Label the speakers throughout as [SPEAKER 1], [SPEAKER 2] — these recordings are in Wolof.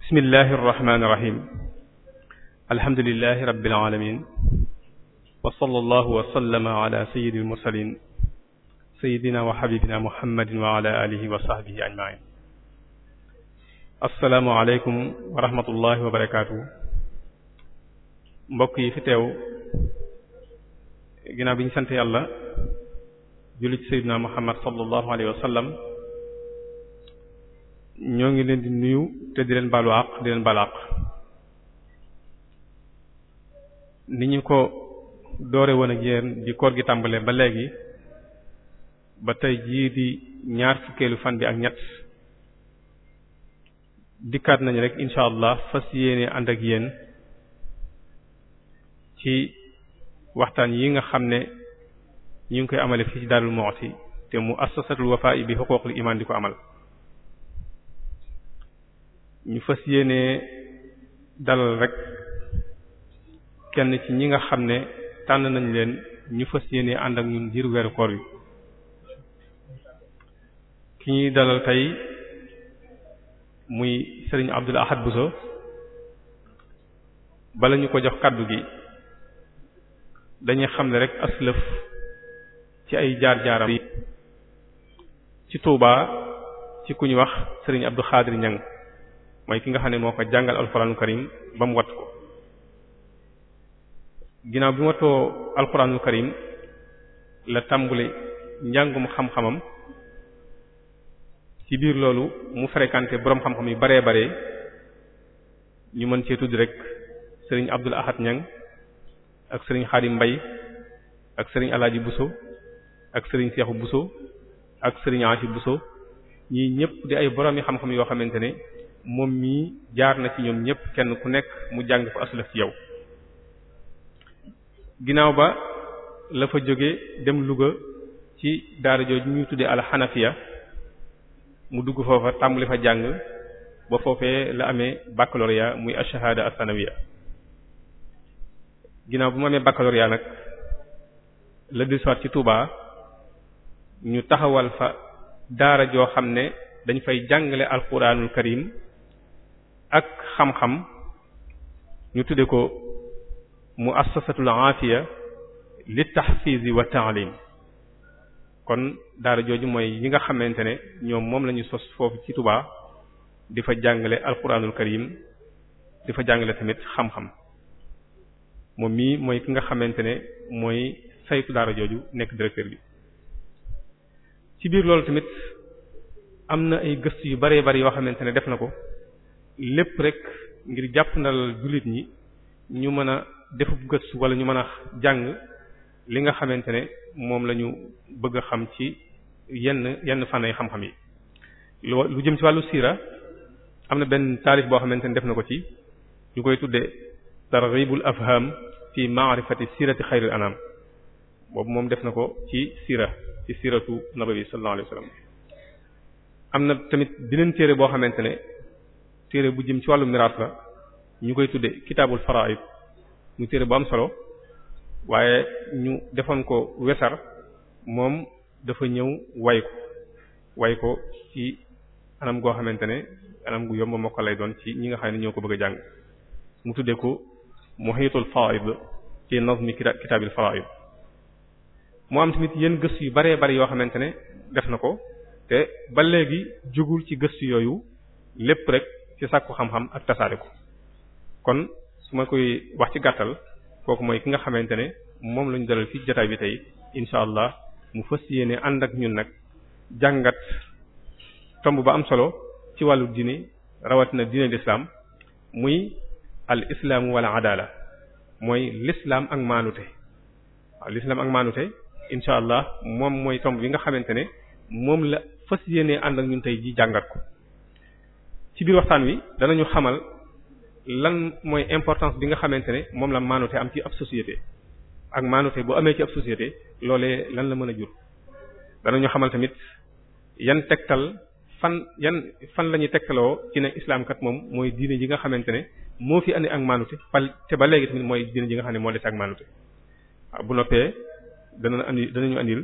[SPEAKER 1] bismillahi irrahmani irrahim alhamdulilahi rabbil alamin wa sallallahu wa sallama ala sayyidil mursalin sayyidina wa habibina muhammadin wa ala alihi wa sahbihi ajmain assalaamu aleykum wa rahmatullahi wa barakatuh mbokk yi fi teew ginnaaw bi ñu sant yàlla julli ci sayyidina muhammad sallallahu alayhi wa sallam ñoo ngi leen di nuyu te di leen baalu àq di leen baalu ni ñu ko doore woon ak yéen di koor gi tàmbalee ba léegi ba tey jii di ñaar fukkeelu fan bi ak ñett dikkaat nañu rek incha allah fas yéene ànd ak yéen ci waxtaan yi nga xam ne ñu ngi koy amale fii ci Darou yi te mu assasatul Wafa bi xuquuqul iman di ko amal ñu fës yéene dalal rek kenn ci ñi nga xam ne tànn nañ leen ñu fës yéene ànd ak ñun diir weeru koor yi ki ñuy dalal tey muy sëriñ Abdul Ahad Bousso bala ñu ko jox kàddu gi dañuy xam ne rek aslëf ci ay jaar-jaaram ci Touba ci ku ñu wax sëriñ Abdou Khadir Niang mooy ki nga xam ne moo ko jàngal alxuraanu karim ba mu wat ko ginnaaw bi mu wattoo alxuraanu karim la tàmbuli njàngum xam-xamam ci biir loolu mu fréquenté boroom xam-xam yu baree bare ñu mën cee tudd rek sëriñ Abdul Ahad Ñang ak sëriñ Xaadim Mbay ak sëriñ Alaaji Buso ak sëriñ Seexu Buso ak sëriñ Aasi Buso ñii ñëpp di ay boroomi xam-xam yoo xamante ne moom mii jaar na ci ñoom ñépp kenn ku nekk mu jàng fa aslaf ci yow ginnaaw ba la fa jóge dem Louga ci daara jooju ñuy tuddee alxanafiya mu dugg foofa tàmbali fa jàng ba foofee la amee baccalauréat muy ashahada asanawiya ginnaaw bu mu amee baccalauréat nag la du soir ci Touba ñu taxawal fa daara joo xam ne dañ fay jàngale alquranul karim ak xam-xam ñu tudde ko muassasatul aafiya li tahfiz wa ta'lim kon daara jooju mooy yi nga xamante ne ñoom moom la ñu sos foofu ci Touba di fa jàngale alquranul karim di fa jàngale tamit xam-xam moom mii mooy ki nga xamante ne mooy saytu daara jooju nekk directeur bi ci biir loolu tamit am na ay gëstu yu bare bare yoo xamante ne def na ko lépp rek ngir jàpp ndalal jullit ñi ñu mën a defub gëstu wala ñu mën a jàng li nga xamante ne moom la ñu bëgg a xam ci yenn yenn fànn yi xam-xam yi. lu jëm ci wàllu siira am na benn taalif boo xamante ne def na ko ci ñu koy tuddee targhibul afham fi ma'rifati siirati xayril anaam boobu moom def na ko ci siira ci siiratu nabawi sallallahu alayhi am na tamit beneen téere boo xamante ne. téere bu jëm ci wàllu miraas la ñu koy tuddee kitaabul faraa'id mu téere bu am solo waaye ñu defoon ko wesar moom dafa ñëw way ko way ko ci anam goo xamante ne anam gu yomb mokk lay doon ci ñi nga xam ne ñoo ko bëgg a jàng mu tuddee ko muhiitul faraa'id ci nazmi kitaabil faraa'id mu am tamit yenn gëstu yu bare bare yoo xamante ne def na ko te ba léegi jugul ci gëstu yooyu lépp rek ci sàkku xam-xam ak tasaare ko kon su ma koy wax ci gàttal kooku mooy ki nga xamante ne moom lañu dalal fi jotaay bi tey incha allah mu fas yéene ànd ak ñun nag jàngat tomb ba am solo ci wàllu diine rawatina diine lislaam muy al islaam wala adala mooy lislaam ak maanute waaw lislaam ak maanute incha allah moom mooy tomb bi nga xamante ne moom la fës yéene ànd ak ñun tey ji jàngat ko ci biir waxtaan wi danañu xamal lan mooy importance bi nga xamante ne moom la maanute am ci ab société ak maanute bu amee ci ab société loolee lan la mën a jur danañu xamal tamit yan tegtal fan yan fan la ñuy tegtaloo ci ne islam moom mooy diine ji nga xamante ne moo fi andi ak maanute pal te ba léegi mooy diine ji nga xam ne moo des ak maanute ah, bu noppee dana danañu andil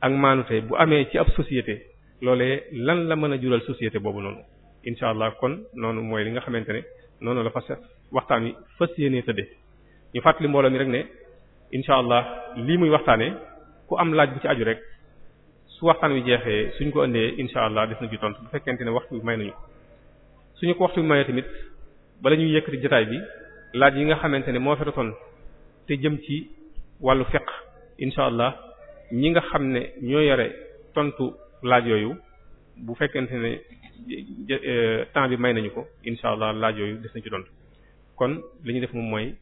[SPEAKER 1] ak maanute bu amee ci ab société loolee lan la mën a jural société boobu noonu incha allah kon noonu mooy li nga xamante ne noonu la fas waxtaan wi fas yéenee tëddee ñu fàttali mbooloo mi rek ne incha allah lii muy waxtaanee ku am laaj bu ci aju rek su waxtaan wi jeexee suñ ko indee incha allah def na ci tontu bu fekkente ne waxtu bi may nañu suñu ko waxtu bi mayee tamit bala ñuy yëkkati jotaay bi laaj yi nga xamante ne moo fi doon te jëm ci wàllu fiqh incha allah ñi nga xam ne ñoo yore tontu laaj yooyu bu fekkente ne. Euh, temps bi may nañu ko incha allah laaj yooyu des nañ ci dont kon li ñu def moom mooy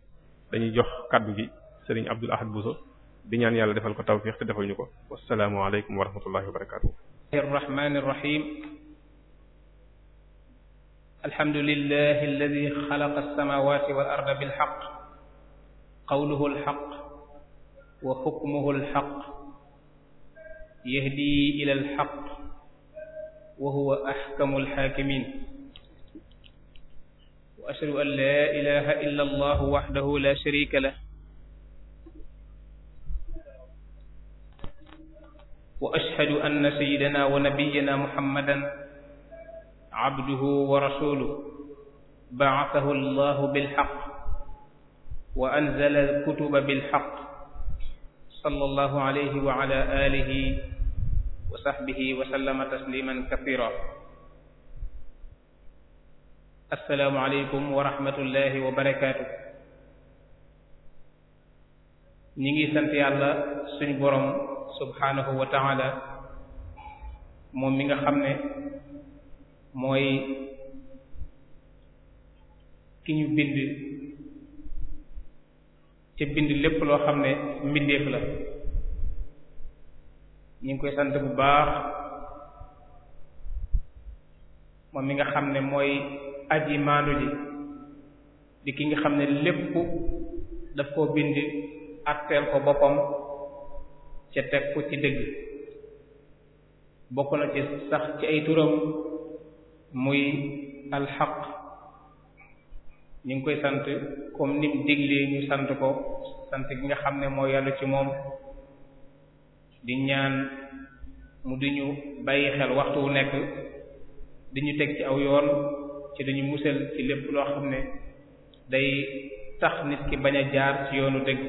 [SPEAKER 1] dañuy jox kaddu gi sëriñ Abdul Ahad Bousso di ñaan yàlla defal ko tawfiq te defal ñu ko wassalaamu aleykum wa rahmatullahi wa barakaatuh
[SPEAKER 2] arrahmaani arrahiim alhamdulillahi alladi xalaqa alsamawati wal arda bil haqq qawluhu al haqq wa hukmuhu al haqq yahdi ila al haqq wa huwa ahkamul haakimiin wa ashhadu an laa ilaaha illa allahu wahdahu laa shariika lahu wa ashhadu anna sayyidanaa wa nabiyyanaa muhammadan abduhu wa rasuuluhu ba'athahu allahu bil haqq wa anzala al kutuba bil haqq sallallahu alayhi wa ala aalihi wa sahbihi wa sallama tasliman kathira assalaamu aleykum wa rahmatullahi wa barakaatu ñi ngi sant yàlla suñ borom subhaanahu wa moom mi nga xam ne mooy ki ñu bind te bind lépp loo xam ne mbindeef la ñu ngi koy sant bu baax moom mi nga xam ne mooy aji maandu ji di ki nga xam ne lépp daf koo bind atteel ko boppam ca teg ko ci dëgg bokk na ci sax ci ay turam muy alxaq ñu ngi koy sant comme nim diglee ñu sant ko sant gi nga xam ne moo yàlla ci moom di ñaan mu di ñu bàyyi xel waxtu wu nekk di ñu teg ci aw yoon ci dañu musal ci lépp loo xam ne day tax nit ki bañ a jaar ci yoonu dëgg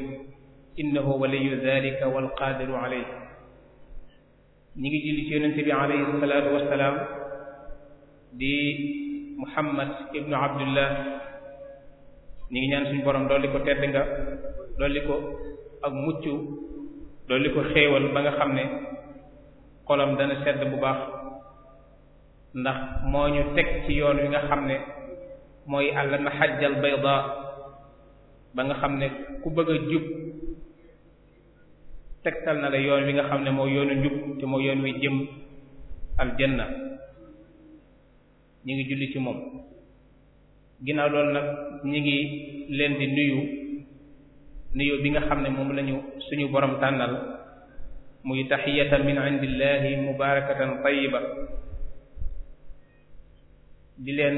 [SPEAKER 2] innahu waliyu dhalika wal ngi julli ci yonente bi alayhi salaatu wassalaam di muhammad ibnu abdullah ñi ngi ñaan suñu borom dolli ko tedd nga dolli ko ak mucc loolu li ko xéewal ba nga xam ne xolam dana sedd bu baax ndax moo ñu teg ci yoon wi nga xam ne mooy àll mahajjal bayda ba nga xam ne ku bëgg a jub tegtal na la yoon wi nga xam ne mooy yoonu njub te mooy yoon wi jëm aljanna ñu ngi julli ci moom ginnaaw loolu nag ñu ngi leen di nuyu nuyoo bi nga xam ne moom lañu suñu borom tànnal muy taxiyatan min indillahi mubarakatan tayyiba di leen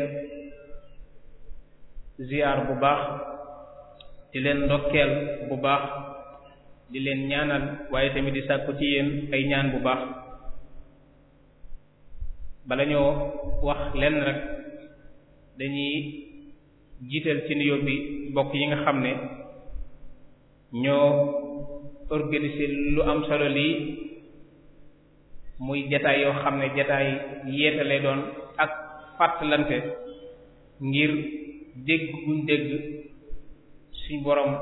[SPEAKER 2] ziyaar bu baax
[SPEAKER 3] di leen ndokkeel bu baax
[SPEAKER 2] di leen ñaanal waaye tamit di sàkku ci yéen ay ñaan bu baax bala ñoo wax lenn rek dañuy jiital ci nuyoo bi bokk yi nga xam ne ñoo organiser lu am solo lii muy jataay yoo xam ne jataay yeete lay doon ak fàttalante ngir dégg guñ dégg suñ borom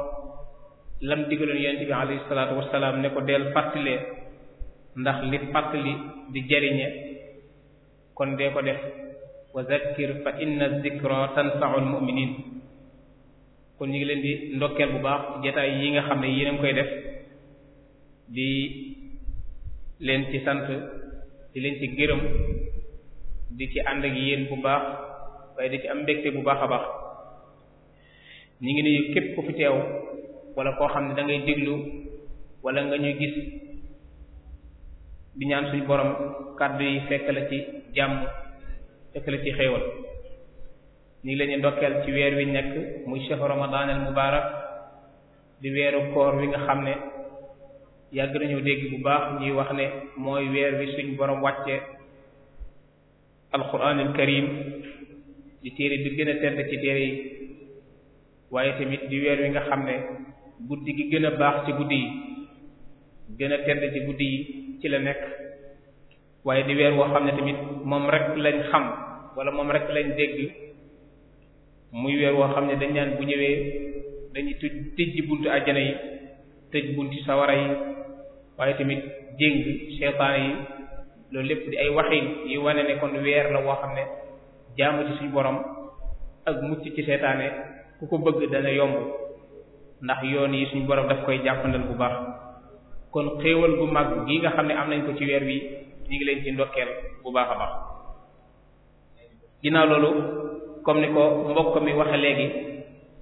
[SPEAKER 2] lam digaloon yonent bi alayhi salaatu wassalaam ne ko del fàttalee ndax li fàttali di jariñe kon dee ko def wa zakkir fa inna zikra tanfa'ul mu'minin kon ñu ngi leen di ndokkeel bu baax jotaay yi nga xam ne yéen a koy def di leen ci sant di leen ci gërëm di ci ànd ak yéen bu baax waaye di ci am mbégte bu baax a baax ñu ngi nuyu képp ku fi teew wala koo xam ne da ngay déglu wala nga ñuy gis di ñaan suñu borom kàddu yi fekk la ci jàmm fekk la ci xéewal ñu ngi leen ndokkeel ci weer wi nekk muy shahru ramadan al mubarak di weeru koor wi nga xam ne yàgg nañu dégg bu baax ñuy wax ne mooy weer wi suñ borom wàcce alquranul karim di téere bi gën a tedd ci téere yi waaye tamit di weer wi nga xam ne guddi gi gën a baax ci guddi yi gën a tedd ci guddi yi ci la nekk waaye di weer woo xam ne tamit moom rek lañ xam wala moom rek lañ dégg muy weer woo xam ne dañ naan bu ñëwee dañuy tëj tëj buntu àjjana yi tëj buntu sawara yi waaye tamit jéng seytaan yi loolu lépp di ay waxin yi wane ne kon weer la woo xam ne jaamu ci suñu borom ak mucc ci seytaane ku ko bëgg dana yomb ndax yoon yi suñu borom daf koy jàppandal bu baax kon xéewal bu mag gi nga xam ne am nañ ko ci weer wi ñu ngi leen ci ndokkeel bu baax a baax ginnaaw loolu comme ni ko mbokk mi waxe léegi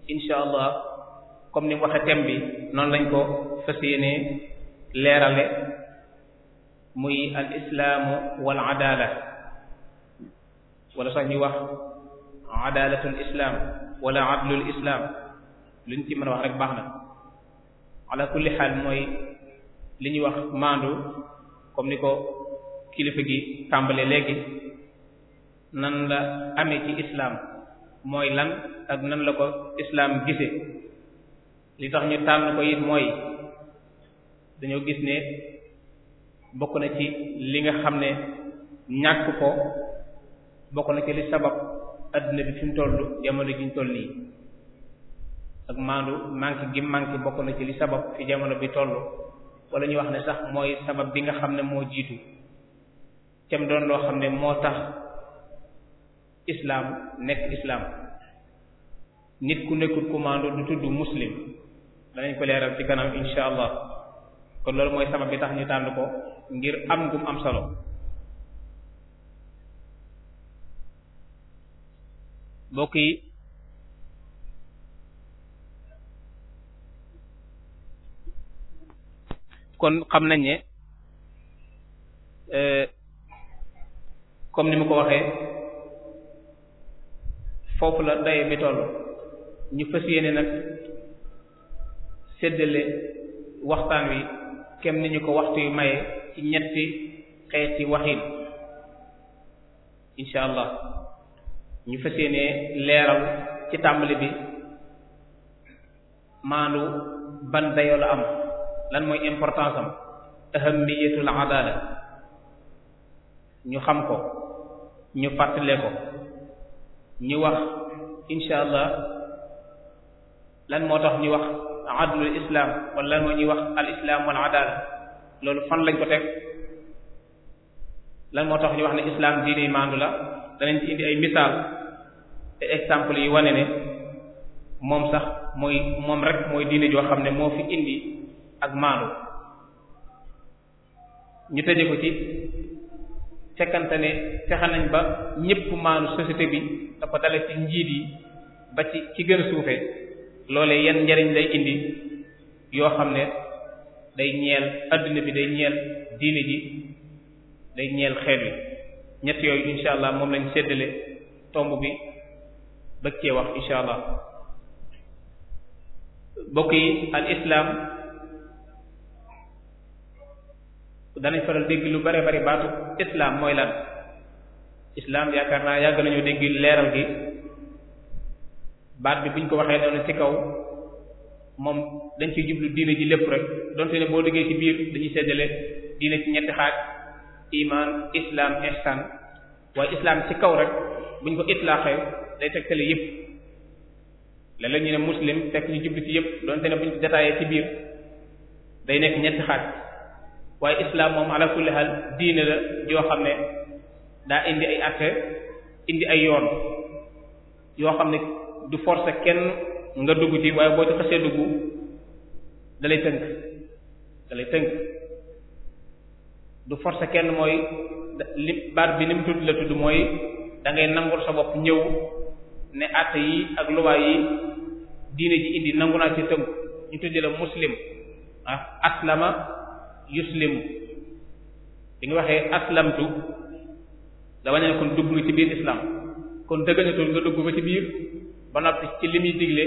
[SPEAKER 2] insha allah comme ni mu waxe bi noonu lañ ko fas yéenee leerale muy al islaamu wal adala wala sax ñuy wax adalatul islam wala adlul islam luñ ci mën a wax rek baax na ala kulli xaal mooy li ñuy wax maandu comme ni ko kilifa gi tàmbale léegi nan la amee ci islaam mooy lan ak nan la ko islaam gise li tax ñu tànn ko it mooy dañoo gis ne bokk na ci li nga xam ne ñàkk ko bokk na ci li sabab adduna bi fi mu toll jamono ji ñu toll nii ak maandu manque gi manque bokk na ci li sabab fi jamono bi toll wala ñu wax ne sax mooy sabab bi nga xam ne moo jiitu cam doon loo xam ne moo tax islaam nekk islaam nit ku nekkul commando du tudd muslim danañ ko leeral ci kanam insha allah kon loolu mooy sabab bi tax ñu tànn ko ngir am ngum am solo mbokk yi kon xam nañ ne euh, comme ni mu ko waxee foofu la daye bi toll ñu fas yéene nag séddale waxtaan wi kem ni ñu ko waxtu yu maye ci ñetti xeeti waxin insha allah ñu fas yéene leeral ci tàmbali bi maandu ban dayoo la am lan mooy importance am ahamiyatul adala ñu xam ko ñu fàttale ko ñi wax insha allah lan moo tax ñi wax adlul islam wala lan moo ñi wax al wal adala loolu fan lañ ko teg lan moo tax ñu wax ne islam diine maandu la danañ ci indi ay misaal te exemple yi wane ne moom sax mooy moom rek mooy diine joo xam ne moo fi indi ak maandu ñu tëje ko ci fekkante ne fexe nañ ba ñëpp maanu société bi dafa dale ci njiit yi ba ci ci gën a suufe loolee njariñ lay indi yoo xam ne day ñeel àdduna bi day ñeel diine ji day ñeel xeet wi ñett yooyu insha allah moom lañ séddale tomb bi bëgg cee wax insha allah bokk yi al islam danañ faral dégg lu bare bari baatu islam mooy lan islam yaakaar naa yàgg nañoo dégg leeral gi baat bi buñ ko waxee noonu ci kaw moom dañ ciy jublu diine ji lépp rek donte ne boo liggéey ci biir dañuy séddale diine ci ñetti xaaj iman islam ihsan waaye islam ci kaw rek buñ ko itlaaxee day tegtale yëpp léeg la ñu ne muslim fekk ñu jublu ci yëpp donte ne buñ ko détaillé ci biir day nekk ñetti xaaj waaye islam moom ala kulli diine la yoo xam ne daa indi ay atte indi ay yoon yoo xam ne du forcer kenn nga dugg ci waaye boo ci xasee dugg dalay tënk dalay tënk du forcer kenn mooy baat bi ni tudd la tudd mooy dangay nangu nangul bopp ñëw ne atte yi ak luwaay yi diine ji indi nangu naa ci tënk ñu tuddi la muslim ah, aslama yuslimu bi nga waxee aslamtu da wane ne kon dugg nga ci biir islam kon dëgganatul nga dugg ba ci biir ba noppi ci li muy digle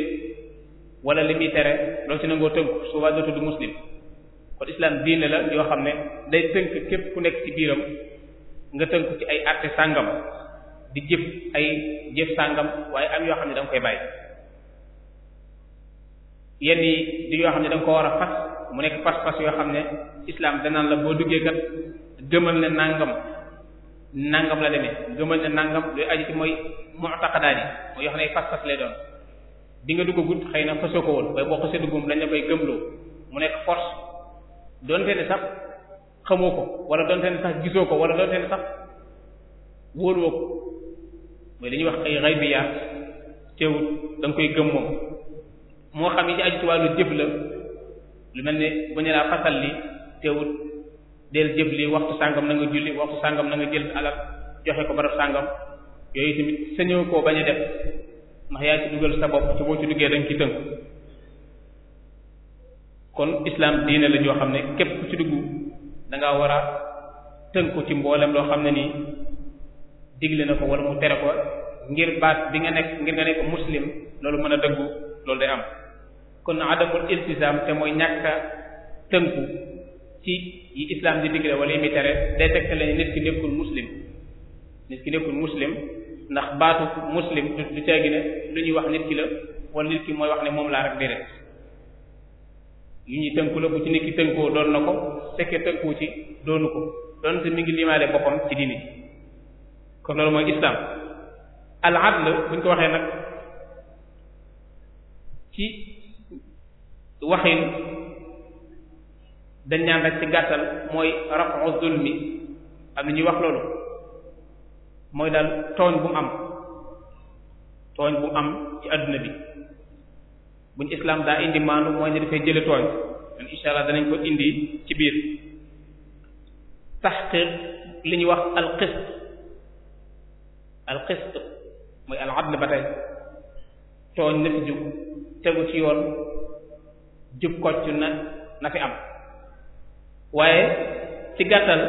[SPEAKER 2] wala li muy tere loolu ci nangoo tënku suba doo tudd muslim kon islam diine la yoo xam ne day tënk képp ku nekk ci biiram nga tënku ci ay àtte sàngam di jëf ay jëf sàngam waaye am yoo xam ne da koy bàyyi yenn yi di yoo xam ne da nga ko war a fas mu nekk pas-pas yoo xam ne islam danaan la boo duggee kat gëmal ne nangam nangam la demee gëmal ne nàngam luy aju ci mooy mu'taqadaat yi mooy yoo xam ne pas-pas lay doon bi nga duggagut xëy na fasoo ko woon waaye boo xasee duggum dañ la koy gëmloo mu nekk force donte ne sax xamoo ko wala donte ne sax gisoo ko wala donte ne sax wóoluwoo ko mooy dañuy wax ay ghaybiyaat teewul da nga koy gëm moom moo xam yi ci aju ci wàllu jëf la. lu mel ne bu ñu laa fasal li teewut del jëb li waxtu sàngam na nga julli waxtu sàngam na nga jël alal joxe ko barab sàngam yooyu tamit sañoo koo bañ a def ndax yaa ci dugal sa bopp te ci liggéey dañ ci tënk kon islam diine la joo xam ne képp ku ci dugg da ngaa war a tënku ci mboolem loo xam ne nii digle na ko wala mu tere ko ngir baat bi nga nekk ngir nga nekk muslim loolu mën a dëggu loolu de am kon adamul iltisam te mooy ñàkk a tënku ci yi islam di digle wala yi muy tere day tegte lañu nit ki nekkul muslim nit ki nekkul muslim ndax baatu muslim du caagi ne lu ñuy wax nit ki la wala nit ki mooy wax ne moom laa rek déedéet yu ñuy tënku la bu ci nit ki tënkoo doon na ko fekkee tënkuwu ci doonu ko doonte mi ngi limaale boppam ci diini kon loolu mooy islam al adl buñ ko waxee nag ci waxin dañ naan ci gàttal mooy rafu zulmi am na ñuy wax loolu mooy daal tooñ bu mu am tooñ bu mu am ci àdduna bi buñ islam daa indi maandu mooy ne dafay jële tooñ kon danañ ko indi ci biir taxqiq li ñuy wax alqist alqist mooy al adl ba tey tooñ na fi tegu ci yoon jub kocc na na fi am waaye ci gàttal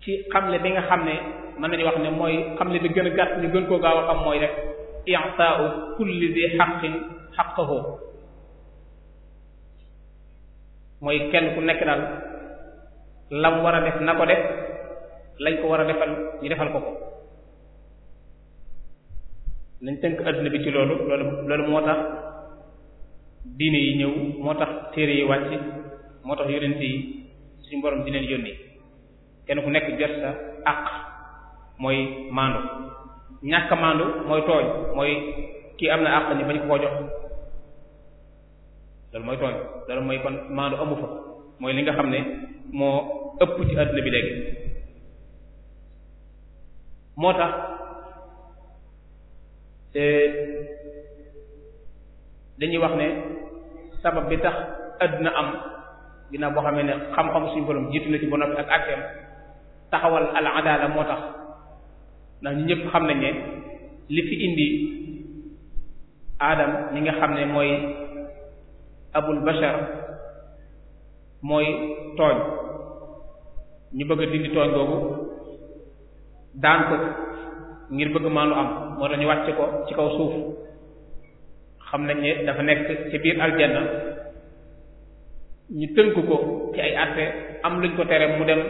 [SPEAKER 2] ci xamle bi nga xam ne mën nañu wax ne mooy xamle bi gën a gàtt ñu gën koo gaaw a xam mooy rek i'ta'u kulli di haqqin haqqahu mooy kenn ku nekk daal lam war a def na ko def lañ ko war a defal ñu defal ko ko nañ tënk adduna bi ci loolu loolu loolu moo tax diine yi ñëw moo tax téere yi wàcc moo tax yonent yi suñu borom di leen yónni kenn ku nekk jot sa àq mooy maandu ñàkk maandu mooy tooñ mooy kii am na àq ni bañ koo jox loolu mooy tooñ loolu mooy kon maandu amu fa mooy li nga xam ne moo ëpp ci àdduna bi léegi moo tax dañuy wax ne sabab bi tax àdduna am dina boo xamee ne xam-xam suñu borom jiitu na ci ba ak àtteem taxawal moo tax ndax ñu ñëpp xam nañ ne li fi indi aadam mi nga xam ne mooy abul bashar mooy tooñ ñu bëgg a dindi tooñ boobu daan ko ngir bëgg maanu am moo tax ñu wàcc ko ci kaw suuf xam nañ ne dafa nekk ci biir aljanna ñu tënk ko ci ay àtte am luñ ko tere mu dem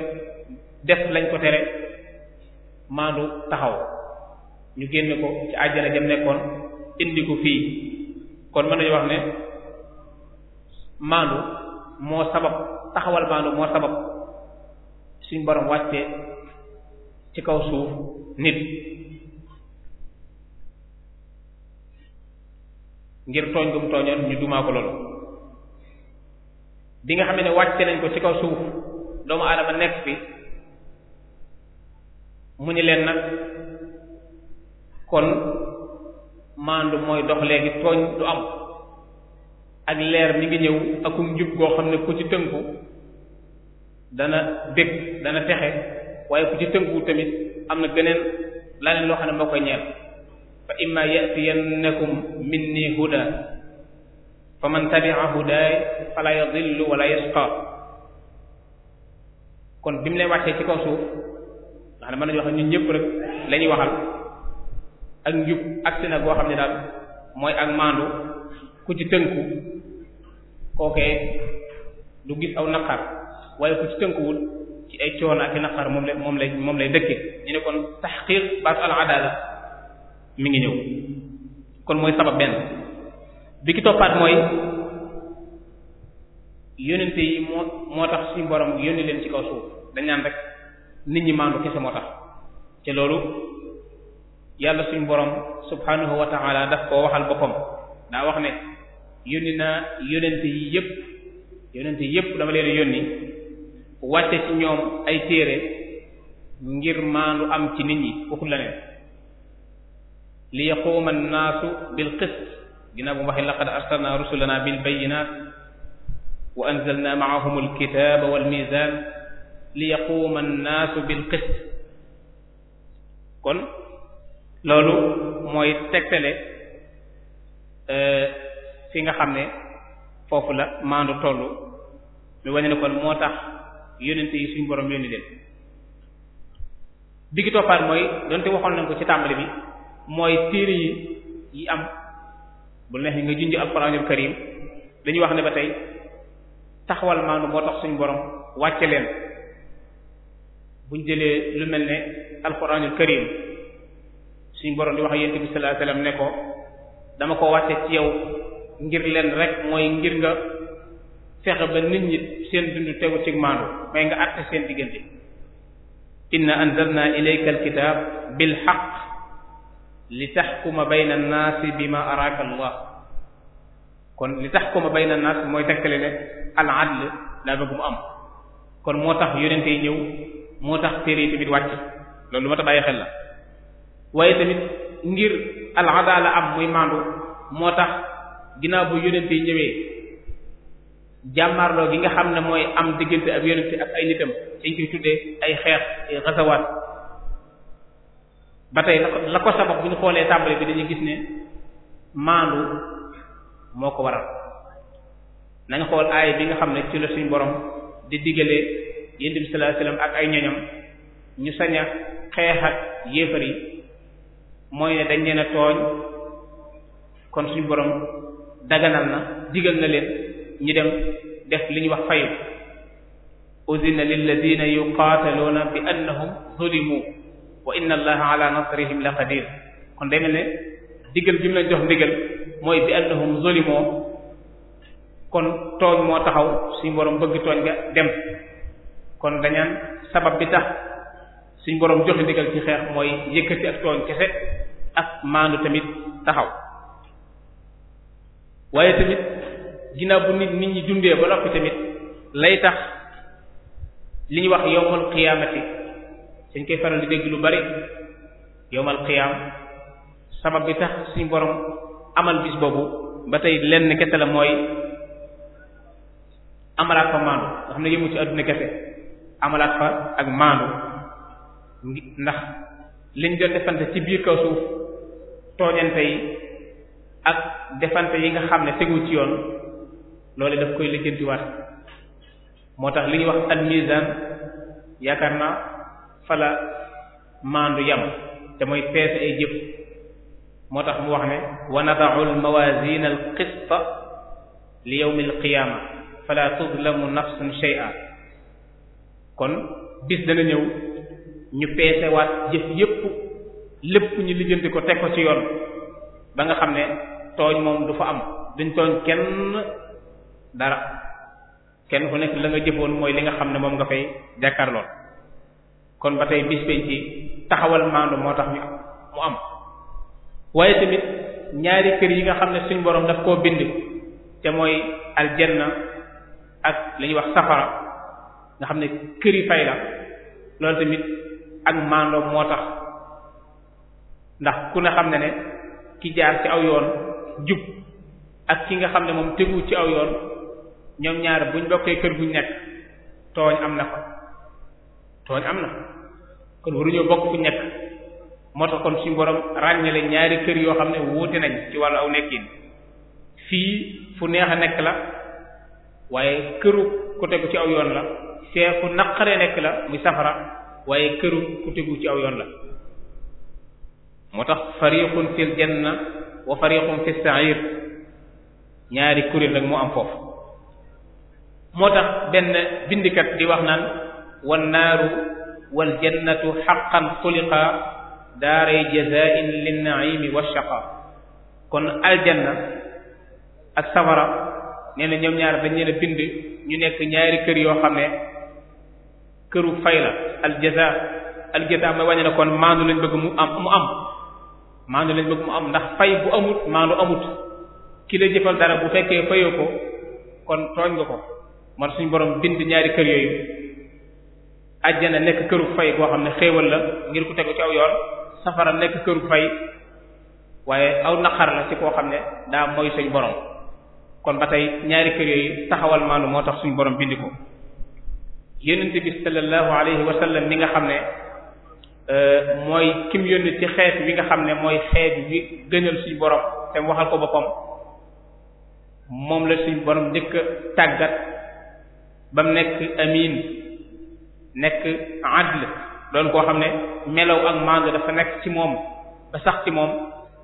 [SPEAKER 2] def lañ ko tere maandu taxaw ñu génn ko ci àjjana jam nekkoon indi ko fii kon mën nañu wax ne maandu moo sabab taxawal maandu moo sabab suñ borom wàccee ci kaw suuf nit ngir tooñ gu mu tooñoon ñu dumaa ko loolu bi nga xam ne wàcce nañ ko ci kaw suuf doomu aadama nekk fi mu ni leen nag kon maandu mooy dox léegi tooñ du am ak leer mi ngi ñëw akum njub goo xam ne ku ci tënku dana dégg dana texe waaye ku ci tënku tamit am na geneen laneen loo xam ne moo koy ñeel fa imma yatiyannakum minni huda fa man tabi'a hudaay fala yadillu wala yasqa kon bi mu leen wàccee ci kaw suuf nga xam ne mën nañu wax ñun ñëpp rek la waxal ak njub agsi na boo xam ne daal mooy ak maandu ku ci tënku kookee du gis aw naqar waaye ku ci tënkuwul ci ay coono ak naqar moom lay moom lay moom ñu ne kon taxqiq baatu al adala mi ngi ñëw kon mooy sabab benn bi ki toppaat mooy yónnente yi moo moo tax suñu borom yónni leen ci kaw suuf dañ rek nit ñi maandu kese moo tax ci loolu yàlla suñ borom subhanahu wa ta'ala daf koo waxal boppam daa wax ne yónni naa yónnente yi yépp yónnente yi yépp dama leen yónni wàcce ci ñoom ay téere ngir maandu am ci nit ñi waxul la ne li yaquuma annaasu bil qist ginnaaw bu mu waxee laqad arsalna rusulana bil bayyinaat wa anzalna ma'ahum al kitaaba wal kon loolu mooy tegtale euh, fi nga xam ne foofu la maandu tollu ñu wane ne kon moo tax yónnent yi suñu borom yónni leen diggi toppaat mooy donte waxoon nañ ko ci tàmbali bi mooy téere yi yi am bu neexee nga junj alxuraanul karim dañuy wax ne ba tey taxawal maanu boo tax suñu borom wàcce leen buñ jëlee lu mel ne alxuraanul karim suñ borom di wax yonent bi sallallahu alayhi ne ko dama ko wàcce ci yow ngir leen rek mooy ngir nga fexe ba nit ñi seen dund tegu ci maandu may nga àtte seen diggante inna anzalna ilayka alkitab bil haqq li taxkuma bayna naasi bima araaka allah kon li taxkuma bayna naas mooy tegtale ne al adl daa bëgg mu am kon moo tax yonente yi ñëw moo tax téere yi tamit wàcc loolu lu ma ta bàyyi xel la waaye tamit ngir al adala am muy maandu moo tax ginnaaw bu yonente yi ñëwee jàmmaarloo gi nga xam ne mooy am diggante ak yonente ak ay nitam dañ koy tuddee ay xeex ay xasawaat ba tey la ko la ko sabab bu ñu xoolee tàmbali bi dañuy gis ne maandu moo ko waral nañ xool aay bi nga xam ne ci la suñu borom di diggalee yonent bi sallallahu alayhi wasallam ak ay ñoñom ñu saña a xeex yéefar yi mooy ne dañ leen a tooñ kon suñu borom daganal na digal na leen ñi dem def li ñuy wax fayu uzina lilladina yuqataluna bi annahum zulimu wa inna allaha ala nasrihim la qadir kon day ne diggal bi mu jox ndiggal mooy bi annahum zulimoo kon tooñ moo taxaw suñ borom bëgg tooñ nga dem kon dañaan sabab bi tax suñ boroom joxe ndigal ci xeex mooy yëkkati ak tooñ kese ak maandu tamit taxaw waaye tamit ginnaaw bu nit nit ñi dundee ba noppi tamit lay tax li ñu wax yowmal qiyaamati dañ koy faral di dégg lu bari yowmal qiyaam sabab bi tax suñu borom amal bis boobu ba tey lenn kese la mooy amalaat fa maandu nga xam ne yëmu ci adduna kese ndax liñ doon defante ci biir kaw suuf tooñante yi ak defante yi nga xam ne tegu ci yoon loole daf koy lijjantiwaat moo tax li ñuy wax al mizan yaakaar naa fala maandu yam te mooy peese ay jëf moo tax mu wax ne wa nada'u al mawazin al qist li yawm al qiyama fala tuzlamu nafsun kon bis dana ñëw ñu peese waat jëf yépp lépp ñu lijjanti ko teg ko ci yoon ba nga xam ne tooñ moom du fa am duñ tooñ kenn dara kenn ku nekk la nga jëfoon mooy li nga xam ne moom nga fay jàkkaarlool kon ba tey bis bañ ci taxawal maandu moo tax ñu mu am waaye tamit ñaari kër yi nga xam ne suñ boroom daf koo bind te mooy aljanna ak li ñuy wax safara nga xam ne këri fay la loolu tamit ak maandoo moo tax ndax ku ne xam ne ne ki jaar ci aw yoon jub ak ki nga xam ne moom tegu ci aw yoon ñoom ñaar buñ bokkee kër guñ nekk tooñ am na fa tooñ am na kon waruñoo bokk fu nekk moo tax kon suñu borom ràññale ñaari kër yoo xam ne wuute nañ ci wàllu aw nekkin fii fu neex a nekk la waaye këru ku tegu ci aw yoon la see fu naqaree nekk la muy safara waaye këru ku tegu ci aw yoon la tax fariqun fil janna wa fariqun fis ñaari kuréel nag mu am foofu moo tax benn bindikat di wax naan wan naaru wal jannatu xaqan xuliqa daaray jazaa'in lin na'imi washaqa kon aljanna ak safara nee na ñoom ñaar dañ leen a bind ñu nekk ñaari kër yoo xam ne këru fay la aljazaa aljazaa mooy wàññi na kon maandu lañ bëgg mu am mu am maandu lañ bëgg mu am ndax fay bu amut maandu amut ki la jëfal dara bu fekkee fayoo ko kon tooñ nga ko man suñu borom bind ñaari kër yooyu ajjana nekk këru fay goo xam ne xéewal la ngir ku tegu ci aw yoon safara nekk këru fay waaye aw naqar la ci koo xam ne daa mooy suñ borom kon ba tey ñaari kër yooyu taxawal maanu moo tax suñ borom bindi ko yonent bi sallallahu alayhi wa sallam mi nga xam ne euh, mooy kim yónni ci xeet wi nga xam ne mooy xeet wi gënal suñ borom te mu waxal ko boppam moom la suñ borom njëkk tàggat ba mu nekk amiin nekk adl doon koo xam ne melaw ak màndu dafa nekk ci moom ba sax ci moom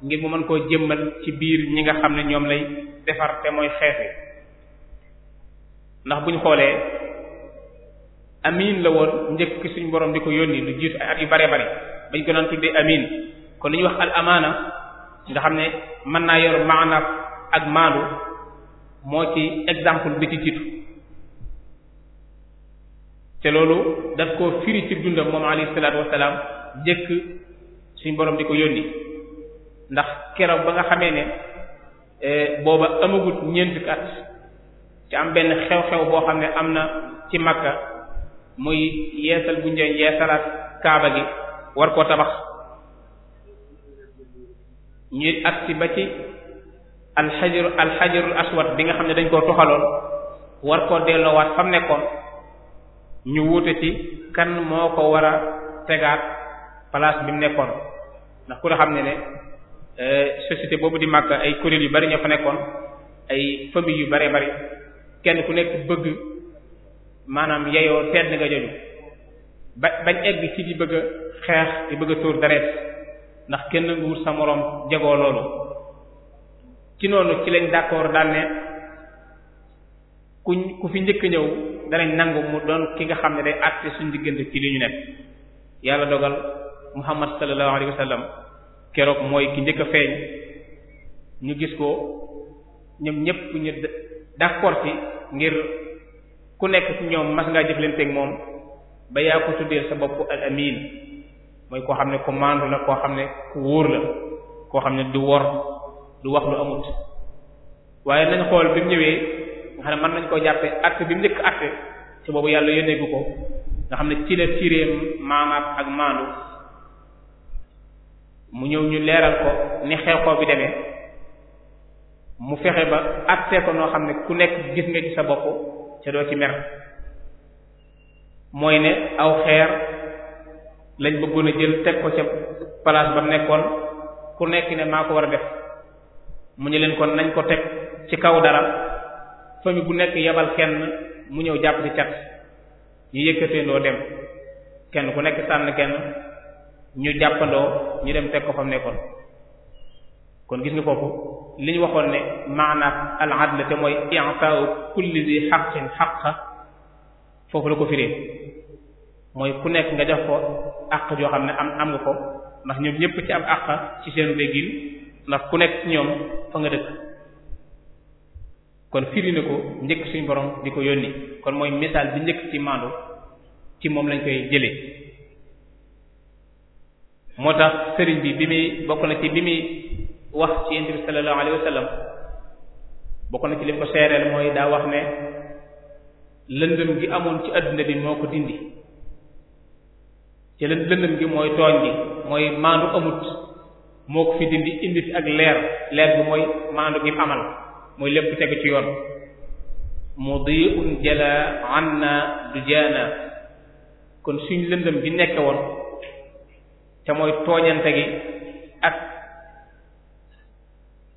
[SPEAKER 2] ngir mu mën koo jëmmal ci biir ñi nga xam ne ñoom lay defar te mooy xeefe ndax bu ñu xoolee amin la woon njëkk ki suñu borom di ko yónni lu jiitu ak at yu bare bare bañ ko naan tuddee kon li ñuy wax al amaana nga xam ne mën naa yor maanaam ak maandu moo ci exemple bi ci te loolu daf ko firi ci dundam moom alayhi salaatu wasalaam jëkk suñ boroom di ko yónni ndax keroog ba nga xamee ne eh, booba amagut ñeent at ci am benn xew-xew boo xam ne am na ci Makka muy yeesal bu njëriñ yeesalaat kaaba gi war koo tabax at agsi ba ci alxajaru alxajarul aswad bi nga xam ne dañ koo toxaloon war koo delloowaat fam nekkoon ñu wuute ci kan moo ko war a tegaat place bi mu nekkoon ndax ku la xam ne ne euh, société boobu di màgg ay kuréel yu bari ñoo fa nekkoon ay famille yu bari bari kenn ku nekk bëgg maanaam yeyoo tedd nga joju ba bañ egg ci di bëgg xeex di bëgg a tuur deret ndax kenn nanguwul sa moroom jegoo loolu ci noonu ci lañ d'accord daal kuñ ku fi njëkk ñëw danañ nangu mu doon ki nga xam ne day àtte suñ diggante ci li ñu nekk yàlla dogal muhammad sallallahu alayhi wa sallam keroog mooy ki njëkk a feeñ ñu gis ko ñoom ñëpp ñu d'accord ci ngir ku nekk ci ñoom mas ngaa teg moom ba yaa ko tuddee sa bopp al amin mooy koo xam ne commande la koo xam ne ku wóor la koo xam ne du wor du wax lu amut waaye nañ xool bi mu ñëwee nga xam ne mën nañ koo jàppee acte bi mu njëkk acte ci boobu yàlla yónneegu ko nga xam ne ci la tiréem maamaat ak maandu mu ñëw ñu leeral ko ni xew xew bi demee mu fexe ba acte ko noo xam ne ku nekk gis nga ci sa bopp ca doo ci mer mooy ne aw xeer lañ bëggoon a jël teg ko ca place ba nekkoon ku nekk ne maa ko war a def mu ñu leen ko nañ ko teg ci kaw dara famille bu nekk yebal kenn mu ñëw jàpp ci cat ñu yëkkateendoo dem kenn ku nekk tànn kenn ñu jàppandoo ñu dem teg ko fam nekkoon kon gis nga foofu li ñu waxoon ne maanaam al adl te mooy i'ta'u kulli zi haqqin haqqa foofu la ko firee mooy ku nekk nga jox ko àq joo xam ne am am nga ko ndax ñoom ñëpp ci am àq ci seen déggin ndax ku nekk ci ñoom fa nga dëkk kon firi na ko njëkk suñu borom di ko yónni kon mooy misaal bi njëkk ci maandu ci moom lañ koy jëlee moo tax sëriñ bi bi muy bokk na ci bi muy wax ci yonent bi sallallahu alayhi bokk na ci lim ko seereel mooy daa wax ne lëndëm gi amoon ci àddina bi moo ko dindi ci lëndëm gi mooy tooñ gi mooy maandu amut moo ko fi dindi indi fi ak leer leer bi mooy maandu gi amal mooy lépp tegu ci yoon mudiun jala du dujaana kon suñ lëndëm bi nekke woon te mooy tooñante gi ak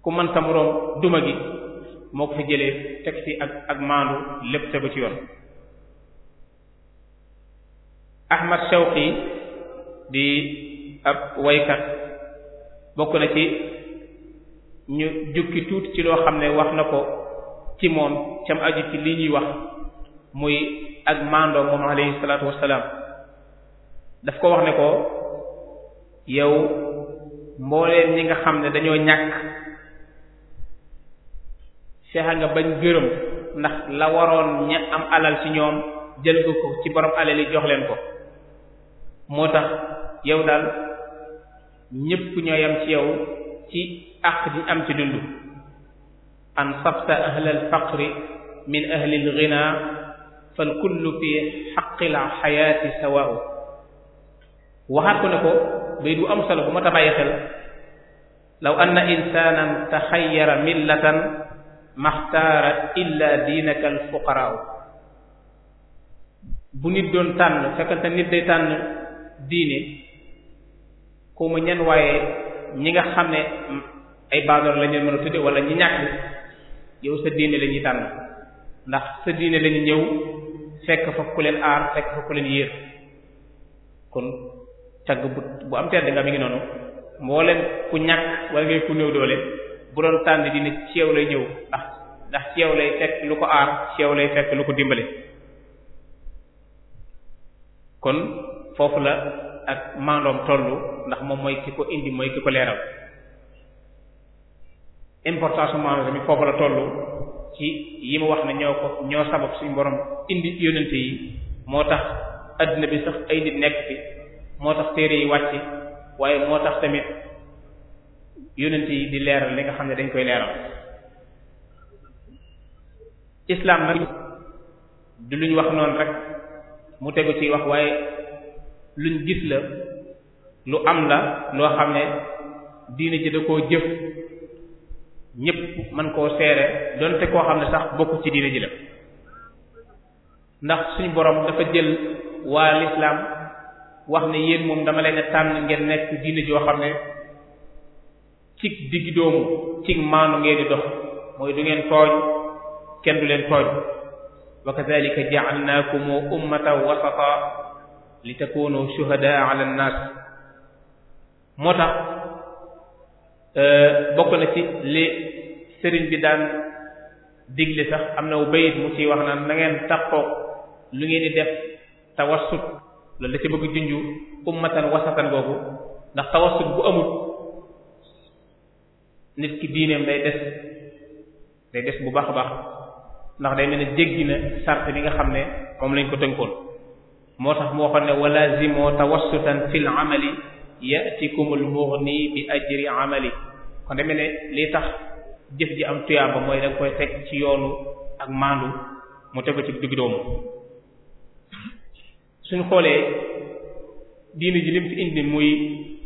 [SPEAKER 2] ku mën sa moroom duma gi moo ko fi jëlee teg ci ak ak maandu lépp tegu ci yoon Ahmad Shawqi di ab waykat bokk na ci ñu jukki tuuti ci loo xam ne wax na ko ci moom cam aju ci lii ñuy wax muy ak mando moom alayhi salaatu wassalaam daf ko wax ne ko yow mbooleem ñi nga xam ne dañoo ñàkk fexe nga bañ gërëm ndax la waroon ña am alal ci ñoom jël nga ko ci borom alal yi jox leen ko moo tax yow daal ñépp ñoo yam ci yow ci àq ji am ci dund an sabta ahlal faqri min ahlil ghina fal kullu fi haqqil hayati sawa'u waxaat ko ne ko bay du am solo bu ma ta bàyyi xel law anna insanan taxayyara millatan maxtaara illa diinaka alfuqaraa bu nit doon tànn fekkante nit day tànn diine xawma ñan waaye ñi nga xam ne ay baadoor la ñu mën a tudde wala ñi ñàkk yow sa diine la tànn ndax sa diine la ñu ñëw fekk fa ku leen aar fekk fa ku leen yéer kon tagg bu bu am tedd nga mi ngi noonu mboolem ku ñàkk wala ngay ku néew doole bu doon tànn diine ci lay ñëw ndax ndax yow lay fekk lu ko aar ci lay fekk lu ko dimbale kon foofu la ak maandoom tollu ndax moom mooy ki ko indi mooy ki ko leeral importance su maandoom tamit foofu la tollu ci yi mu wax na ñoo ko ñoo sabab suñu borom indi yónnante yi moo tax addina bi sax ay nit nekk fi moo tax téere yi wàcc waaye moo tax tamit yónnante yi di leeral li nga xam ne dañ koy leeral islam nag du luñ wax noonu rek mu tegu ci wax waaye luñ gis la lu am la loo xam ne diine ji da koo jëf ñépp mën koo seere donte koo xam ne sax bokku ci diine ji la ndax suñu borom dafa jël waa lislaam wax ne yéen moom dama leen tànn ngeen nekk diine joo xam ne cig digg doomu cig maanu ngeen di dox mooy du ngeen tooñ kenn du leen tooñ wa kadhalika ja'alnakum ummatan wasata li takunu shuhadaa ala nnaas moo tax euh, bokk na ci li sëriñ bi daan digle sax am na wu bayit mu ciy wax naa na ngeen tàqoo lu ngeen di def tawassut loolu da ci bëgg junju ummatan wasatan boobu ndax tawassut bu amul nit ki diineem day des day des bu baax a baax ndax day mel ne jéggi na bi nga xam ne moom lañ ko tënkoon moo tax mu waxoon ne walla walaazimoo tawassutan fil amali yatikumul mughni bi ajri amali kon deme ne lii tax jëf ji am tuyaaba mooy da nga koy teg ci yoonu ak maandu mu tegu ci digg doomu suñ xoolee diini ji indi muy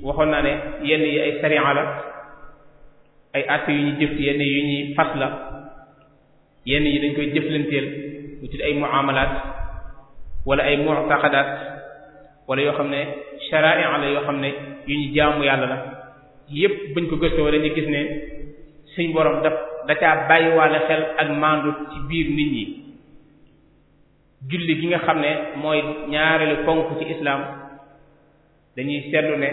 [SPEAKER 2] waxoon naa ne yenn yi ay sariya la ay àtte yu ñuy jëf yenn yi ñuy fas la yenn yi dañ koy jëflanteel lu tudd ay muamalaat wala ay mu'taqadat wala yoo xam ne shara'i' la yoo xam ne yu ñu jaamu yàlla la yépp buñ ko gëstoo wala ñu gis ne suñ borom daf da caa bàyyiwaale xel ak maandu ci biir nit ñi julli gi nga xam ne mooy ñaareelu ponk ci islam dañuy seetlu ne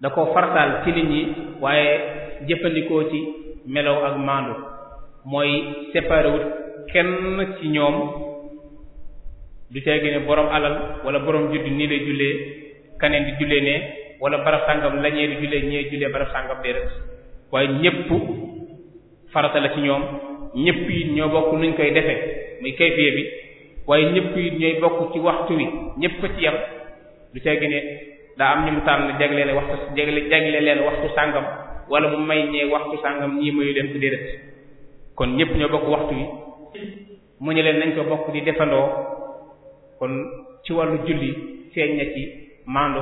[SPEAKER 2] da ko fartaal ci nit ñi waaye jëfandikoo ci melow ak maandu mooy séparé kenn ci ñoom du seegi ne borom alal wala borom juddu nii lay jullee kaneen di jullee ne wala barab sàngam la ñee di jullee ñee jullee barab sàngam dee waaye ñépp farata la ci ñoom ñépp yi ñoo bokk nuñ koy defee muy kayfiye bi waaye ñépp yi ñooy bokk ci waxtu wi ñépp ci yam du seegi ne daa am ñu mu tànn jagle leen waxtu jagle sàngam wala mu may ñee waxtu sàngam ñii mayu leen ko dee kon ñépp ñoo bokk waxtu wi mu ñu leen nañ ko bokk di defandoo kon ci wàllu julli feeñ na ci maandu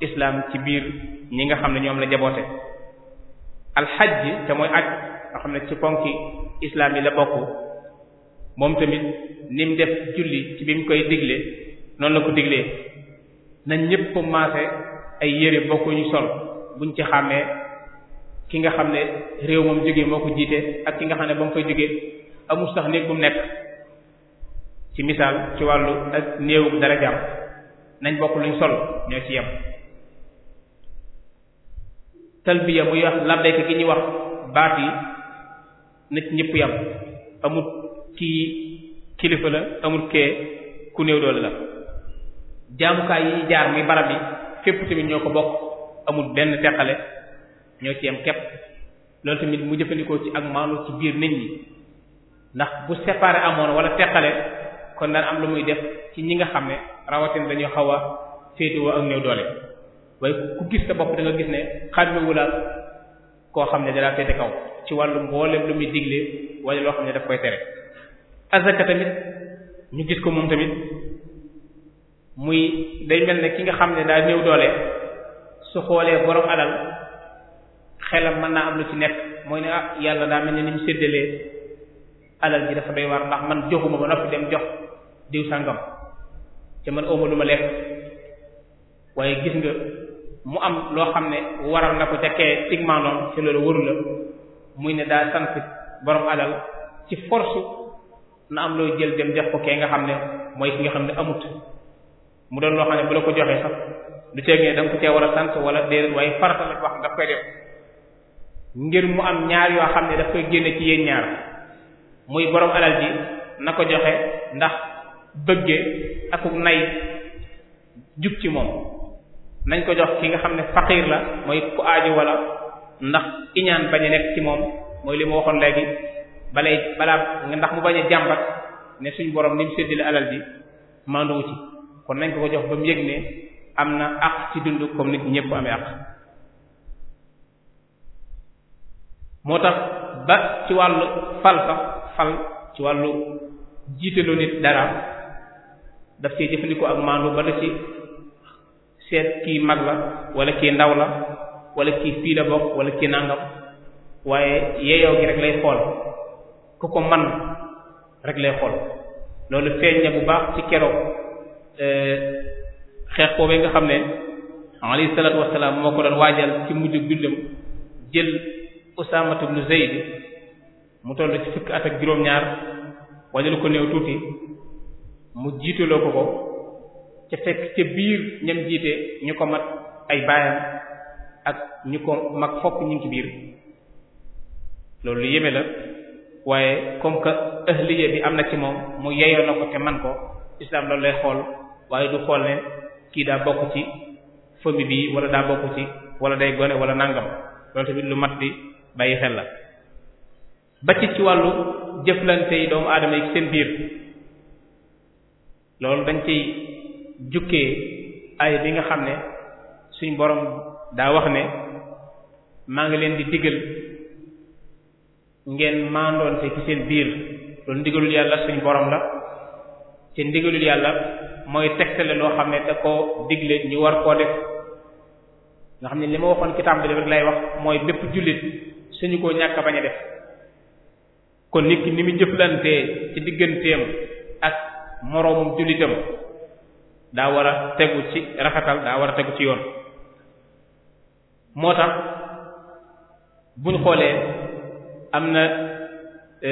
[SPEAKER 2] islaam ci biir ñi nga xam ne ñoom la jaboote alxaj te mooy aj nga xam ne ci ponki islaam yi la bokk moom tamit ni mu def julli ci bi mu koy digle noonu la ko diglee nañ ñépp maase ay yére bokkuñu sol buñ ci xàmmee ki nga xam ne réew moom jógee moo ko jiite ak ki nga xam ne ba mu koy jógee amul sax néeg bu mu nekk ci misaal ci wàllu ak néewu dara jàmm nañ bokk luñ sol ñoo ci yam talbiya muy wax labbayka gi ñuy wax baat yi nit ñépp yam amul kii kilifa la amul kee ku néew doole la jaamukaay yi jaar muy barab yi fépp tamit ñoo ko bokk amul benn teqale ñoo ci yem képp loolu tamit mu jëfandikoo ci ak maanu ci biir nit ñi ndax bu séparé amoon wala teqale kon daan am lu muy def ci ñi nga xam ne rawatina dañuy xaw a féetewoo ak néew doole waaye ku gis sa bopp da nga gis ne xàmmewulaal koo xam ne dalaa féete kaw ci wàllu mbooleem lu muy digle wala loo xam ne daf koy tere azaka tamit ñu gis ko moom tamit muy day mel ne ki nga xam ne daa néew doole su xoolee borom alal xelam mën naa am lu ci nekk mooy ne ah yàlla daa mel ne ni mu séddalee alal bi dafa doy waar ndax man joxuma ba noppi dem jox diw sàngam te man awma lu ma lekk waaye gis nga mu am loo xam ne waral na ko ca kee tigmaanoom ci loolu waru la muy ne daa sant borom alal ci force na am loo jël dem jox ko kee nga xam ne mooy ki nga xam ne amut mu doon loo xam ne bu la ko joxee sax du ceeb ne da nga ko cee war a sant wala déedéet waaye farata la wax daf koy def ngir mu am ñaar yoo xam ne daf koy génne ci yéen ñaar muy borom alal bi na ko joxe ndax bëggee akuk nay jub ci moom nañ ko jox ki nga xam ne faqiir la mooy ku aaju wala ndax iñaan bañ a nekk ci moom mooy li mu waxoon léegi balay balaa ndax mu bañ a jàmbat ne suñ borom ni mu séddale alal bi manduwu ci kon nañ ko ko jox ba mu yëg ne am na àq ci dund comme nit ñépp amee àq moo tax ba ci wàllu fal sax fal ci wàllu jiitalu nit dara daf cee jëfandikoo ak maandu ba la ci seet kii mag la wala kii ndaw la wala kii fii la bokk wala kii nangam waaye yeeyoo gi rek lay xool ku ko man rek lay xool loolu feeñ na bu baax ci keroog eh, xeex boobee nga xam ne alayhi salaatu wassalaam moo ko doon waajal ci mujj dundam jël Usaamatu ibn Zayd mu toll ci fukki at ak juróom-ñaar wala lu ko néew tuuti mu jiitaloo ko ko ca fekk ca biir ñam jiite ñu ko mat ay baayam ak ñu ko mag fokk ñu ngi ci biir loolu lu yéeme la waaye comme que ahliya bi am na ci moom mu yeyoo na ko te man ko islam loolu lay xool waaye du xool ne kii daa bokk ci famille bi wala daa bokk ci wala day gone wala nangam loolu tamit lu mat bi bàyyi xel la ba ci ci wàllu jëflante yi doomu aadama yi seen biir loolu dañ ciy jukkee ay bi nga xam ne suñ borom daa wax ne maa ngi leen di digal ngeen maandoonte ci seen biir loolu ndigalul yàlla suñ borom la te ndigalul yàlla mooy tegtale loo xam ne da koo digle ñu war koo def nga xam ne li ma waxoon ci tàmbali rek lay wax mooy bépp jullit suñu koo ñàkk bañ a def kon nit ki ni mu jëflantee ci digganteem ak moroomu jullitam daa war a tegu ci rafetal daa war a tegu ci yoon moo tax buñ xoolee am na e,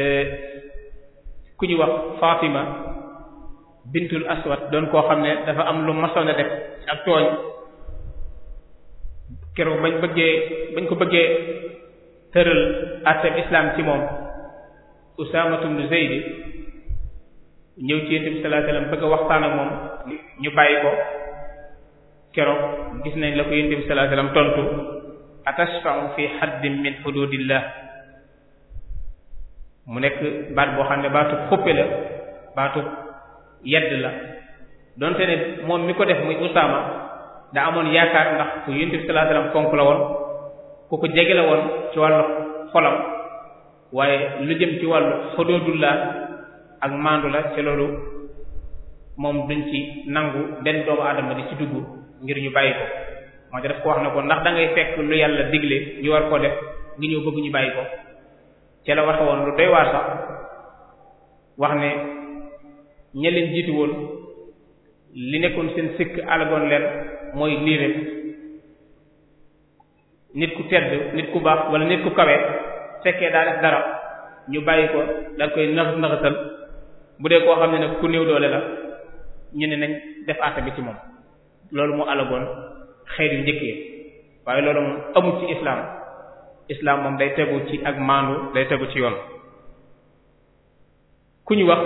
[SPEAKER 2] ku ñu wax Fatima bintul Aswad doon koo xam ne dafa am lu masoon a def ak tooñ keroog bañ bëggee bañ ko bëggee tëral àtteeb islaam ci moom Usaamatu ibn Zayd ñëw ci yonent bi bëgg a waxtaan moom ñu bàyyi ko keroog gis nañ la ko yonent bi sallallahu alayhi wasallam tontu atashfa'u fi haddin min hududillah mu nekk baat boo xam ne baatu xuppe la baatu yedd la donte ne moom mi ko def muy Usaama da amoon yaakaar ndax ku yonent bi sallallahu alayhi fonk la woon ku ko jege la woon ci wàllu xolam waaye lu jëm ci wàllu la ak maandu la ci loolu moom duñ ci nangu benn doomu aadama di ci dugg ngir ñu bàyyi ko moo tax ko wax na ko ndax dangay ngay fekk lu yàlla digle ñu war koo def ngi ñëw bëgg ñu bàyyi ko ci la waxe woon lu doy waar sax wax ne ña leen jiitu woon li nekkoon seen sikk alagoon leen mooy lii nit ku tedd nit ku baax wala nit ku kawe fekkee daa def dara ñu bàyyi ko daal koy nax naxasal bu dee koo xam ne nag ku néew doole la ñu ne nañ def àtte bi ci moom loolu moo alagoon xeet yu njëkk waaye loolu moom amul ci islam islam moom day tegu ci ak maandu day tegu ci yoon ku ñu wax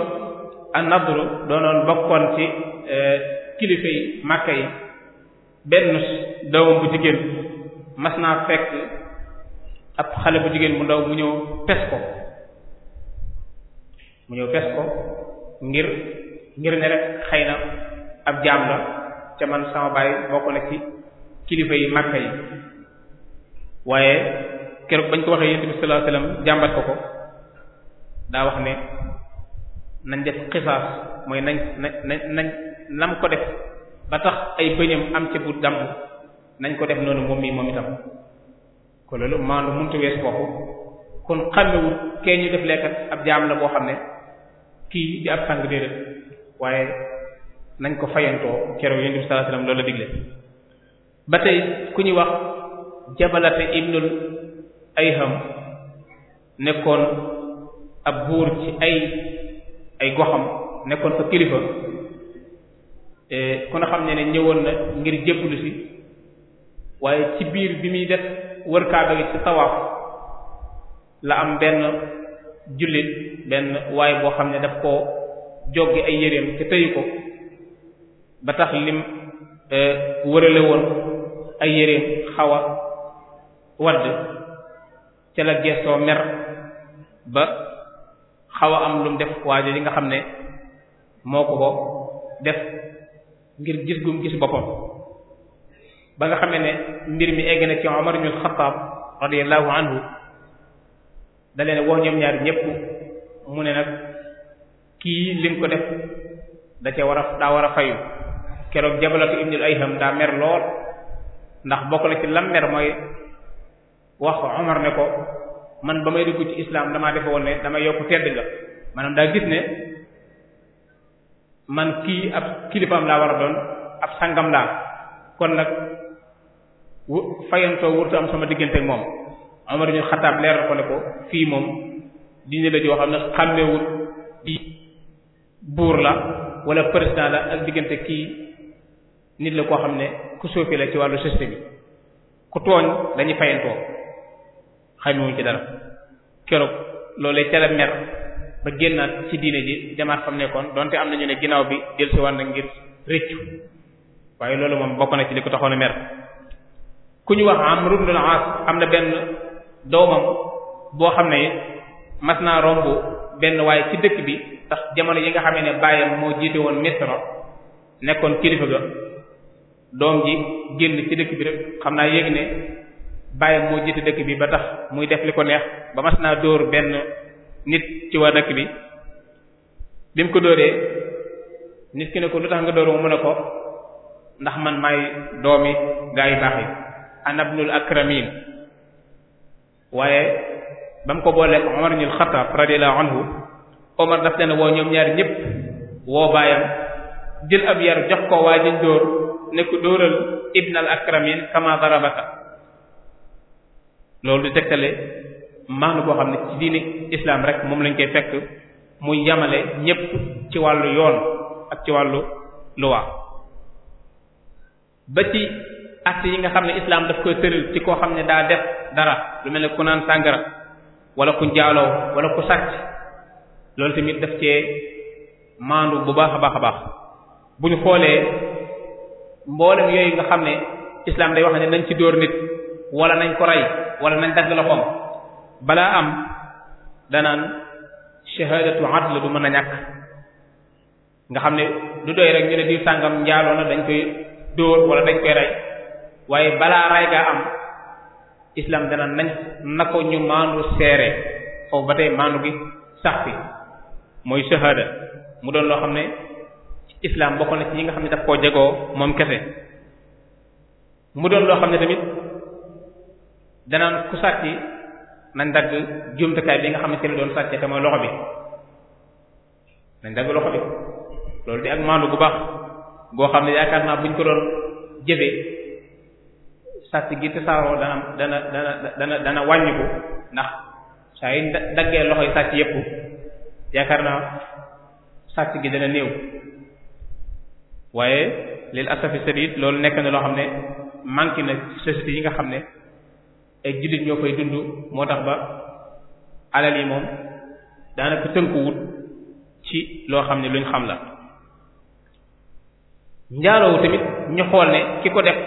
[SPEAKER 2] an-nadru doonoon bokkoon ci eh, kilifa yi Makka yi benn doomam bu jigéen mas naa fekk ab xale bu jigéen bu ndaw mu ñëw pes ko mu ñëw pes ko ngir ngir ne rek xëy na ab jaam la ca man sama baay bokk na ci kilifa yi màkka yi waaye keroog bañ ko waxee yonent bi sallallahu alayhi jàmbat ko ko daa wax ne nañ def xisaas mooy nañ nañ nañ nam ko def ba tax ay bëñam am ca bu damm nañ ko def noonu moom mii moom itam ko loolu maandu mënta weesu foofu kon xàmmewul kee ñu def lekkat ab jaam la boo xam ne kii di ab sang déedéet waaye nañ ko fayantoo keroog yonent bi sallallahu alayhi loolu la digle ba tey ku ñuy wax jabalate ibnul ayham nekkoon ab buur ci ay ay goxam nekkoon fa kilifa e, ku na xam ne ne ñëwoon na ngir jébbalu si waaye ci biir bi muy def wër kaaba gi ci tawaaf la am benn jullit benn waay boo xam ne daf koo joge ay yéreem te tëyu ko ba tax lim e, wërale woon ay yéreem xaw a wadd ca la gestoo mer ba xaw a am lu mu def waajo li nga xam ne moo ko ko def ngir gis gum gis boppam ba nga xamee ne mbir mi egg na ci Umar ibn ñaar ñépp mu ne nag kii lim ko def da cee war a daa war a fayu keroog jabalatu ibnul ayham daa mer lool ndax bokk na ci lam mer mooy wax Umar ne ko man ba may dugg ci islam damaa defe woon ne damay yokk tedd nga maanaam daa gis ne man kii ab kilifaam laa war a doon ab sangam laa kon nag fayantoo wurtu am sama diggante ak moom Omar ñu xataab leeral ko ne ko fii moom diine la joo xam ne xàmmewul di buur la wala président la ak diggante kii nit la koo xam ne ku soofi la ci wàllu société bi ku tooñ dañuy fayantoo xamewuñ ci dara keroog loolee ca la mer ba génnaat ci diine ji jamaat xam nekkoon donte am na ñu ne ginnaaw bi dellusiwaat na ngir rëccu waaye loolu moom bokk na ci li ko taxoon mer ku ñu wax Amr ibn al-As am na benn doomam boo xam ne mas naa romb benn waaye ci dëkk bi tax jamono yi nga xamee ne bàyyi moo jiite woon Misra nekkoon kilifa ga doom ji génn ci dëkk bi rek xam naa yéeg ne baayam moo jiite dëkk bi ba tax muy def li ko neex ba mas naa dóor benn nit ci waa dëkk bi bi mu ko dóoree nit ki ne ko lu tax nga dóor mu ne ko ndax man maay doomi gaa yi baax yi anabnul akramin waaye ba mu ko booleeg Omar ibn al-Khattab radiyallahu anhu Omar daf leen woo ñoom ñaar ñëpp woo baayam jël ab yar jox ko waa jiñ dóor ne ko dóoral ibn al akramin kama darabaka loolu du tegtale maanu boo xam ne ci diine rek moom lañ koy fekk mu yamale ñépp ci wàllu yoon ak ci wàllu luwa ba ci actes yi nga xam ne islam daf koy tëral ci koo xam ne daa def dara lu mel ne ku naan sàngara wala ku njaaloo wala ku sàcc loolu tamit daf cee maandu bu baax a baax a baax bu ñu xoolee mboolem yooyu nga xam ne islam day wax ne nañ ci dóor nit wala nañ ko ray wala nañ dagg loxoom balaa am danaan shahadatu adl du mën a ñàkk nga xam ne du doy rek ñu ne diw sàngam njaaloo na dañ koy dóor wala dañ koy rey waaye balaa ray gaa am islaam dana nañ na ñu maandu seere foofu ba tey maandu gi sax fi mooy shahada mu doon loo xam ne islam bokk na ci ñi nga xam ne daf koo jegoo moom kese mu doon loo xam ne tamit denaan ku sàcci nañ dagg jumtukaay bi nga xam ne seen doon sàcce te mooy loxo bi nañ dagg loxo bi loolu di ak maandu gu baax goo xam ne yaakaar naa buñ ko doon jëfee sàcc gi tasaaroo dana dana dana dana wàññiku ndax saa yi daggee loxoy sàcc yépp yaakaar naa sàcc gi dana néew waaye lil asafi sadiid loolu nekk na loo xam ne manqué na société yi nga xam ne ay jullit ñoo koy dund moo tax ba alal yi moom daanaka tënkuwut ci loo xam ne luñ xam la njaaloowu tamit ñu xool ne ki ko def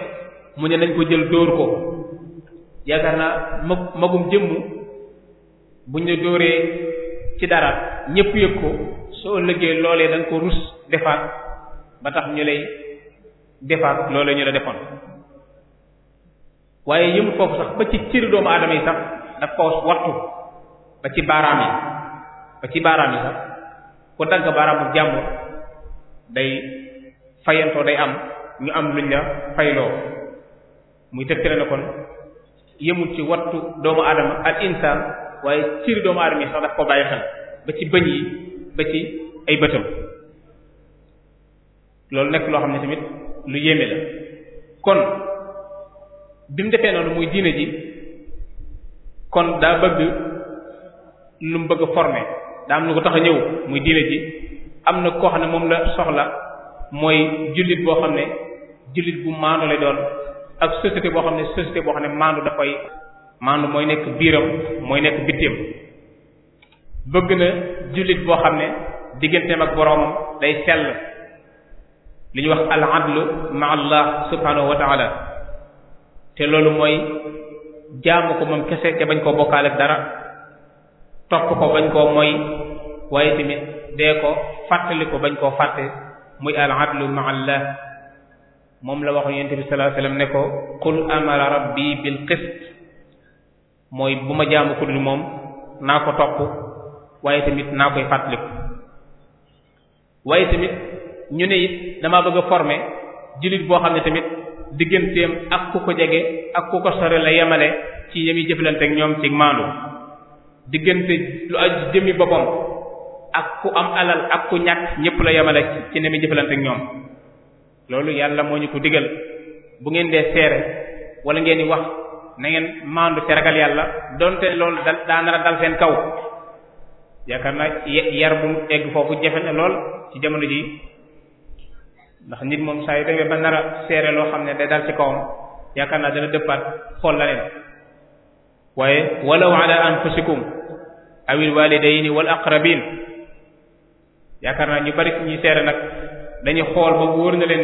[SPEAKER 2] mu ne nañ ko jël dóor ko yaakaar naa mag magum jëmm buñ la dóoree ci dara ñépp yëg ko soo ëllëgee loolee da nga ko rus defaat ba tax ñu lay defaat loolee ñu la defoon waaye yëmu foofu sax ba ci cëri doomu aadama yi sax daf ko wattu ba ci baaraam yi ba ci baaraam yi sax ku dagg baaraamu jàmbur day fayantoo day am ñu am luñ la fayloo muy tegtale na kon yemul ci wattu doomu aadama al insaan waaye ciri doomu aadama yi sax daf ko bàyyi xel ba ci bëñ yi ba ci ay bëtam loolu nekk loo xam ne tamit lu yéeme la kon bi mu defee noonu muy diine ji kon daa bëgg lu mu bëgg former daa am lu ko tax a ñëw muy diine ji am na koo xam ne moom la soxla mooy jullit boo xam ne jullit bu maandu lay doon ak société boo xam ne société boo xam ne maandu dafay maandu mooy nekk biiram mooy nekk bitteem bëgg na jullit boo xam ne digganteem ak boroomam day sell li ñuy wax al adlu ma allah subhanahu wa ta'ala te loolu mooy jaamu ko moom kese te bañ koo bokkaale dara topp ko bañ koo moy waaye tamit dee ko fàttali ko bañ koo fàtte muy al adlu ma allah moom la waxoon yonent bi sallallahu alayhi ne ko qul amara rabbi bil qist mooy bu ma jaamu ku moom naa ko topp waaye tamit naa koy fàttaliku waaye tamit ñu ne it damaa bëgg a former jullit boo xam ne tamit digganteem ak ku ko jege ak ku ko sore la yemale ci yemi jëflante ak ñoom ci maandu diggante lu aj jëmmi boppam ak ku am alal ak ku ñàkk ñépp la yemale ci yemi jëflante ak ñoom loolu yàlla moo ñu ko digal bu ngeen dee seere wala ngeen di wax na ngeen maandu te ragal yàlla donte loolu da daa nar a dal seen kaw yaakaar naa yar bu egg na lool ci jamono ji ndax nit moom saa yu demee ba loo xam ne day dal ci kawam yaakaar naa dana dëppaat xool la leen waaye walaw ala anfusikum awil walidayni wal aqrabin yaakaar naa ñu bari ñuy seere nag dañuy xool ba wóor na leen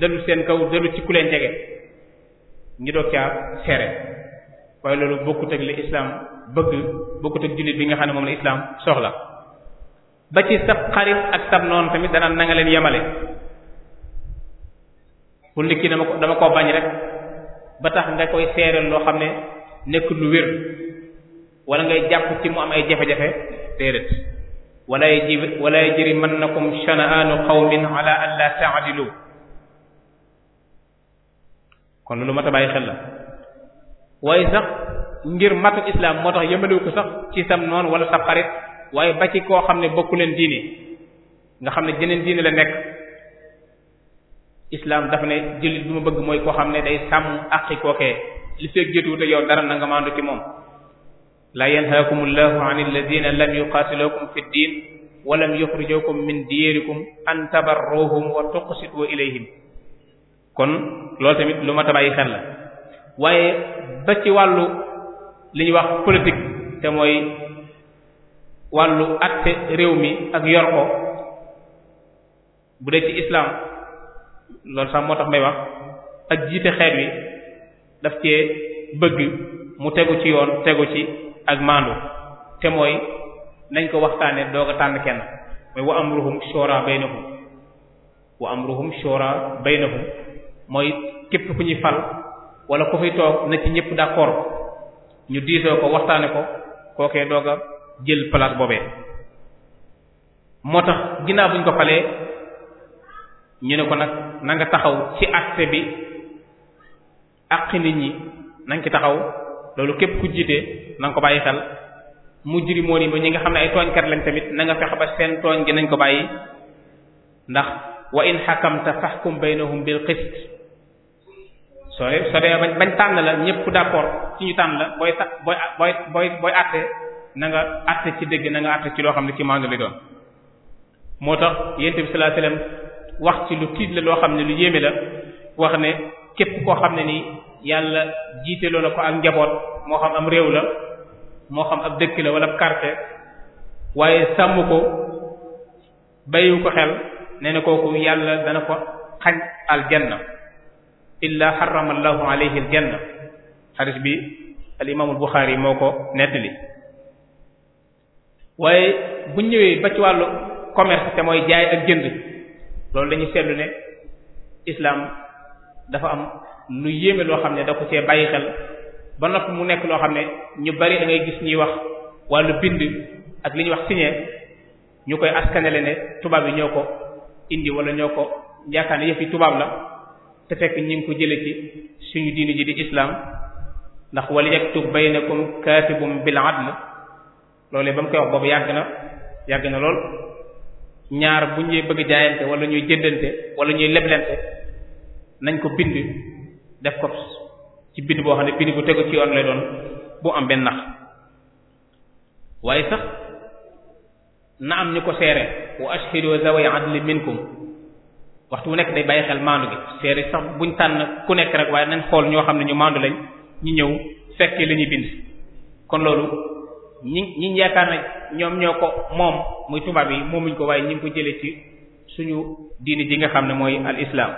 [SPEAKER 2] ne seen kaw dalu ci ku leen jege ñu doog caa seere waaye loolu bokkut ak li islam bëgg bokkut ak jullit bi nga xam ne moom la islam soxla ba ci sab xarit ak sab noonu tamit danaan na leen yemale pour nit ki dama ko dama ko bañ rek ba tax nga koy seereel loo xam ne nekk lu wér wala ngay jàpp ci mu am ay jafe-jafe déedéet wala yajib wala yajrimannakum shana'anu qawmin ala an la ta'dilu kon loolu mat a bàyyi xel la waaye sax ngir matu islam moo tax yëmaliwu ko sax ci sam noonu wala sa xarit waaye ba ci koo xam ne bokku leen diine nga xam ne jeneen diine la nekk islam dafa ne jullit bi ma bëgg mooy koo xam ne day sàmm àqi kookee li fekk jëtuwute yow dara na nga maandu ci moom laa yanhaakum allahu an alladina lam yuqaatilukum fi ddin wa lam yuxrijukum min diyarikum an tabarruhum wa loolu tamit lu ma tabayi xel la waaye ci wàllu li wax politique te mooy wàllu àtte réew mi ak yor bu dee ci loolu sax moo tax may wax ak jiite xeet wi daf cee bëgg mu tegu ci yoon tegu ci ak maandu te mooy nañ ko waxtaanee doog tànn kenn mooy wa amruhum shura baynahum wa amruhum shura baynahum mooy képp ku ñuy fal wala ku fi toog na ci ñëpp d'accord ñu diisoo ko waxtaane ko kookee doog jël place boobee moo tax ginnaaw buñ ko falee ñu ne ko nag nanga taxaw ci acte bi àq nit ñi na nga taxaw loolu képp ku jiite na nga ko bàyyi xel moo yi ba ñi nga xam ne ay tooñkat lañ tamit na nga fexe ba seen tooñ gi nañ ko bàyyi ndax wa in xakamta faxkum baynahum bil qist soo soo dee bañ bañ tànn la ñëpp d'accord ci ñu tànn la booy ta booy booy booy booy àtte na nga àtte ci dëgg na nga àtte ci loo xam ne ci maandu lay doon moo tax yonent bi sallallahu alayhi wax ci lu tiit la loo xam ne lu yéeme la wax ne képp koo xam ne nii yàlla jiiteloo na ko ak njaboot moo xam am réew la moo xam ab dëkk la walla quartier waaye sàmm ko bayu ko xel nee na kooku yàlla dana ko xañ aljanna illa xarama allahu alayhi aljanna xadis bi al imaamul Buxaari moo ko nettali waaye bu ñëwee ba ci wàllu commerce te mooy jaay ak jënd loolu dañu seetlu ne islam dafa am lu yéeme loo xam ne da ko cee bàyyi xel ba noppi mu nekk loo xam ne ñu bari da ngay gis ñuy wax wàllu bind ak li ñuy wax signé ñu koy askanele ne tubaab yi ñoo ko indi wala ñoo ko yaakaar ne yëf tubaab la te fekk ñu ko jële ci suñu diini ji di islam ndax wala yaktub baynakum katibum bil adl loolee ba mu koy wax boobu yàgg na yàgg na lool ñaar bu ñuy bëgg jaayante wala ñuy jëndante wala ñuy leblante nañ ko bind def ko ci bind boo xam ne bind bu tegu ci yoon lay doon bu am benn nax waaye sax na am ñu ko seere wa ashhidu zawi adli minkum waxtu bu nekk day bàyyi xel maandu gi seere sax buñ tànn ku nekk rek waaye nañ xool ñoo xam ne ñu maandu lañ ñu ñëw fekkee li ñuy bind kon loolu ñi ñi yaakaar na ñoom ñoo ko moom muy tubaab yi moomuñ ko waaye ñu ko jëlee ci suñu diini ji nga xam ne mooy al islam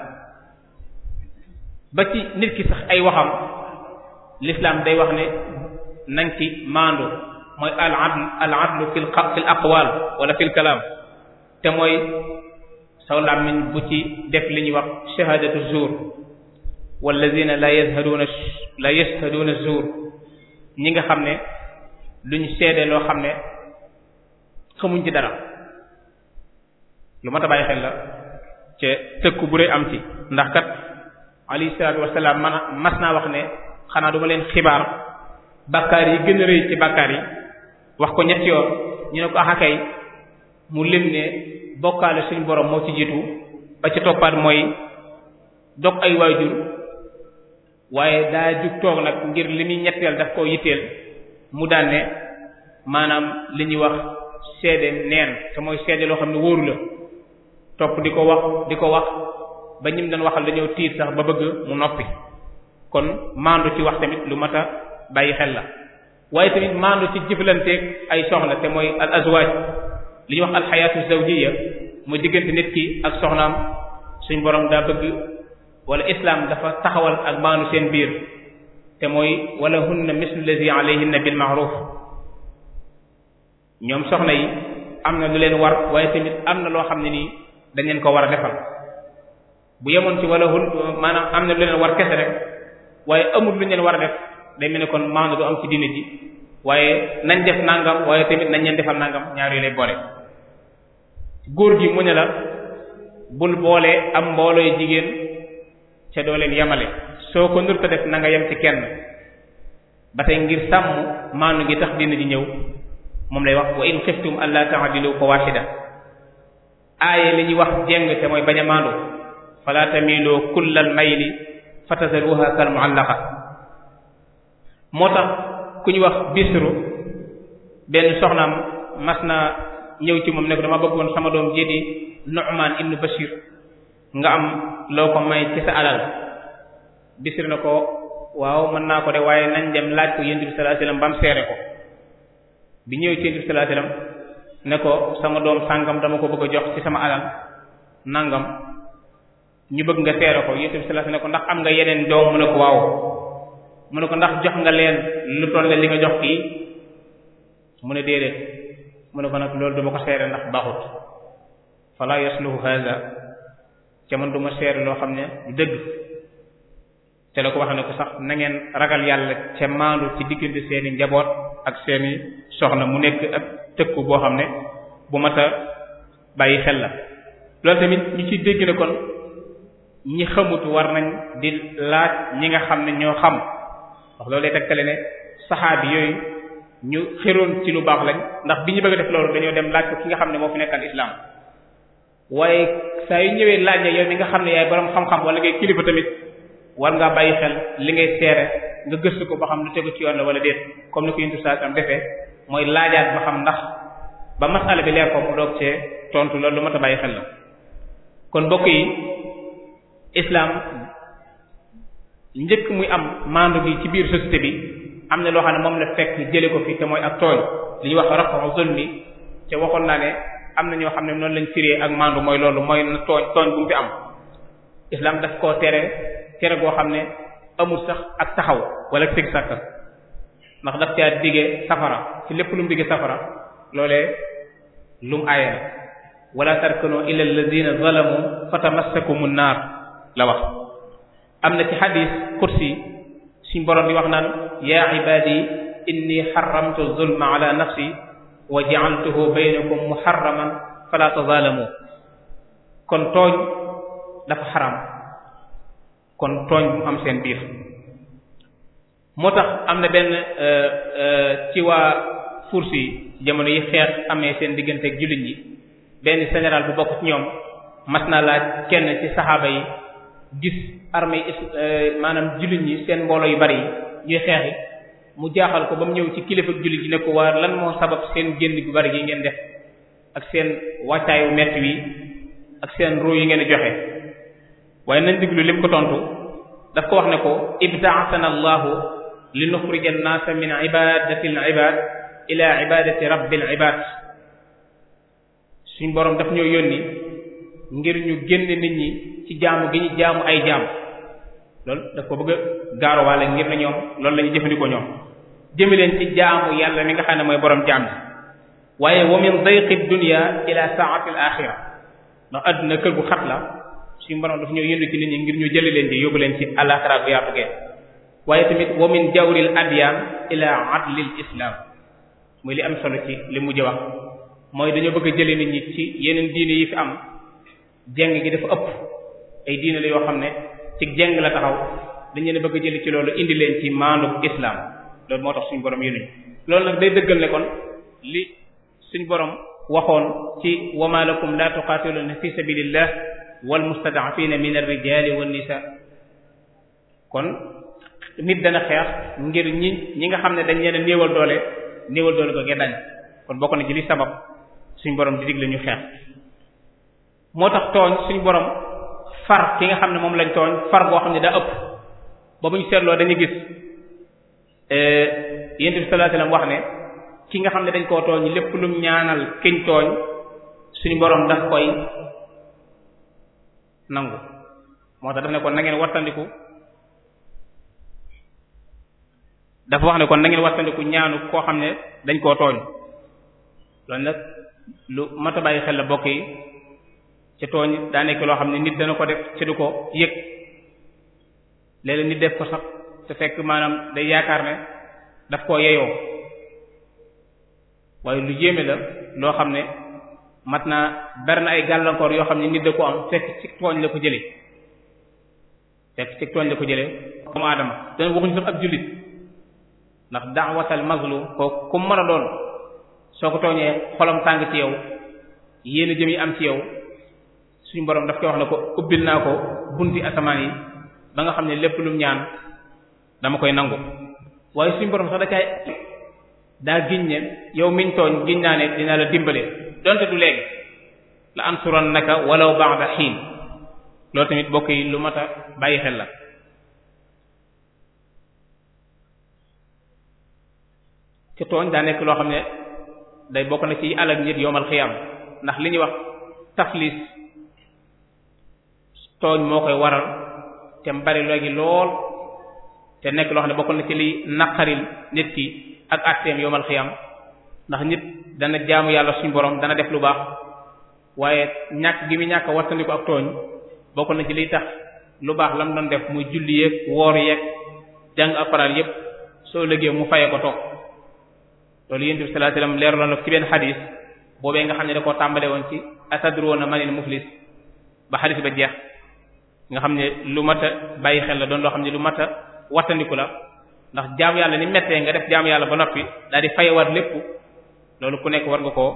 [SPEAKER 2] ba ci nit ki sax ay waxam l'islam day wax ni nañ ci maandu mooy al adl al adlu fil fil aqwal wala fil te mooy saw làmmiñ bu ci def li ñuy wax shahadatu zur wallazina la yashhaduna la yashhaduna zur ñi nga xam ne lu ñu seede loo xam ne xamuñ ci dara lu ma ta xel la ca tëkku bu rëy am ci ndax kat alayhi salaatu wasalaam man mas naa wax ne xanaa duma leen xibaar bakkaar yi gën a ci bakkaar yi wax ko ñett yoon ñu ne ko ax akay mu lim ne bokkaale suñu borom moo ci jiitu ba ci toppaat mooy dog ay waajur waaye daa jug toog nag ngir li muy ñetteel daf koo yitteel mu daan ne maanaam li ñuy wax seede neen te mooy seede loo xam ne wóoru la topp di ko wax di ko wax ba ñim doon waxal dañoo tiir sax ba bëgg mu noppi kon maandu ci wax tamit lu mat a bàyyi xel la waaye tamit maandu ci jëflanteeg ay soxla te mooy al azwaaj li ñuy wax al xayaatu zawjiyya mu diggante nit ki ak soxnaam suñ borom daa bëgg wala islam dafa taxawal ak maandu seen biir te mooy wala hunna mislu lazi na bil ma'ruf ñoom soxna yi am na lu leen war waaye tamit am na loo xam ne nii dañ leen ko war a defal bu yemoon ci wala hul maanaam am na lu leen war kese waaye amul lu ñu war a def day mel ni kon maanaam du am ci diine ji waaye nañ def nangam waaye tamit nañ leen defal nangam ñaar yu lay boole. góor gi mu ne la bul boole am mboolooy jigéen ca doo leen yemale soo ko nur ta def na nga yem ci kenn ba tey ngir sàmm maanu gi tax diine ji ñëw moom lay wax wa in xiftum ko ta'dilu fawahida aaye li ñuy wax jeng te mooy bañ a maandu fala tamilu kullal mayli fatazaruha kal mu'allaqa moo tax ku ñu wax bisru benn soxnaam mas na ñëw ci moom ne ko dama bëggoon sama doom ji di Nu'man ibnu Bashir nga am loo ko may ci sa alal bisru na ko waaw mën naa ko de waaye nañ dem laaj ko yonent bi sallallahu alayhi wasallam bam seere ko bi ñëw ci yonent bi sallallahu alayhi wasallam ne ko sama doom sàngam dama ko bëgg a jox ci sama alal nangam ñu bëgg nga seere ko yéen tamit si ne ko ndax am nga yeneen doom mu ne ko waaw mu ne ko ndax jox nga leen lu toll li nga jox kii mu ne déedéet mu ne ko nag loolu duma ko seere ndax baaxut fala yasluhu hada ca man duma seere loo xam ne dëgg te la ko wax ne ko sax na ngeen ragal yàlla ca maandu ci diggante seeni njaboot ak seeni soxna mu nekk ak tëkku boo xam ne bu mat a bàyyi xel la loolu tamit ñu ci dégg ne kon ñi xamut war nañ di laaj ñi nga xam ne ñoo xam wax loolu lay tegtale ne bi yooyu ñu xeroon ci lu baax lañ ndax bi ñu bëgg def loolu dañoo dem laaj ko ki nga xam ne moo fi nekkal islam waaye saa yu ñëwee laaj ne yow mi nga xam ne yaay borom xam-xam wala ngay kilifa tamit war ngaa bàyyi xel li ngay seere nga gëstu ko ba xam lu tegu ci yoon la wala déet comme ni ko yëntu saa am defee mooy laajaat ba xam ndax ba masala bi leer ko mu doog tontu loolu lu mat a bàyyi la islam njëkk muy am maandu gi ci biir société bi am na loo xam ne moom la fekk jële ko fi te mooy ak tooñ li ñu wax rafa zulmi te waxoon naa ne am na ñoo xam ne noonu lañ firee ak maandu mooy loolu mooy na tooñ tooñ mu fi am islam koo tere tere goo xam ne amul sax ak taxaw wala tëg ndax daf caa digee safara ci lépp lu mu digee safara loole lu mu aaya wala tarkano ila alladina zalamu fatamassakumun naar la wax am na ci xadis kursi suñ borom bi wax naan yaa ibadi inni xaramtu zulma ala nafsi wa ja'altuhu baynakum muharraman fala tazalamu kon xaram kon tooñ seen biir tax am na benn euh, euh, ci waa kursi jamono yi xeex amee seen digganteeg jullit ñi benn sénéral bu bokk ñoom mas na laaj kenn ci saxaaba yi gis armée euh, maanaam jullit ñi seen mbooloo yu bari yi ñuy xeexi mu jaaxal ko ba mu ñëw ci kilifa jullit yi ne ko waa lan moo sabab seen génn gu bari gi ngeen def ak seen wàccaayu metti wi ak seen ruu yi ngeen joxe waaye nañ diglu lim ko tontu daf ko wax ne ko ibtaasana allahu li nuxrija annaasa min ibadati al ibad ila ibadati rabbil ibad suñ boroom daf ñoo yónni ngir ñu génn nit ñi ci jaamu gi ñu jaamu ay jaam loolu daf ko bëgg a gaaruwaale ngir ne ñoom loolu la ñu jëfandikoo ñoom jëmi leen ci jaamu yàlla mi nga xam ne mooy boroom jaam bi waaye wa min dayqi dunya ila saati al ndax àdduna kër bu xat la suñu borom dafa ñëw yëndu ci nit ñi ngir ñu jëli leen ci yóbbu leen ci alaxira bu yaatu gee waaye tamit wa min jawril adyan ila adlil islam muy li am solo ci li mujj wax mooy dañoo bëgg a jëlee nit ñi ci yeneen diine yi fi gi dafa ëpp ay diine la yoo xam ne ci jeng la taxaw dañ leen bëgg a ci loolu indi leen ci maandu islam loolu moo tax suñu borom yónni loolu nag day dëggal ne kon li suñu boroom waxoon ci wa ma lakum la tuqatiluna fi sabilillah wal mustada'afina min ar-rijali wan nisa kon nit dana xeex ngir ñi ñi nga xam ne dañ leen a néewal doole néewal doole ko kon bokk na ci sabab suñu borom di digle ñu xeex moo tax tooñ suñu borom far ki nga xam ne moom lañ tooñ far goo xam ne daa ëpp ba bu ñu seetloo dañu gis eh, yonent bi sallallahu alayhi wasallam wax ne ki nga xam ne dañ koo tooñ lépp lum ñaanal kiñ tooñ suñu boroom daf koy nangu moo tax daf na ngeen wattandiku dafa wax ne kon na ngeen wattandiku ñaanu koo xam ne dañ koo tooñ loolu nag lu mat a bàyyi xel la bokk yi ca tooñ daa nekk loo xam ne nit dana ko def ca ko yëg léeg nit def ko sax te fekk maanaam day yaakaar ne daf koo yeyoo waaye lu yéeme la loo xam ne mat naa ber na ay gàllankoor yoo xam ne nit da ko am fekk ci tooñ la ko jële fekk ci tooñ la ko jële doomu aadama dana waxuñu sax ab jullit ndax da'watal mazlum ko ku mën a doon soo ko tooñee xolam tàng ci yow yéen jëm yi am ci yow suñu borom daf koy wax na ko ubbil naa ko bunti asamaan yi ba nga xam ne lépp lu ñaan dama koy nangu waaye suñu borom sax da cay daa giñ ne yow miñ tooñ giñ naa ne dinaa la dimbale donte du léegi la wu baax ba'da hiin loolu tamit bokk yi lu mat a bàyyi xel la ci tooñ daa nekk loo xam ne day bokk na ci alal nit yowmal xiyam ndax li ñuy wax taflis tooñ moo koy waral te mu bari léegi lool te nekk loo ne bokk na ci liy naqaril nit ki ak atteem yomal xiyam ndax nit dana jaamu yàlla suñu borom dana def lu baax waaye ñàkk gi mu ñàkk wattandiku ak tooñ bokk na ci liy tax lu baax la mu doon def muy julli yeeg woor yeeg jàng appareil yépp soo liggéey mu fayee ko loolu yéen bi sallallahu alayhi wasallam leeru la ci benn xadis boobee nga xam ne da tàmbale woon ci atadruna manil muflis ba xadis ba jeex nga xam ne lu mat a bàyyi xel la doon loo xam ne lu mat a wattandiku la ndax jaamu yàlla ni mettee nga def jaam yàlla ba noppi daal di fayewaat lépp loolu ku nekk war nga koo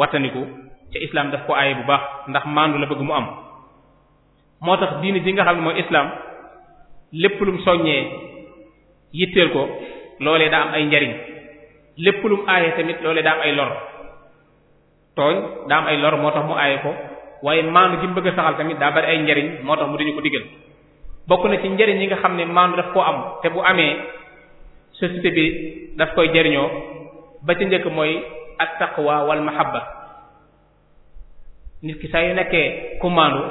[SPEAKER 2] wattandiku ca islam daf ko aaye bu baax ndax maandu la bëgg mu am moo tax diini ji nga xam ne mooy islam lépp lum soññee yitteel ko loolee daa am ay njariñ lépp lum aaye tamit loolee daa am ay lor tooñ daa am ay lor moo tax mu aaye ko waaye maandu gi mu bëgg a saxal tamit daa bari ay njariñ moo tax mu dañu ko digal bokk na ci njariñ yi nga xam ne maandu daf koo am te bu amee société bi daf koy jariñoo ba ci njëkk mooy at wa wal mahabba nit ki saa yu nekkee ku maandu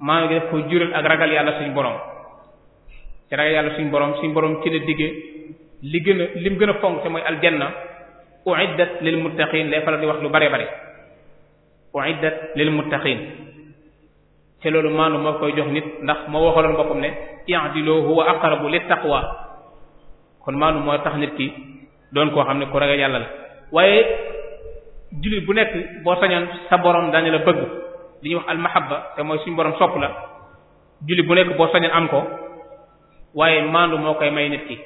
[SPEAKER 2] maandu gi daf koy jural ak ragal yàlla suñu borom ci yàlla suñu borom suñu borom ci la digge li gën li mu gën a fonk te mooy aljanna uiddat lil muttaqin lay faral di wax lu bare bare uiddat lil muttaqin te loolu maanu moo koy jox nit ndax moo waxaloon boppam ne i'dilu huwa aqrabu lit taqwa kon maanu moo tax nit ki doon koo xam ne ku ragal yàlla la waaye jullit bu nekk boo sañoon sa borom dañu la bëgg li ñuy wax almahabba te mooy suñu borom sopp la jullit bu nekk boo sañoon am ko waaye maandu moo koy may nit ki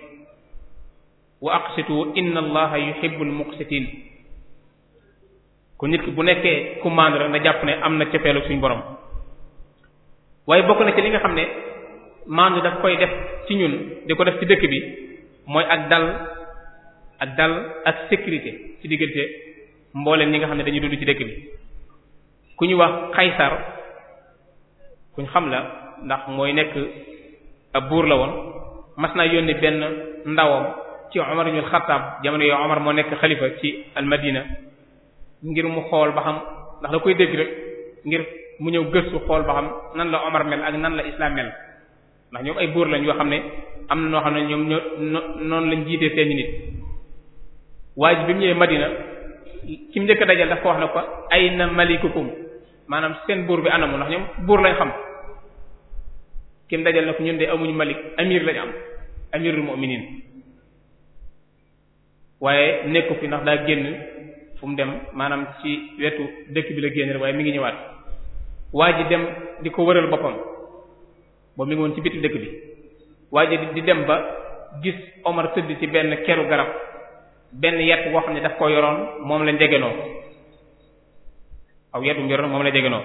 [SPEAKER 2] wa aqsitu inna allaha yuhibbul muqsitin ku nit bu nekkee ku maandu rek na jàpp ne am na cëppeelu suñu borom waaye bokk na ci li nga xam ne maandu daf koy def ci ñun di ko def ci dëkk bi mooy ak dal ak dal ak sécurité ci diggante mbooleem ñi nga xam ne dañuy dund ci dëkk bi ku ñu wax xaysar ku ñu xam la ndax mooy nekk ab buur la woon mas naa yónni benn ndawam ci Umar ibn al-Khattab jamono yooyu Umar moo nekk xalifa ci al-Madina ngir mu xool ba xam ndax da koy dégg rek ngir mu ñëw gëstu xool ba xam nan la Omar mel ak nan la islam mel ndax ñoom ay buur lañ yoo xam ne am na xam ne ñoom ñoo noonu lañ jiitee seeni nit waaye bi mu ñëwee Madina ki mu njëkk a dajal daf ko wax ne ko ay na malikukum maanaam seen buur bi anamu ndax ñoom buur lañ xam kim dajal na ko ñun de amuñu malik amir lañ am amirul mu'minin waaye nekku fi ndax daa génn fu mu dem maanaam ci wetu dëkk bi la génn waaye mi ngi ñëwaat waa ji dem di ko wëral boppam ba mi ngi woon ci biti dëkk bi waa ji di dem ba gis Omar tëdd ci benn keru garab benn yet woo xam ne daf ko yoroon moom la njegenoo aw yet bu mu yoroon moom la njegenoo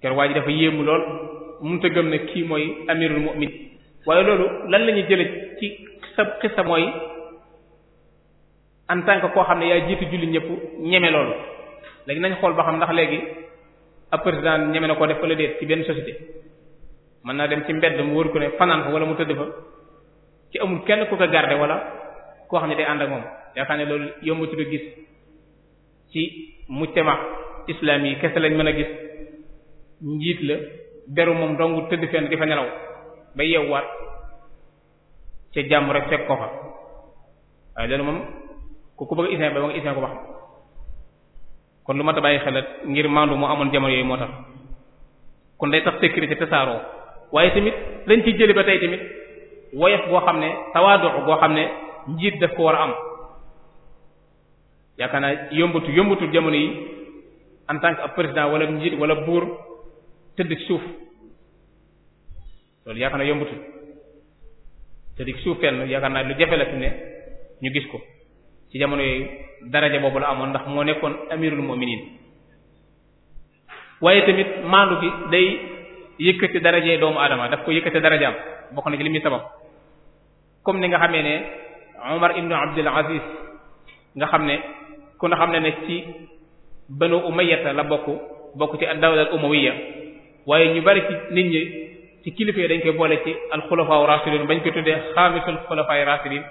[SPEAKER 2] keru waa ji dafa yéemu lool mënut a ne kii mooy amirul mu'min waaye loolu lan lañuy ñuy jële ci xisa xisa mooy en tant que koo xam ne yaa jiitu julli ñëpp ñeme loolu léegi nañ xool ba xam ndax léegi ab président ñeme na koo def wala déet ci benn société mën naa dem ci mbedd mu wër ko ne fanaan fa wala mu tëdd fa ci amul kenn ku ko garder wala koo xam ne day ànd ak moom yaakaar ne loolu yombatu la gis ci mujtama islam yi kese lañ mën a gis njiit la beru moom dong tëdd fenn di fa nelaw ba yeewwaat ca jàmm rek fekk ko fa waaye loolu moom ku ku bëgg issin ba nga issin ko wax kon lu ma ta bàyyi xelat ngir mandu moo amoon jamono yooyu moo tax kon day tax sécurité tasaaroo waaye tamit lañ ci jëli ba tey tamit woyax goo xam ne tawaadox goo xam ne njiit daf ko war a am yaakaar naa yombatu yombatu jamono yi en tant que président wala njiit walla buur tëdd suuf loolu yaakaar naa yombatu tëdd suuf fenn yaakaar naa lu jafe la fi ne ñu gis ko ci jamono yooyu daraja boobu la amoon ndax moo nekkoon amirul mu'minin waaye tamit maandu bi day yëkkati darajee doomu adama daf ko yëkkati darajaam bokk na ci li muy sabab comme ni nga xamee ne Umar ibnu Abdul Aziz nga xam ne ku na xam ne ne ci banu umayyata la bokk bokk ci ad-dawla al-umawiyya waaye ñu bari ci nit ñi ci kilifa yi dañ koy boole ci al-khulafa ar bañ koy tuddee xaamisul khulafa ar-rashidin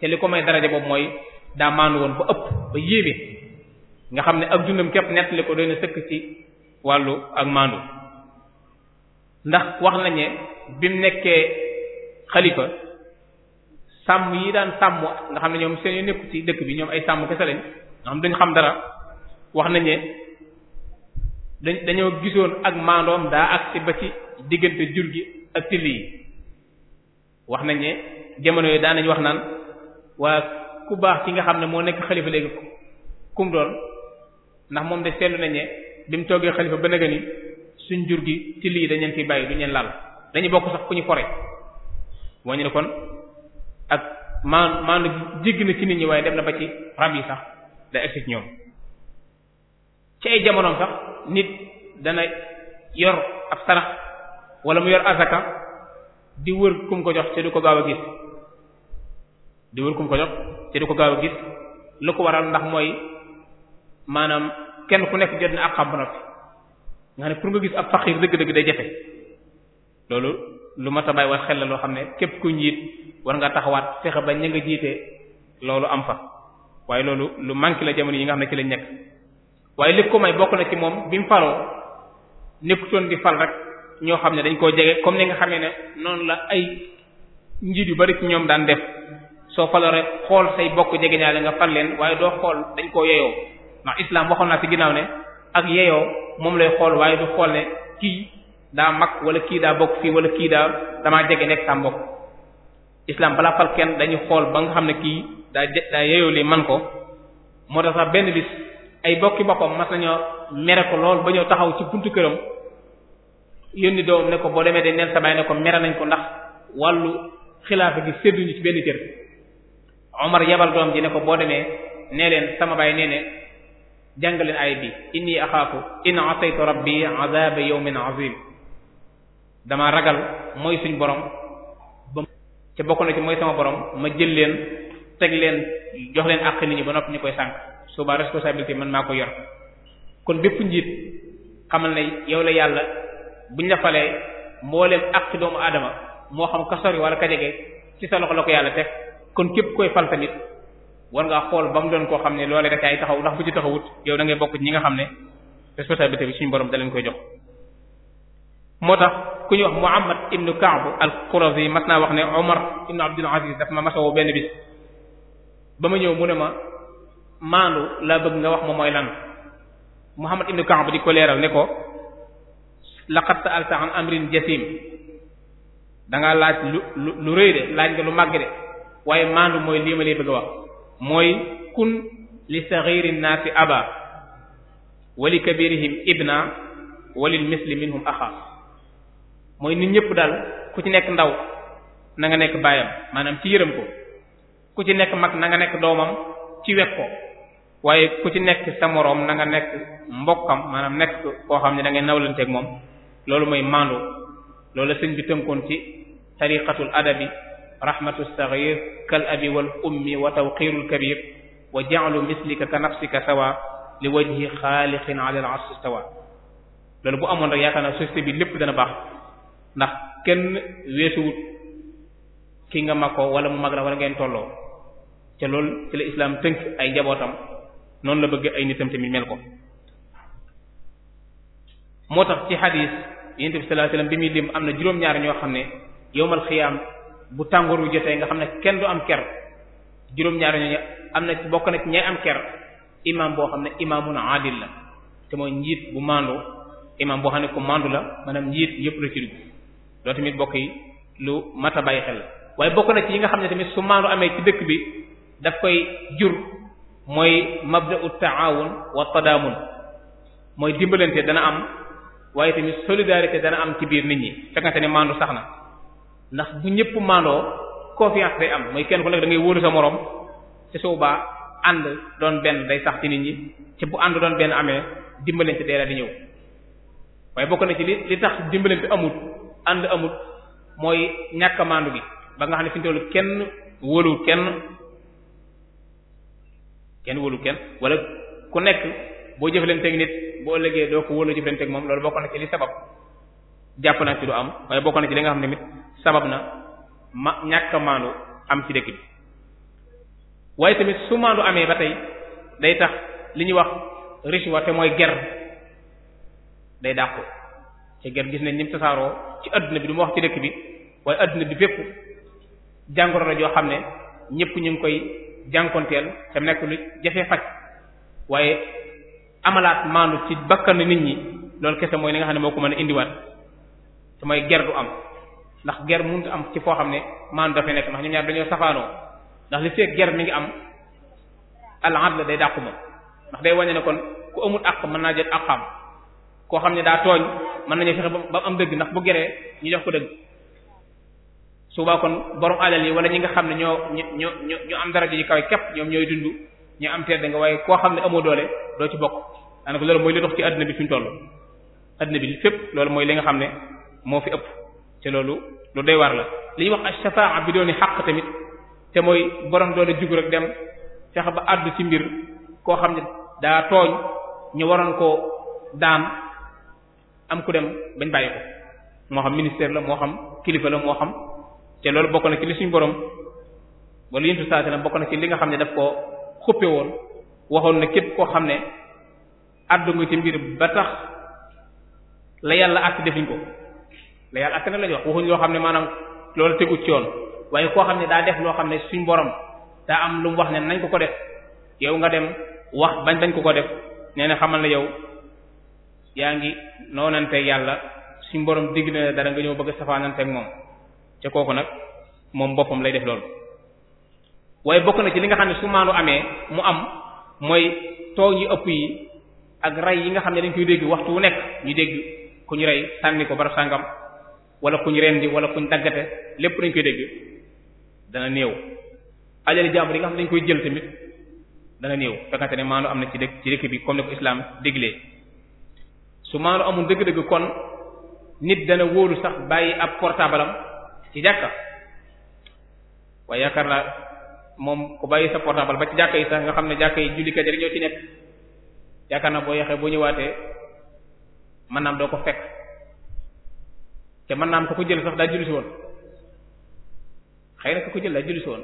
[SPEAKER 2] te li ko may daraja boobu mooy daa maandu woon ba ëpp ba yéeme nga xam ne ak dundam képp nettali ko doy na sëkk ci wàllu ak maandu ndax wax nañ ne bi mu nekkee xalifa sàmm yi daan sàmm nga xam ne ñoom seen yu nekku ci dëkk bi ñoom ay sàmm kese lañ nga xam dañu xam dara wax nañ ne dañ dañoo gisoon ak maandoom daa agsi ba ci diggante jur gi ak tilli yi wax nañ ne jamono yi daan wax naan waa ku baax ki nga xam ne moo nekk xalifa léegi kum doon ndax moom de seetlu nañ ne bi mu toogee xalifa ba ni suñ jur gi till yi dañ leen fi bàyyi duñ leen laal dañu bokk sax ku ñu fore wañu ne kon ak maanu jégg na ci nit ñi waaye dem na ba ci rab yi sax da egsi ñoom ci ay jamonoom sax nit dana yor ab sarax wala mu yor azaka di wër kum ko jox te du ko gaaw a gis di wër ko jox te ko gaaw a gis lu ko waral ndax mooy maanaam kenn ku nekk jot na ak xam ba noppi ne pour nga gis ab faqiir dëgg day jafe loolu lu mat a bàyyiwaat xel la loo xam ne képp ku njiit war nga taxawaat fexe ba ña nga jiitee loolu am fa waaye loolu lu manqué la jamono yi nga xam ne ci lañ nekk waaye li ko may bokk na ci moom bi mu faloo nekkutoon di fal rek ñoo xam ne dañ koo jege comme ni nga xamee ne noonu la ay njiit yu bari ci ñoom daan def soo falore xool say bokk jege ñaale nga fal leen waaye doo xool dañ koo yeyoo ndax islam waxoon naa ci ginnaaw ne ak yeyoo moom lay xool waaye du xool ne kii daa mag wala kii daa bokk fii wala kii daa damaa jege nekk sa mbokk islam kenn dañuy xool ba nga xam ne kii daa daa yeyoo lii man ko moo tax sax benn bis ay bokki boppam mas nañoo mere ko lool ba ñëw taxaw ci buntu këram yónni doom ne ko boo demee dañ neen sa baay ne ko mere nañ ko ndax wàllu xilaafa gi sédduñu ci benn cër Omar yebal doom ji ne ko boo demee nee leen sama baay nee ne jàngaleen ay bi inni axaafu in asaytu rabbi mi yawmin azim dama ragal mooy suñ borom ba ca bokk na ci mooy sama borom ma jël leen teg leen jox leen àq nit ñi ba nopp ñu koy sànq suba responsabilité man maa ko yor kon bépp njiit xamal ne yow la yàlla buñ la falee mbooleem àq doomu aadama moo xam ka sori wala ka jege ci sa loxo la yàlla teg kon képp koy fal war ngaa xool ba mu doon koo xam ne loolee rek ay taxaw ndax bu ci taxawut yow da ngay bokk ñi nga xam ne responsabilité bi suñu borom da leen koy jox. moo tax ku ñuy wax Muhammad ibnu Ka'b al-Qurazi mas naa wax ne Omar ibnu Abdul Aziz daf ma masawoo benn bis ba ma ñëw mu ne ma maandu laa bëgg nga wax ma mooy lan Muhammad ibnu Ka'b di ko leeral ne ko laqad sa'alta an amrin jasim da laaj lu lu rëy de laaj nga lu màgg waaye maandu mooy lii ma lay bëgg wax mooy kun li saxiiri naasi aba wali kabirihim ibna walil misli minhum axa mooy nit ñëpp daal ku ci nekk ndaw na nga nekk baayam maanaam ci yërëm ko ku ci nekk mag na nga nekk doomam ci wekk ko waaye ku ci nekk sa moroom na nga nekk mbokkam maanaam nekk koo xam ne dangay ngay nawlanteeg moom loolu mooy maandu loolu sëñ bi tënkoon ci tariqatul adabi rahmatu saghir kal wa tawqirul kabir wa ja'lu mislika ka nafsika sawa bu amoon rek yaakaar naa société bi lépp dana baax ndax kenn nga mag wala mu mag la wala ngeen tolloo ca loolu ci la ay njabootam noonu la bëgg ay nitam tamit mel ko tax ci xadiis yonent bi sallallahu alayhi wasallam bi am na juróom-ñaar ñoo xam ne yowmal xiyaam bu tàngoor bu jotee nga xam ne kenn du am ker juróom-ñaari ñooñu am na bokk na ci ñay am ker imam boo xam ne imaamun adil la te mooy njiit bu maandu imam boo xam ne ku maandu la maanaam njiit yëpp la ci dugg loolu tamit bokk yi lu mat a bàyyi xel waaye bokk na ci yi nga xam ne tamit su maandu amee ci dëkk bi daf koy jur mooy mabda'u ta'awun wa tadaamun mooy dimbalante dana am waaye tamit solidarité dana am ci biir nit ñi fekkante ne maandu sax na ndax bu ñëpp maandoo confiance day am mooy kenn ku nekk da ngay wóolu sa moroom ci suubaa ànd doon benn day sax ci nit ñi ci bu ànd doon benn amee dimbalante day la di ñëw waaye bokk na ci li li tax dimbalante amut ànd amut mooy ñàkk maandu gi ba nga ne fi ñu kenn wóolu kenn kenn wóolu kenn wala ku nekk boo jëflanteeg nit boo ëllëgee doo ko wóolu jëflanteeg moom loolu bokk na sabab jàpp naa ci du am waaye bokk na ci li nga xam ne mit sabab na ma ñàkk maandu am ci dëkk bi waaye tamit su maandu amee ba tey day tax li ñuy wax rishwa te mooy ger day dàqu te ger gis nañ ni tasaaroo ci adduna bi du ma wax ci dëkk bi waaye àddina bi fépp jàngoro la joo xam ne ñëpp ñu ngi koy jànkonteel te nekk lu jafee faj waaye amalaat maandu ci bakkan nit ñi loolu kese mooy li nga xam ne moo ko mën a indiwaan te mooy ger du am ndax ger mënut am ci foo xam ne maanu dafay nekk ndax ñoom ñaar dañoo safaanoo ndax li fekk ger mi ngi am alhamdulilah day dàqu ma ndax day wàññi ne kon ku amul ak mën naa jël àqam koo xam ne daa tooñ mën nañu fexe ba am dëgg ndax bu geree ñu jox ko dëgg suba kon borom alal yi wala ñi nga xam ne ñoo ñoo ñoo ñoo am dara ji kaw képp ñoom ñooy dund ñoo am tedd nga waaye koo xam ne amoo doole doo ci bokk daanaka loolu mooy li dox ci àddina bi suñu toll àddina bi fépp loolu mooy li nga xam ne moo fi ëpp. te loolu lu doy war la li ñuy wax ak shafaa bi dooni xàq tamit te mooy borom doole jug rek dem fexe ba àddu ci mbir koo xam ne daa tooñ ñu waroon ko daan am ku dem bañ bàyyi ko moo xam ministère la moo xam kilifa la moo xam te loolu bokk na ci li suñu borom wala yéen saa si bokk na ci li nga xam ne daf koo xuppe woon waxoon na képp koo xam ne àddu nga ci mbir ba tax la yàlla àtt defuñ ko. la yàlla ak na lañu wax waxuñ loo xam ne maanaam loolu tegu ci yoon waaye koo xam ne daa def loo xam ne suñ borom daa am lu mu wax ne nañ ko ko def yow nga dem wax bañ bañ ko ko def nee xamal na yow yaa ngi noonante yàlla suñ borom digg dara nga ñëw bëgg safaanante ak moom ca kooku nag moom boppam lay def loolu waaye bokk na ci li nga xam ne su maanu amee mu am mooy toog yi ëpp yi ak rey yi nga xam ne dañ koy dégg waxtu wu nekk ñu dégg ku ñu rey sànni ko bara sàngam wala kuñ rendi wala kuñ daggate lépp dañ koy dégg dana néew alali jàmbur yi nga xam ne dañ koy jël tamit dana néew fekkante ne maanu am na ci dëkk ci dëkk bi comme ne su maanu amul dëgg kon nit dana wóolu sax bàyyi ab portable am ci jàkka waaye yaakaar naa moom ku bàyyi sa portable ci jàkka yi sax nga xam ne jàkka yi jullikat yi rek ñoo ci nekk yaakaar naa boo yeexee boo ñëwaatee maanaam doo ko fekk te mën naa am ko ko jël sax daa julli si woon xëy na ko ko jël daa julli woon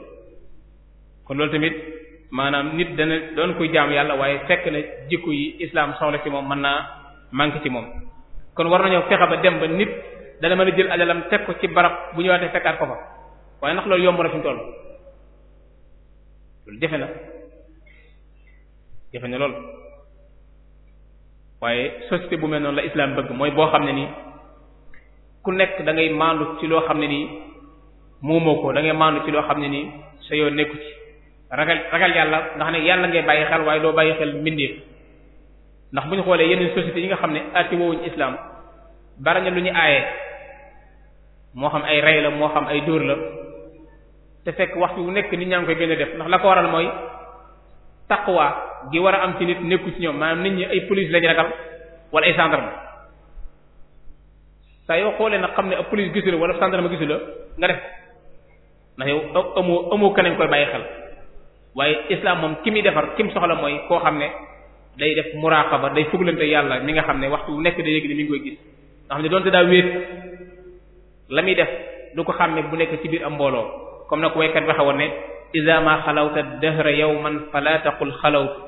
[SPEAKER 2] kon loolu tamit maanaam nit dana doon koy jaam yàlla waaye fekk na jikko yi islam soxla ci moom mën naa manqué ci moom kon war nañoo fexe ba dem ba nit dana mën a jël alalam teg ko ci barab bu ñëwaatee fekkaat ko fa waaye ndax loolu yomb na fi mu toll loolu jafe na jafe na loolu waaye société bu mel noonu la islam bëgg mooy boo xam ne nii ku nekk da ngay maandu ci loo xam ne nii moomoo ko da ngay maandu ci loo xam ne nii sa yoo nekku ci ragal ragal yàlla nga ne yàlla ngay bàyyi xel waaye doo bàyyi xel mbindeef ndax bu ñu xoolee yeneen société yi nga xam ne atti woowuñu islaam bari na lu ñu aaye moo xam ay rey la moo xam ay dóor la te fekk waxtu wu nekk nit ñaa ngi koy gën a def ndax la ko waral mooy taqwa gi war a am ci nit nekku ci ñoom maanaam nit ñi ay police lañu ragal wala ay saa yow xoolee nag xam ne ab police gisu la wala gendarme gisu la nga def ndax yow amoo amoo keneen koy bàyyi xel waaye islam moom ki muy defar kim soxla mooy koo xam ne day def muraqaba day fuglante yàlla mi nga xam ne waxtu nekk day yëg ni mi ngi gis nga xam ne doonte daa wéet la muy def du ko xàmme bu nekk ci biir am mbooloo comme nag ko waykat waxe woon ne iza ma xalawta dahra yawman fala taqul xalawtu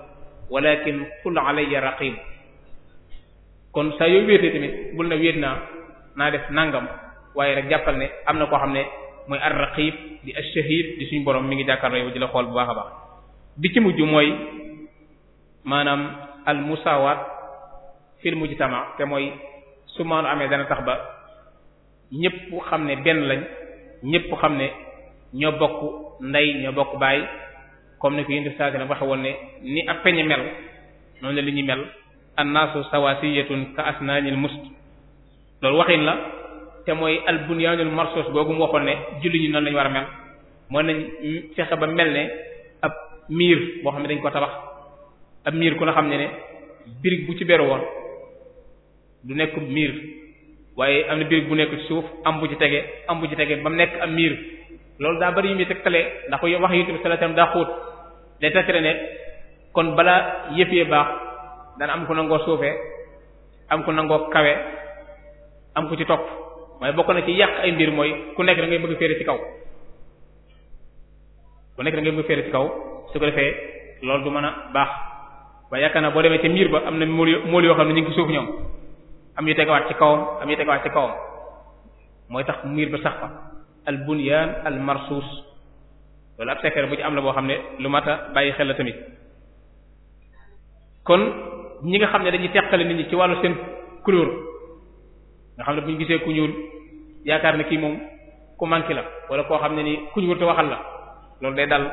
[SPEAKER 2] walakin qul alayya raqib kon saa naa naa def nangam waaye rek jàppal ne am na koo xam ne mooy ar-raqib di ash-shahid di suñu borom mi ngi jàkkaarloo yow di la xool bu baax a baax ci mujj mooy maanaam al-musaawaat fil tamaa te mooy su maanu amee dana tax ba ñépp xam ne benn lañ ñépp xam ne ñoo bokk ndey ñoo bokk baay comme ni ko yéen saa na waxe woon ne ni ab peñe mel noonu la li ñuy mel annaasu sawaasiyatun ka asnaanil must loolu waxin la te mooy al bunyaanul marsus googu mu waxoon ne julli ñu noonu lañu war a mel moo nañ fexe ba mel ne ab miir boo xam ne dañ ko tabax miir ku na xam ne ne birig bu ci beru woon du nekk miir waaye am na birig bu nekk suuf am bu ci tege am bu ci tege ba mu nekk am miir loolu daa bari yu muy tegtalee ndax ko wax yi tamit salaatam daa xóot day tegtale ne kon balaa yëfee baax dana am ko nangoo suufee am ko nangoo kawe am ko ci topp waaye bokk na ci yàq ay mbir mooy ku nekk da ngay bëgg féere ci kaw ku nekk da ngay bëgg féere ci kaw su ko defee loolu du mën a baax waaye yaakaar na boo demee ci miir ba am na mool mool yoo xam ne ñu ngi ci suuf ñoom am ñu tegawaat ci kawam am ñu tegawaat ci kawam mooy tax miir ba sax fa al bunyaan al marsuus ab secret bu ci am la boo xam ne lu mat a bàyyi xel la tamit kon ñi nga xam ne dañuy teqale nit ñi ci wàllu seen couleur nga xam ne bu ñu gisee ku ñuul yaakaar na kii moom ku manqué la wala koo xam ne nii ku ñuul te waxal la loolu day dal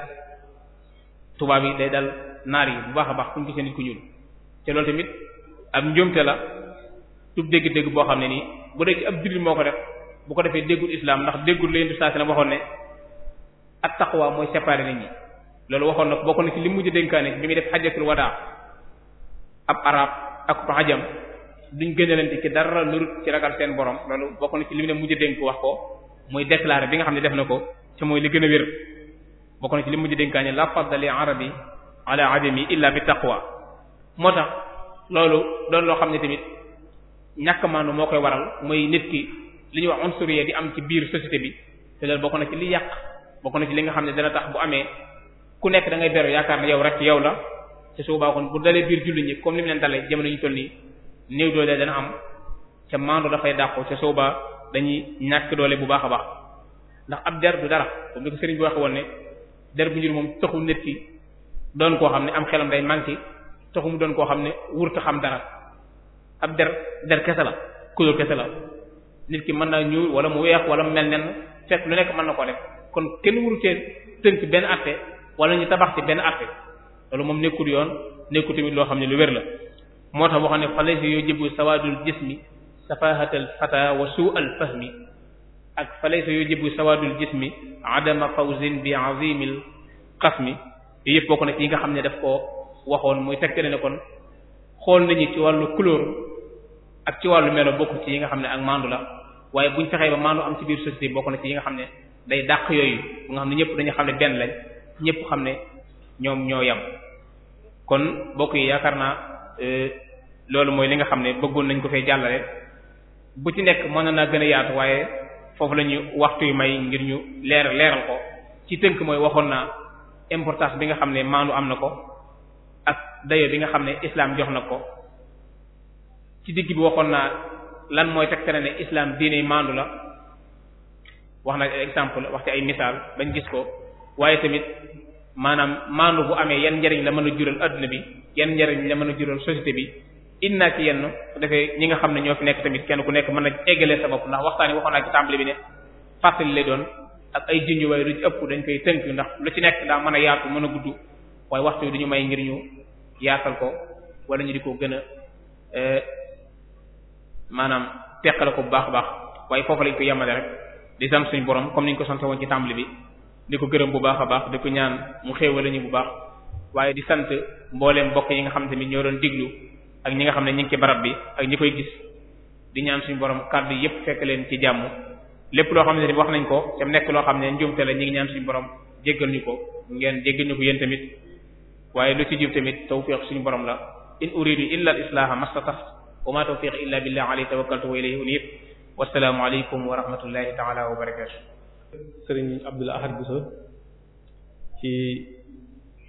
[SPEAKER 2] tubaab yi day dal naar yi bu baax a baax fu ñu gisee nit te loolu tamit ab njuumte la tub dégg-dégg boo xam ne nii bu dee ci ab jullit moo ko def bu ko defee déggul islam ndax déggul leen du saa si waxoon ne ak taqwa mooy séparer nit ñi loolu waxoon na bokk na ci li mujj dénkaane bi muy def xajatul wadaa ab arab ak ko xajam duñ gënalante ci dara lu ci ragal seen borom loolu bokk na ci li mu ne mujj dénk wax ko muy déclaré bi nga xam ne def na ko ci mooy li gën a wér bokk na ci li mujj dénkaane la faddali arabi ala adami illa bi taqwa moo tax loolu doon loo xam ne tamit ñàkk maandu moo koy waral mooy nit ki li ñuy wax unsuriya di am ci biir société bi te loolu bokk na ci li yàq bokk na ci li nga xam ne dana tax bu amee ku nekk da ngay beru yaakaar ne yow rek yow la te su kon bu dalee biir jullit ñi comme ni mu leen dalee jamono ñu toll nii néew doole dana am ca maandu dafay dàqu ca soobaa dañuy ñàkk doole bu baax a baax ndax ab der du dara comme ni ko woon ne der bu moom taxul nit ki doon koo xam ne am xelam day manqué taxu doon koo xam ne wurta xam dara ab der der kese la couleur kese la nit ki mën naa ñuul wala mu weex wala mu mel nen fekk lu nekk mën na ko def kon kenn wurutee tënk benn atte wala ñu tabax ci benn atte loolu moom nekkul yoon nekkul tamit loo xam ne lu wér la moo tax boo xam ne falaysa yujibu sawaadul jismi safahatal fata wa su'al fahmi ak falaysa yujibu sawaadul jismi adama fawzin bi azimil xasmi mi yëpp bokk na ci yi nga xam ne daf koo waxoon muy tegtale ne kon xool nañu ci wàllu couleur ak ci wàllu melo bokk ci yi nga xam ne ak mandu la waaye buñ fexee ba mandu am ci biir société bokk na ci yi nga xam ne day dàq yooyu bu nga xam ne ñëpp dañu xam ne benn lañ ñëpp xam ne ñoom ñoo yam kon bokk yaakaar naa Euh, loolu mooy li nga xam ne bëggoon nañ ko fee jàllale bu ci nekk mën naa gën a yaatu waaye foofu la ñu waxtu yu may ngir ñu leer leeral ko ci tënk mooy waxoon naa importance bi nga xam ne maandu am na ko ak dayo bi nga xam ne islam jox na ko ci digg bi waxoon naa lan mooy tegtale ne islam diine maandu la wax na exemple wax ci ay misaal bañ gis ko waaye tamit maanaam maandu bu amee yan njariñ la mën a jural adduna bi yan njariñ la mën a jural société bi indi ci yenn su defee ñi nga xam ne ñoo fi nekk tamit kenn ku nekk mën a eggalee sa bopp ndax waxtaan yi waxoon naa ci tàmbali bi ne fàttali lay doon ak ay junj waaye lu ci ëpp dañ koy tënk ndax lu ci nekk daa mën a yaatu mën a gudd waaye waxtu wi duñu may ngir ñu yaatal ko wala ñu di ko gën a euh, maanaam teqale ko bu baax a baax waaye foofu lañ ko yemale rek di sant borom comme niñ ko sante woon ci tàmbali bi di ko gërëm bu baax a baax di ko ñaan mu xéewal ñu bu baax waaye di sant mbooleem mbokk yi nga xam tamit ñoo doon diglu ak ñi nga xam ne ñu ngi ci barab bi ak ñi koy gis di ñaan suñu borom kàddu yépp fekk leen ci jàmm lépp loo xam ne wax nañ ko te nekk loo xam ne njuumte la ñi ngi ñaan suñu borom jéggal ñu ko ngeen jéggal ñu ko yéen tamit waaye lu ci jub tamit tawfiq suñu borom la in uridu illa al islaha mastata'tu wa ma tawfiq illa billah alayhi tawakkaltu wa ilayhi unib
[SPEAKER 1] wassalaamu alaykum wa rahmatullahi ta'ala wa barakatuh sëriñ Abdul Ahad Bousso ci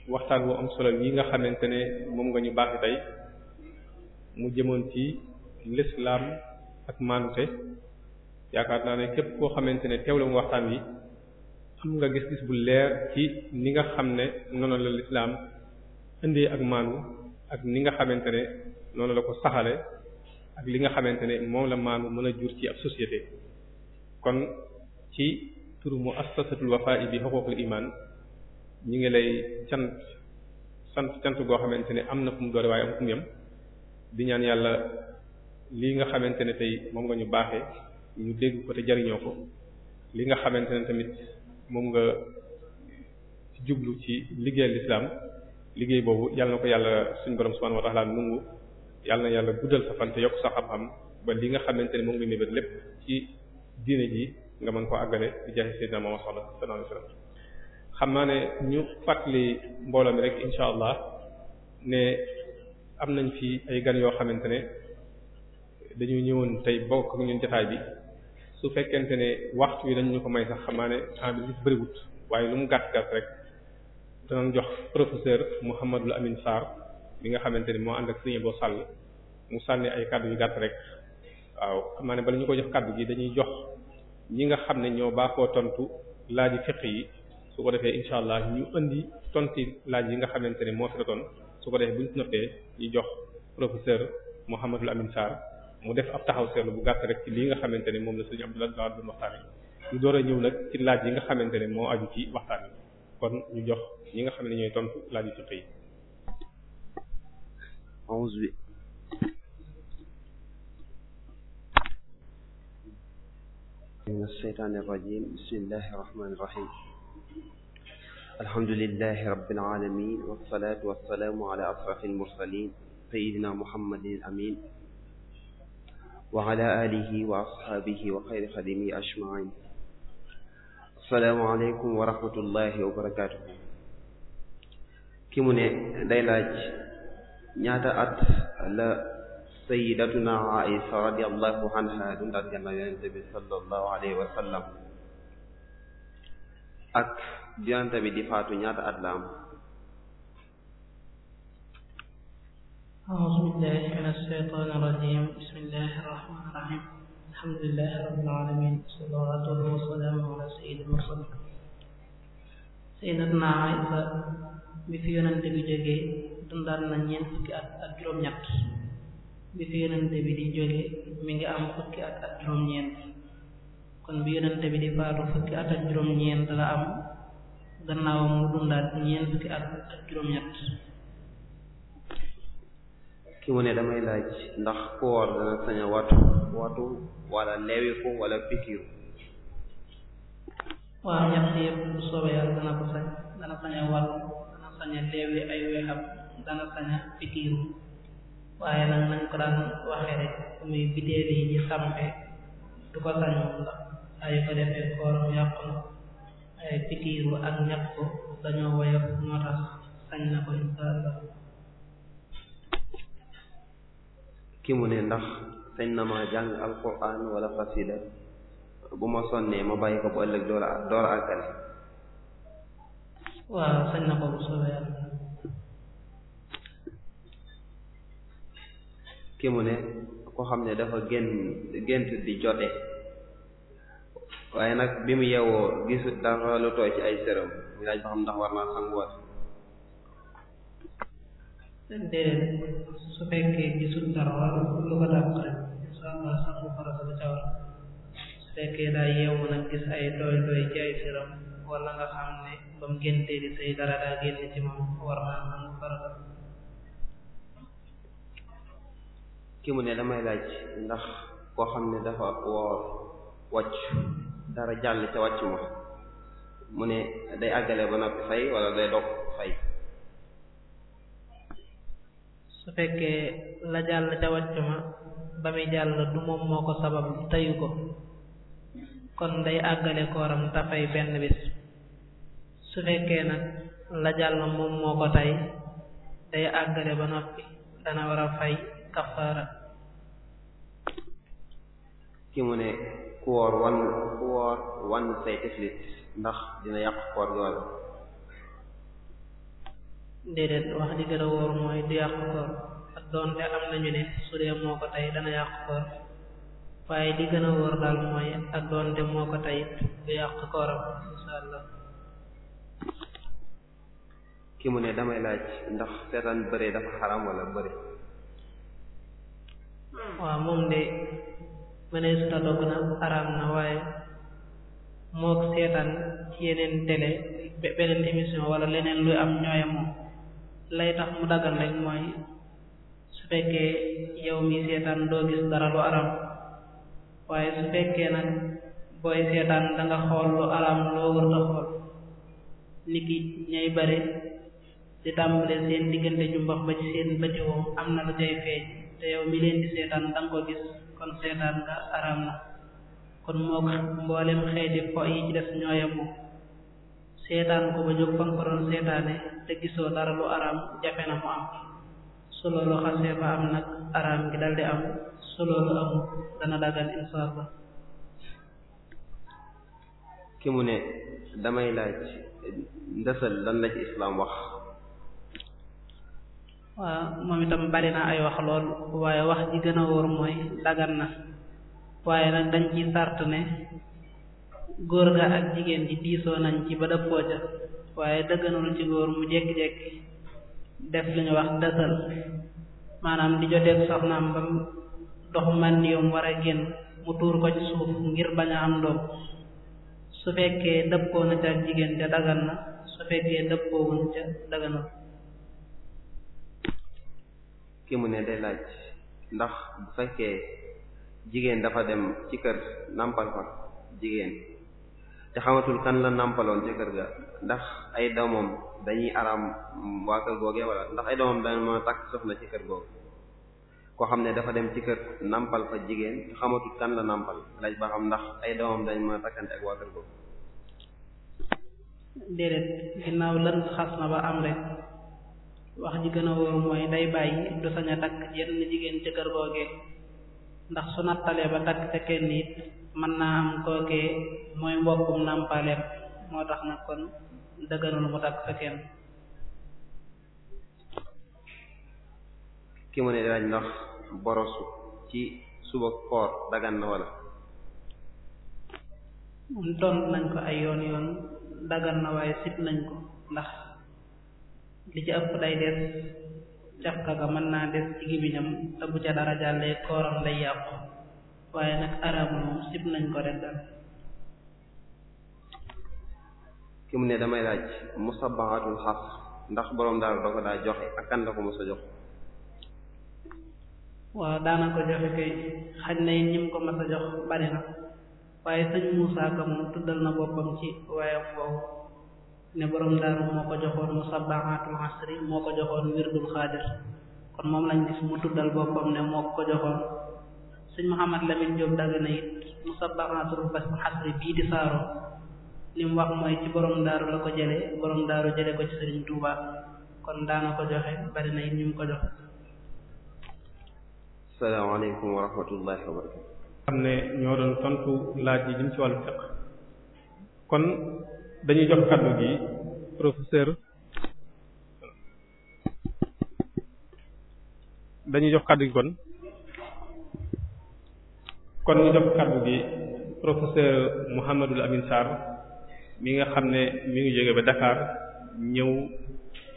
[SPEAKER 1] waxtaan wu am solo yi nga xamante ne moom nga ñu baaxi tey mu jëmoon ci lislaam ak maanute yaakaar naa ne képp koo xamante ne teewle mu waxtaan wi am nga gis-gis bu leer ci ni nga xam ne noonu la lislaam indee ak maanu ak ni nga xamante ne noonu la ko saxale ak li nga xamante ne moom la maanu mën a jur ci ab société kon ci turu mu assasatul wafaa bi xuququl iman ñi ngi lay cant sant cant goo xamante ne am na fu mu doore waaye am fu di ñaan yàlla lii nga xamante ne tey moom nga ñu baaxee ñu jariñoo ko li nga xamante ne tamit moom nga jublu ci liggéeyal lislaam liggéey boobu yàlla na ko yàlla suñ borom subhaanahu wa ta'ala yàlla na yàlla guddal sa fan te yokk sa xam-xam ba li nga xamante ne moom nga mébét lépp ci diine ji nga mën ko àggale di jaxe Seydina Muhammad sallallahu alayhi wasallam xam naa ne ñu fàttali mbooloo mi rek insha allah ne am nañ fi ay gan yoo xamante ne dañu ñëwoon tey bokk ñu jotaay bi su fekkente ne waxtu yi dañ ñu ko may sax xam naa ne temps bi bëriwut waaye lu mu gàtt gàtt rek danañ jox professeur Mouhamadul Amine Sarr bi nga xamante ne moo ànd ak Serigne boo sàll mu sànni ay kàddu yu gàtt rek waaw xamaa ne bala ñu ko jox kàddu gi dañuy jox ñi nga xam ne ñoo baaxoo tontu laaj fiq yi su ko defee incha allah ñu indi tonti laaj yi nga xamante ne moo fi doon su ko defee bu ñu si noppee ñu jox professeur Mouhamadul Amin Sarr mu def ab taxaw seetlu bu gàtt rek ci lii nga xamante ne moom la sëñ Abdoulaye Daouda doon waxtaane ñu door a ñëw nag ci laaj yi nga xamante ne moo aju ci waxtaan kon ñu jox ñi nga xam ne ñooy tontu laaj yi fiq yi.
[SPEAKER 4] من الشيطان الرجيم بسم الله الرحمن الرحيم الحمد لله رب العالمين والصلاة والسلام على أشرف المرسلين سيدنا محمد الأمين وعلى آله وأصحابه وخير خدمه أجمعين السلام عليكم ورحمة الله وبركاته ki mu ne day laaj ñaata at la sayyidatuna Aisha radiyallahu anha du ndax yàlla yonente bi sallallahu alayhi wa sallam ak yonente bi di faatu ñaata at la am
[SPEAKER 5] a'uuzu billahi mina shaytaani
[SPEAKER 6] rajiim bismillahi rahmaani rahiim alhamdulillahi rabbil aalamiin salawaatu wa salaamu ala sayyidil mursaliin
[SPEAKER 3] sayyidatuna Aisha
[SPEAKER 6] bi fi yonente bi jógee dundaan na ñeent fukki at ak juróom-ñett bi fi yonente bi di jóge mi ngi am fukki at ak juróom-ñeent kon bi yonente bi di faatu fukki at ak juróom-ñeent la am gannaawam mu dundaat ñeent fukki at ak juróom-ñett
[SPEAKER 4] ki mu damay laaj ndax ku woor dana sañ a watu watu wala leewiku wala pikiru
[SPEAKER 6] waaw ñett yëpp bu soobee yàlla dana ko dana sañ leewi ay weexam dana sañ pikiru waaye nag nañ ko daan waxee rek muy bideel yi ñu sampe du ko sañoon ndax saa ko defee kooram yàqu na pikiiru ak ñàkk ko dañoo woyof moo tax sañ na ko insha allah
[SPEAKER 4] ki mu ne ndax sañ na ma jàng alquran wala xasida bu ma sonnee ma bàyyi ko bu ëllëg door a door a àggale
[SPEAKER 6] waaw sañ na ko bu soobee
[SPEAKER 4] ki mu ne ko xam ne dafa génn gént di jote waaye nag bi mu yewoo gisul dara lu tooy ci ay sërëm mu nga xam ne
[SPEAKER 6] ba mu géntee di dara daa génn ci moom war naa sangu farata
[SPEAKER 4] ki mu ne damay laaj ndax koo xam ne dafa woor wàcc dara jàll ca wàcc ma mu ne day àggale ba noppi fay wala day dog fay
[SPEAKER 6] su fekkee la jàll ca wàcc ma ba muy jàll du moom moo ko sabab teyu ko kon day àggale kooram te benn bis su fekkee nag la jàll moom moo ko tey day àggale ba noppi dana war a fay kafaara
[SPEAKER 4] ki mu ne ku woor wan ku woor wan say tiflit ndax dina yàq koor gi walla
[SPEAKER 6] déedéet wax di gën a mooy du yàq koor ak doonte am nañu ne su dee moo ko tey dana yàq koor waaye di gën a daal mooy ak doonte moo ko tey du yàq kooram insha allah
[SPEAKER 4] ki mu ne damay laaj ndax seetaan bëre dafa xaram wala bëre
[SPEAKER 6] Hmm. waaw moom de mënees ta dog na araam na waaye mook seetaan yeneen télé beneen émission wala leneen luy am ñooya moom lay tax mu daggan rek mooy su fekkee yow mi seetaan doo gis dara lu araam waaye su fekkee nag booy seetaan da xool lu araam loo wërta xool niki ñay bare di tàmbale seen diggante jumbax ba seen bëti am na lu cay feeñ te yow mi leen di seetaan danga ko gis kon seetaan nga araam na kon mook mboolem xeeti fo yi ci def ñoo yem seetaan ko ba jóg fa seetaane te gisoo dara lu araam jafe na am su loolu xasee dana dagan insha Allah
[SPEAKER 4] mu ne damay laaj ndasal lan la islaam wax
[SPEAKER 6] waaw moom itam bari na ay wax lool waaye wax ji gën a wóor mooy dagan na waaye nag dañ ci sart ne góor ga ak jigéen ji diisoo nañ ci ba dëppoo ca waaye dëgganul ci góor mu jékki-jékki def lu ñu wax dësal maanaam di joteeg soxnaam ba dox màndiyom war a génn mu tuur ko ci suuf ngir bañ a am doom su fekkee dëppoo na ca ak jigéen ca dagan na su fekkee dëppoo wuñ ca daganul
[SPEAKER 4] ki mu ne day laaj ndax bu fekkee jigéen dafa dem ci kër nàmpal fa jigéen te xamatul kan la nàmpaloon ci kër ga ndax ay doomam dañuy araam waa kër googee wala ndax ay doomam dañu mën a takk soxna ci kër googu koo xam ne dafa dem ci kër nàmpal fa jigéen te xamatul kan la nàmpal laaj ba xam ndax ay doomam dañu mën a takkante ak waa kër googu
[SPEAKER 6] déedéet ginnaaw lan xas na ba am rek wax ji gën a wóor mooy day bàyyi du sañ a takk yenn jigéen ca kër googee ndax su nattalee ba takk ca kenn it mën naa am kookee mooy mbokkum nàmpaaleem moo tax nag kon dëgganul mu takk ca kenn
[SPEAKER 4] ki mu ne laaj ndax borosu ci suba koor dagan na wala
[SPEAKER 6] moom tont nañ ko ay yoon yoon dagan na waaye sit nañ ko ndax li ëpp day des caqa ga mën naa des ci gémmiñam te bu ca dara jàllee kooram lay yàqu waaye nag araamul moom sib nañ ko reddal
[SPEAKER 4] ki mu ne damay laaj musabahatul xaq ndax boroom daal da ko daa joxe ak ko mos a jox
[SPEAKER 6] waaw daana ko joxe kay xaj na it ñim ko mos a jox bari waaye sëñ Moussa moom tuddal na boppam ci waaye boobu ne borom daaru moo ko joxoon musabbaatul asri moo ko joxoon wirdul xaadir kon moom lañ gis mu tuddal boppam ne moo ko joxoon sëñ Mouhamad Lamine Diop Dagana it musabbaatul bas asri bii di saaroo li wax mooy ci borom daaru la ko jëlee borom daaru jëlee ko ci sëriñ kon daana ko joxe bari it ñu ngi ko jox.
[SPEAKER 4] salaamaaleykum wa rahmatullahi wa barakatuh.
[SPEAKER 1] ne ñoo doon tontu laaj yi jëm ci wàllu fiqh kon. dañuy jox kàddu gi professeur dañuy jox kàddu gi kon kon ñu jox kàddu gi professeur Mouhamadul Amine Sarr mi nga xam ne mi ngi jóge ba Dakar ñëw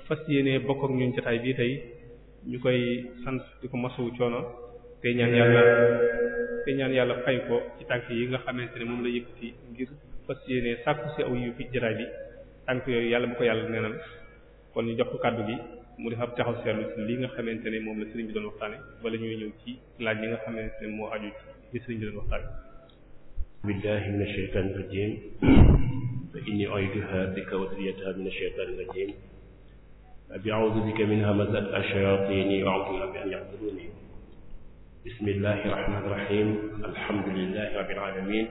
[SPEAKER 1] fas yéene bokk ñu ñun jotaay bii tey ñu koy sant di ko masawu coono te ñaan yàlla te ñaan yàlla fay ko ci tànk yi nga xamante ne moom la yëkkati ngir fas yéene sàkku si aw yiw fi jataay bi tànk yooyu yàlla bu ko yàlla neenal kon ñu jox ko kàddu gi mu def ab taxaw seetlu ci li nga xamante ne moom la sëriñ bi doon waxtaane bala ñuy ñëw ci laaj yi nga xamante ne moo aju ci sëriñ bi doon waxtaane
[SPEAKER 7] billahi min asheytaani rajim fa inni u'iiduha bika wa dhurriyyataha min asheytaani rajim rabbi a'uudu bika min hamazati ash-shayaatiin wa a'uudu
[SPEAKER 3] bika an yahduruun
[SPEAKER 7] bismillahi rahmaani rahiim alhamdulillahi rabbil aalamiin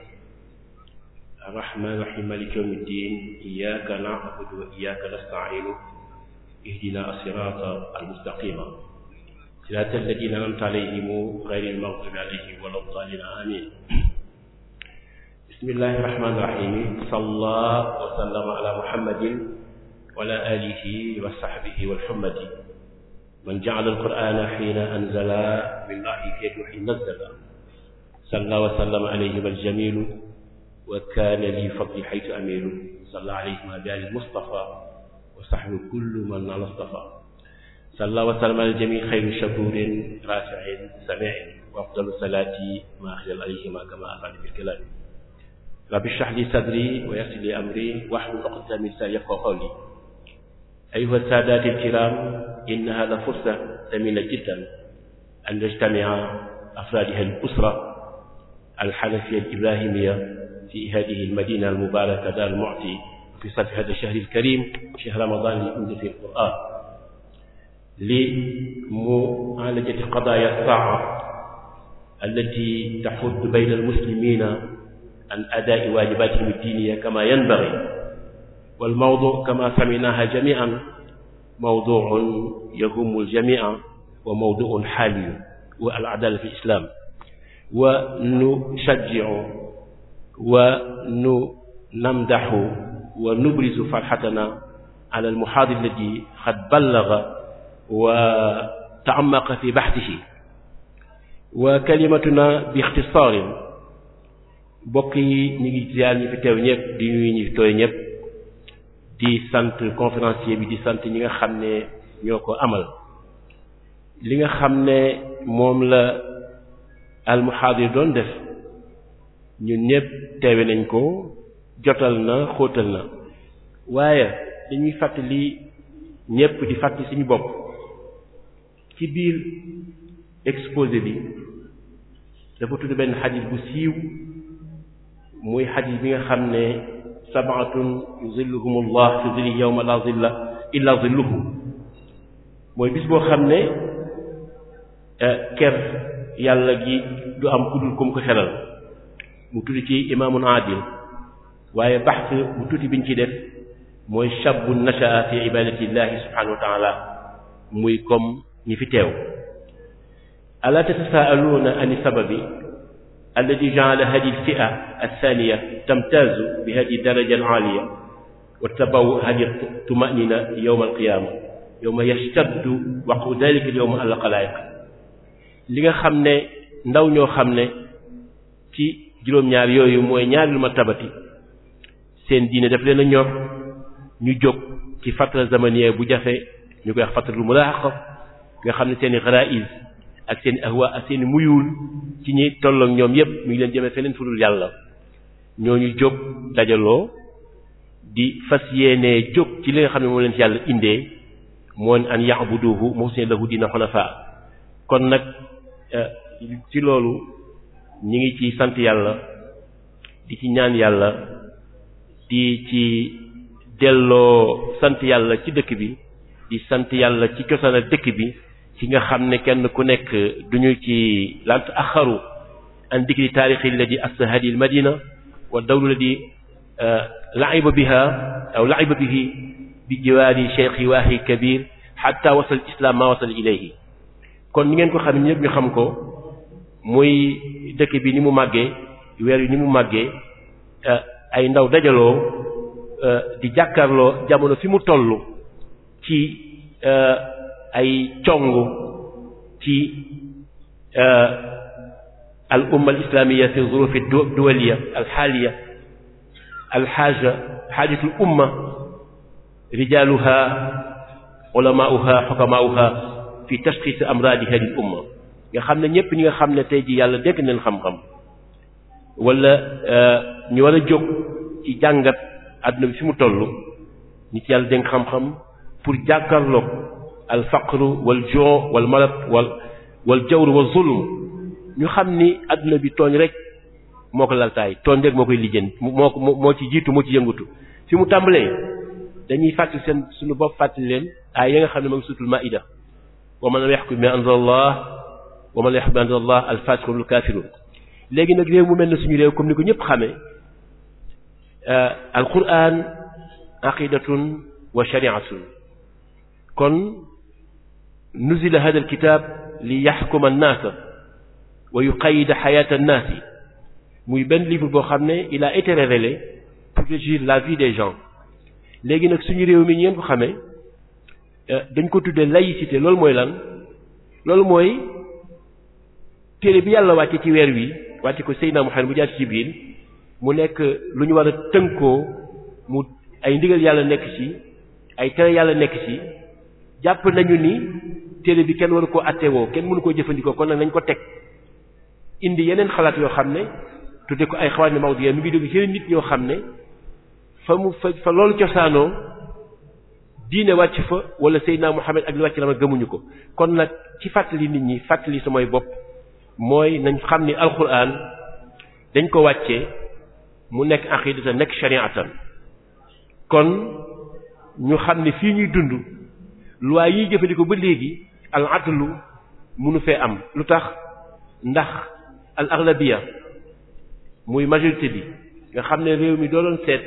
[SPEAKER 7] الرحمن الرحيم مالك يوم الدين إياك نعبد وإياك نستعين اهدنا الصراط المستقيم صراط الذين أنعمت عليهم غير المغضوب عليهم ولا الضالين آمين بسم الله الرحمن الرحيم صلى الله وسلم على محمد وعلى آله وصحبه والحمد من جعل القرآن حين أنزل بالله في يده نزل
[SPEAKER 5] صلى وسلم عليه
[SPEAKER 7] والجميل wa kaana li fadli xaytu amiru salla alayhi wa ali mustafa wa sahbi kullu man ala mustafa salla wa sallam al jami xayru shakurin rafiin samiin wa afdalu salaati ma xilal alayhima kama afani bil kalaami rabbi shrah li sadri wa yassir li amri wahlul uqdatan min lisaani yafqahu qawli ayyuha saadaati alkiram innaha la fursa thamina jiddan an najtamia afraadiha al usra al xanafia al ibrahimia في هذه المدينة المباركة دار المعطي في صدر هذا الشهر الكريم شهر رمضان اللي أنزل فيه القرآن لمعالجة قضايا الساعة التي تحد بين المسلمين عن أداء واجباتهم الدينية كما ينبغي والموضوع كما سمعناها جميعا موضوع يهم الجميع وموضوع حالي والعدالة في الإسلام ونشجع wa nu namdaxu wa nubrisu farxatana ala almuxaadil alladi xad ballaga wa taamaqa fi baxtihi wa kalimatuna bi ixtisaarin mbokk yi ñu ngi ziar ñi fi teew ñëpp di nuyu ñi fi tooy ñëpp di sant conférencier bi di sant ñi nga xam ne ñoo ko amal li nga xam ne moom la almuxaadir doon def ñun ñëpp teewe nañ ko jotal na xóotal na waaye dañuy fàttali ñépp di fàttali suñu bopp ci biir exposé bi dafa tudd benn xadis bu siiw muy xadis bi nga xam ne sabaatun yuzilluhumullah fi zilli yawma la zilla illa zilluhu mooy bis boo xam ne eh, ker yàlla gi du am ku dul kum ko xelal mu tudd ci imaamun adil waaye baxt bu tuuti biñ ci def mooy shabu nashaa fi ibadatillahi subhanahu wa taala muy comme ñi fi teew ala tatasaaluuna ani sababi alladi jaala hadi lfia althaniya tamtaazu bi hadi daraja aliya wa tabaw hadi tumanina yowma alqiyaama yowma yastaddu waqu dalika yowma alxalaaiq li nga xam ne ndaw ñoo xam ne ci juróom-ñaar yooyu mooy ñaari lu ma tabati seen diine daf leen a ñor ñu jóg ci fatra zamaniya bu jafe ñu koy wax fatratul mulaahaqa nga xam ne seeni xaraïs ak seeni ahwa ak seeni muyul ci ñi tollook ñoom yépp mu ngi leen jëme feneen fu dul yàlla ñooñu jóg dajaloo di fas yéenee jóg ci li nga xam ne moo leen yàlla indee moon an ya'buduhu muhsin lahu diina xunafaa kon nag eh, ci loolu ñi ngi ci sant yàlla di ci ñaan yàlla di ci delloo sant yàlla ci dëkk bi di sant yàlla ci cosaan dëkk bi ci nga xam ne kenn ku nekk duñu ci lant axaru an dikri taarixi di assahadi al madina wa dawlu alladi euh, laiba biha aw laiba bihi bi jiwaari cheikhi waahi kabir xatta wasal islam ma wasal ilayhi kon ni ngeen ko xam ñëpp ñu xam ko muy dëkk bi ni mu màggee weer yi ni mu màggee eh, ay ndaw dajaloo eh, di jàkkarloo jamono fi mu tollu ci eh, ay cong ci al umma al islamiya fi zurufi duwaliya al xaaliya al xaaja xaajatul umma rijaaluha ulamaauha xukamaauha fi tashxiis amraadiha lil umma nga xam ne ñëpp ñi nga xam ne tey ji yàlla dégg neen xam-xam wala euh, ñu war a jóg ci jàngat àdduna bi fi mu toll ñi yàlla dénk xam-xam pour jàkkaarloog al faqru wal joo wal malab wal wal jawru wal zulm ñu xam ni àdduna bi tooñ rek moo ko laltaay tooñ rek moo koy lijjën moo ko moo ci jiitu moo ci yëngatu fi mu tàmbalee dañuy fàttali seen suñu bopp fàttali leen ay ya nga xam ne moom suutul maida wa man yahkum ma anzal Allah wa man la yahbu an Allah al fasiqun al kafirun léegi nag réew mu mel ne suñu réew comme ni ko ñëpp xamee euh, al quraan aqidatun wa shari'atun kon nuzila hada al kitab li yaxkuma annaasa wa yuqayida xayaata annaasi muy benn livre boo xam ne il a été révélé pour régir la vie des gens léegi nag suñu réew mi ñeen ko xamee euh, dañ ko tuddee laïcité loolu mooy lan loolu mooy téere bi yàlla wàcce ci weer wi wàcce ko Seydina Muhammad bu jaar ci Jibril mu nekk lu ñu war a tënkoo mu ay ndigal yàlla nekk ci ay tere yàlla nekk ci jàpp nañu ni téere bi kenn waru ko àtte woo kenn mënu koo jëfandikoo kon nag nañ ko teg indi yeneen xalaat yoo xam ne tudde ko ay xawaani mawdiya mi ngi dugg ci nit ñoo xam ne fa mu fa fa loolu cosaanoo diine wàcc fa wala Seydina Muhammad ak li wàcc la ma gëmuñu ko kon nag ci fàttali nit ñi fàttali samay bopp mooy nañ xam ni alxuraan dañ ko wàcce mu nekk aqidatan nekk shari'atan kon ñu xam ne fii ñuy dund loi yiy jëfandikoo ba léegi al adlu mënu fee am lu tax ndax al aghlabiya muy majorité bi nga xam ne réew mi doo doon seet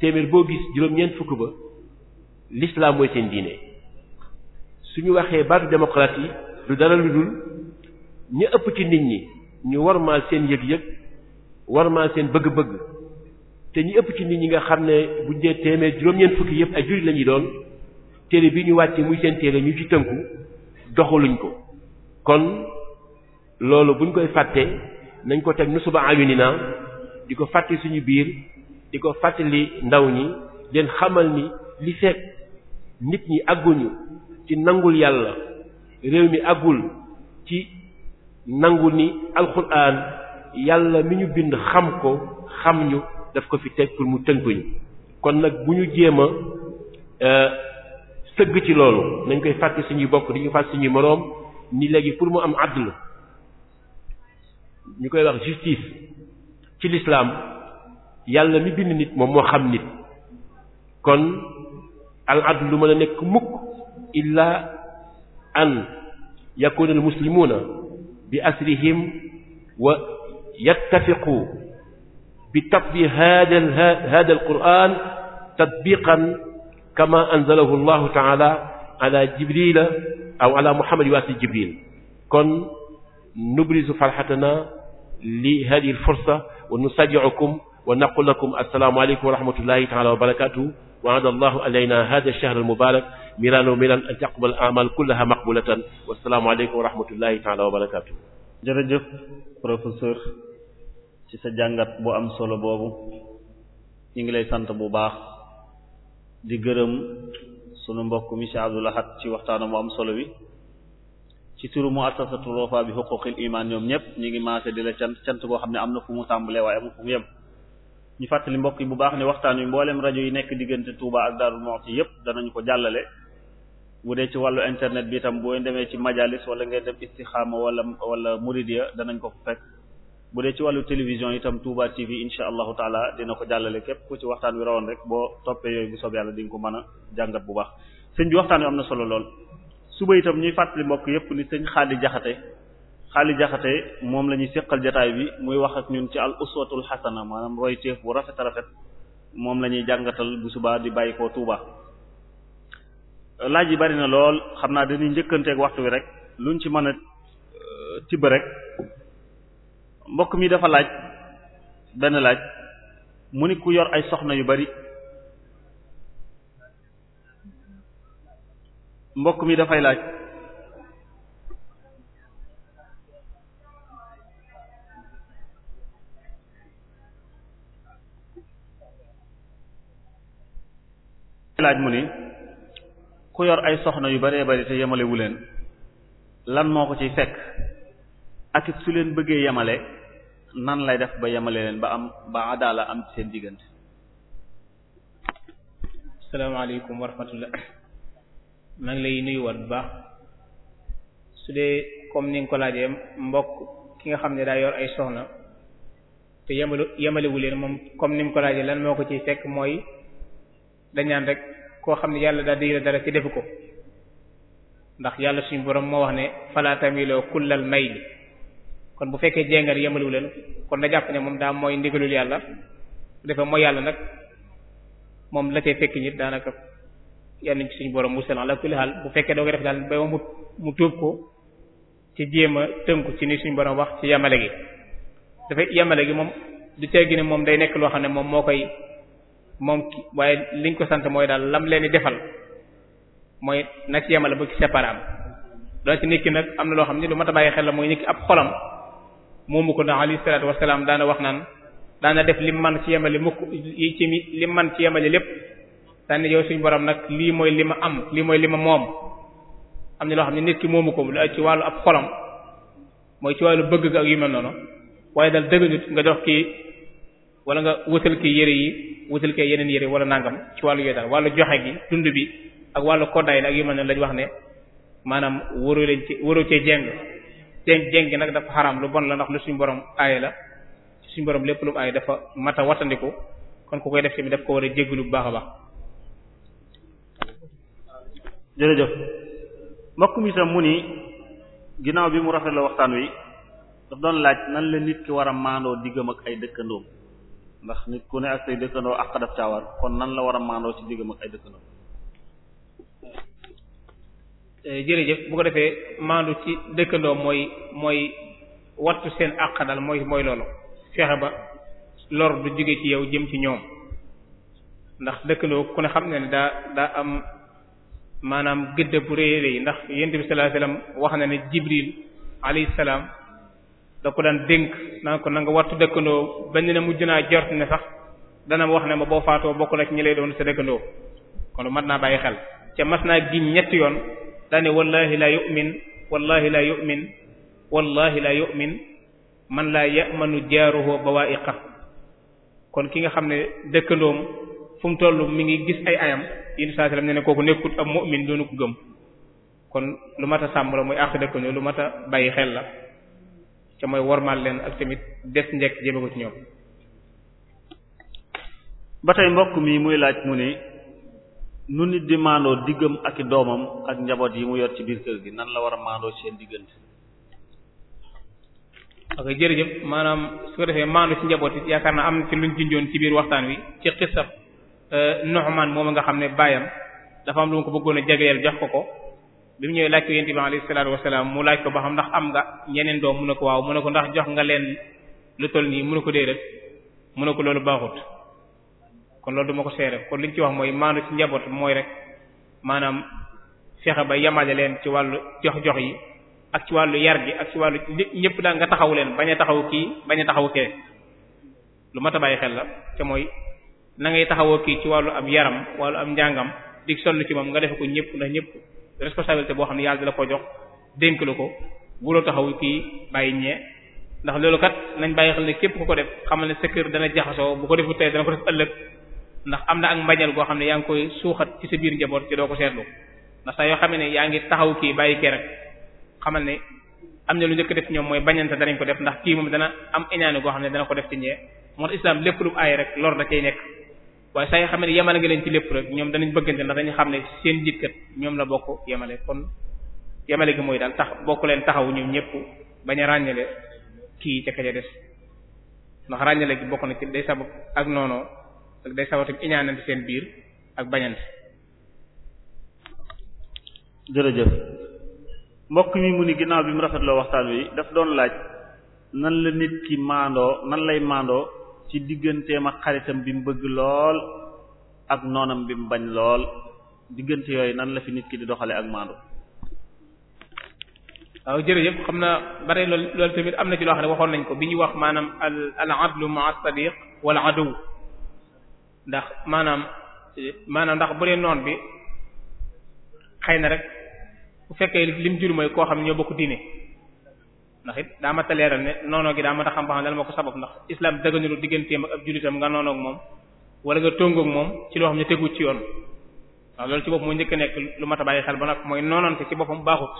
[SPEAKER 7] téeméer boo gis juróom-ñeent fukk ba l'islam mooy seen diine suñu waxee baatu démocratie du dara lu dul ñu ëpp ci nit ñi ñu warmaal seen yëg-yëg warmaal seen bëgg-bëgg te ñu ëpp ci nit ñi nga xam ne bu dee téeméer juróom-ñeent fukki yëpp ay jullit lañuy doon téere bi ñu wàcce muy seen téere ñu ci tënku doxaluñ ko kon loolu buñ koy fàtte nañ ko teg ba nusuba naa di ko fàtte suñu biir di ko fàttali ndaw ñi leen xamal ni li fekk nit ñi àgguñu ci nangul yàlla réew mi àggul ci nangu ni alxuraan yàlla mi ñu bind xam ko xam ñu daf ko fi teg pour mu tënkuñu kon nag bu ñu jéem a euh, sëgg ci loolu nañ koy fàtte suñuy bokk di ñu fàtte suñuy moroom ni léegi pour mu am àdduna ñu koy wax justice ci lislaam yàlla mi bind nit moom moo xam nit kon al lu mën a nekk mukk illa an yakuna al muslimuna bi asrihim wa yattafiqu bi tatbi hada hada alquran tatbiqan kama anzalahu llahu taala ala jibrila aw ala muhammad waasi jibril kon nubrisu farxatana li hadihi alfursa wa nusajjicukum wa naqul lakum assalaamu aleykum wa rahmatullahi taala wa barakatuh وعد الله علينا هذا الشهر المبارك ميلانا وميلانا أن تقبل الأعمال كلها مقبولة والسلام
[SPEAKER 8] عليكم ورحمة الله تعالى وبركاته jërëjëf professeur ci sa jàngat bu am solo boobu ñu ngi lay sant bu baax di gërëm sunu mbokk monsieur Abdoul Ahad ci waxtaanam bu am solo bi ci turu muassasatu Wafa bi huquqil iman ñoom ñëpp ñu ngi maase di la cant cant boo xam ne am na fu mu tàmbalee waaye amul fu mu yem ñu fàttali mbokk yi bu baax ne waxtaan wi mbooleem rajo yi nekk diggante Touba ak Darou Moukhty yëpp danañu ko jàllale bu dee ci wàllu internet bi itam booy demee ci majalis wala ngeen dem istixaama wala wala muridiya danañ ko fekk bu dee ci wàllu télévision itam Touba TV insha allahu taala dina ko jàllale képp ku ci waxtaan wi rawoon rek boo toppee yooyu bu soobee yàlla di ko mën a jàngat bu baax sëñ bi waxtaan wi am na solo lool suba itam ñuy fàttali mbokk yëpp ni sëñ Xaadi Jaxate xaali jaxate moom la ñuy séqal jataay bi muy wax ak ñun ci al uswatul xasana maanaam royteef bu rafet rafet moom la ñuy jàngatal bu subaa di bàyyi koo tuuba laaj yi bari na lool xam naa dañuy njëkkanteeg waxtu wi rek luñ ci mën a euh, tibb rek mbokk mi dafa laaj benn laaj mu ni ku yor ay soxna yu bari mbokk mi dafay laaj. laaj mu ni ku yor ay soxna yu baree bari te yemalewu leen lan moo ko ciy fekk ak it su leen bëggee yemale nan lay def ba yemale leen ba am ba adaala am seen diggante
[SPEAKER 2] asalaamaaleykum wa rahmatullah maa ngi lay nuyuwaat bu baax su dee comme ni nga ko laajee mbokk ki nga xam ne daa yor ay soxna te yemale yemalewu leen moom comme ni nga ko laajee lan moo ko ciy fekk mooy dañ naan rek koo xam ne yàlla daa digle dara ci defu ko ndax yàlla suñu borom moo wax ne fala tamiloo kullal mayli kon bu fekkee jéngal yemaliwu leen kon da jàpp ne moom daa mooy ndigalul yàlla bu defee yàlla nag moom la cay fekk daanaka yàlla nañ ci borom musal ala kulli xaal bu fekkee doo ko def daal ba mu mu tuub ko ci jéem a tënku ci ni suñu borom wax ci yamale gi dafay yamale gi moom du cee gi moom day nekk loo xam ne moom moo koy moom ki waaye liñ ko sant mooy daal lam leen di defal mooy nag ci la bëgg ci séparable doo ci nit ki nag am na loo xam ne lu mat a bàyyi xel mooy nit ab xolam moomu ko ndax alayhi salaatu wasalaam daana wax naan daana def lim man ci yemale lim man ci yemale lépp daana yow suñu borom nag lii mooy li ma am lii mooy li ma moom am ne loo xam ne nit ki moomu ko lu ci wàllu ab xolam mooy ci wàllu bëgg ak yu noonu waaye daal dëgg nga jox kii wala nga wutal kii yére yi wutal kee yeneen yére wala nangam ci wàllu yooyu daal wàllu joxe gi dund bi ak wàllu koddaay ak yu mel ne lañ wax ne maanaam waru leen ci waru cee jeng jeng gi nag dafa lu bon la ndax lu suñu borom aaye la suñu borom lépp lu mu aaye dafa mata watandiku kon ku koy def tamit daf ko war a jégalu lu baax a baax.
[SPEAKER 3] jërëjëf
[SPEAKER 8] mbokk mi tam mu ni ginnaaw bi mu rafet la waxtaan wi daf doon laaj nan la nit ki war a maandoo diggam ak ay dëkkandoom. ndax nit ku ne ak say dëkkandoo ak daf caa kon nan la war a maandoo ci diggam ak ay dëkkandoo.
[SPEAKER 2] Eh, jërëjëf bu ko defee maandu ci dëkkandoo mooy mooy wattu seen àq daal mooy mooy loolu fexe ba lor du jóge ci yow jëm ci ñoom ndax dëkkandoo ku ne xam ne ni daa daa am maanaam gëdd bu rëy rëy ndax yonent bi sallallahu wax na ne Jibril alayhi salaam. da ko daan dénk naan ko na nga wattu dëkkandoo bañ ne mujj naa jort ne sax dana wax ne ma boo faatoo bokk na ci lay doon sa dëkkandoo kon lu mat naa bàyyi xel ca mas naa giñ ñetti yoon daane wallahi la yu'min wallahi la yu'min wallahi la yu'min man laa ya'manu jaaruhu bawa'iqa kon ki nga xam ne dëkkandoom fu mu toll mi ngi gis ay ayam yéen saa salaam ne ne kooku nekkut ab mu'min doonu ko gëm kon lu mat a sàmm la muy àq dëkkandoo lu mat a bàyyi xel la ca mooy wormaal leen ak tamit des njekk jéem ko ci ñoom.
[SPEAKER 8] ba tey mbokk mi muy laaj mu ni nu nit di maandoo diggam ak i doomam ak njaboot yi mu yor ci biir kër gi nan la war a maandoo seen diggante. ok
[SPEAKER 2] jërëjëf maanaam su ko defee maandoo ci njaboot yi yaakaar naa am na ci luñ joon ci biir waxtaan wi ci xisab euh, Nu'man moom nga xam ne baayam dafa am lu mu ko bëggoon a jagleel jox ko ko. bi mu ñëwee laaj ko yonent bi alayhi salaatu wasalaam mu laaj ko ba xam ndax am nga ñeneen doom mun a ko waaw mu ne ko ndax jox nga leen lu toll nii mu ne ko rek mu ne ko loolu baaxut kon loolu duma ko seere ko liñ ci wax mooy maanu ci mooy rek maanaam fexe ba yamaaja leen ci wàllu jox jox yi ak ci wàllu yar gi ak ci wàllu ñëpp daal nga taxawu leen bañ taxaw kii bañ taxaw kee lu mat a bàyyi xel la te mooy na ngay taxawoo kii ci wàllu ab yaram wàllu am njàngam di sonn ci moom nga defe ko ñëpp ndax ñëpp responsabilité boo xam ne yàlla dala ko jox dénk la ko wuloo taxaw kii bàyyi ñee ndax loolu kat nañ bàyyi xel ne képp ku ko def xamal ne sa kër dana jaxasoo bu ko defu tey dana ko def ëllëg ndax am na ak mbañal goo xam ne yaa ngi koy suuxat ci sa biir njaboot ci doo ko seetlu ndax saa yoo xam ne yaa ngi taxaw kii bàyyi kii rek xamal ne am na lu njëkk def ñoom mooy bañante danañ ko def ndax kii moom dana am iñaane goo xam ne dana ko def ci ñee moo tax islam lépp lu aay rek lor da cay nekk waaye saa yoo xam ne yemale nga leen ci lépp rek ñoom danañ bëggante ndax dañu xam ne seen jiit kat ñoom la bokk yemale kon yemale gi mooy daal tax bokk leen taxaw ñoom ñëpp bañ a ràññale kii ca kaja des bokk na ci day sabab ak noonoo ak day sabab tamit iñaanante seen biir ak bañante
[SPEAKER 8] jërëjëf mbokk mi mu ni ginnaaw bi mu rafetloo waxtaan wi daf doon laaj nan la nit ki maandoo nan lay maandoo ci digganteem ak xaritam bi mu bëgg lool ak noonam bi mu bañ lool diggante yooyu nan la fi nit ki di doxale ak maandu.
[SPEAKER 2] waaw jërëjëf xam na bari lool loolu tamit am na ci loo xam ne waxoon nañ ko bi ñuy wax maanaam al al adlu ma'a sadiq wal adu ndax maanaam maanaam ndax bu dee noon bi xëy na rek bu fekkee lim jur mooy koo xam ne ñoo bokk diine. ndax daa mat a leeral ne noonoo gi daa mat a xam ba xam dal moo ko sabab ndax islam dëggañu lu digganteem ak ab jullitam nga noonoog moom wala nga moom ci loo xam tegu ci yoon waaw ci bopp moo njëkk a lu mat a bàyyi xel ba mooy noonante ci boppam baaxut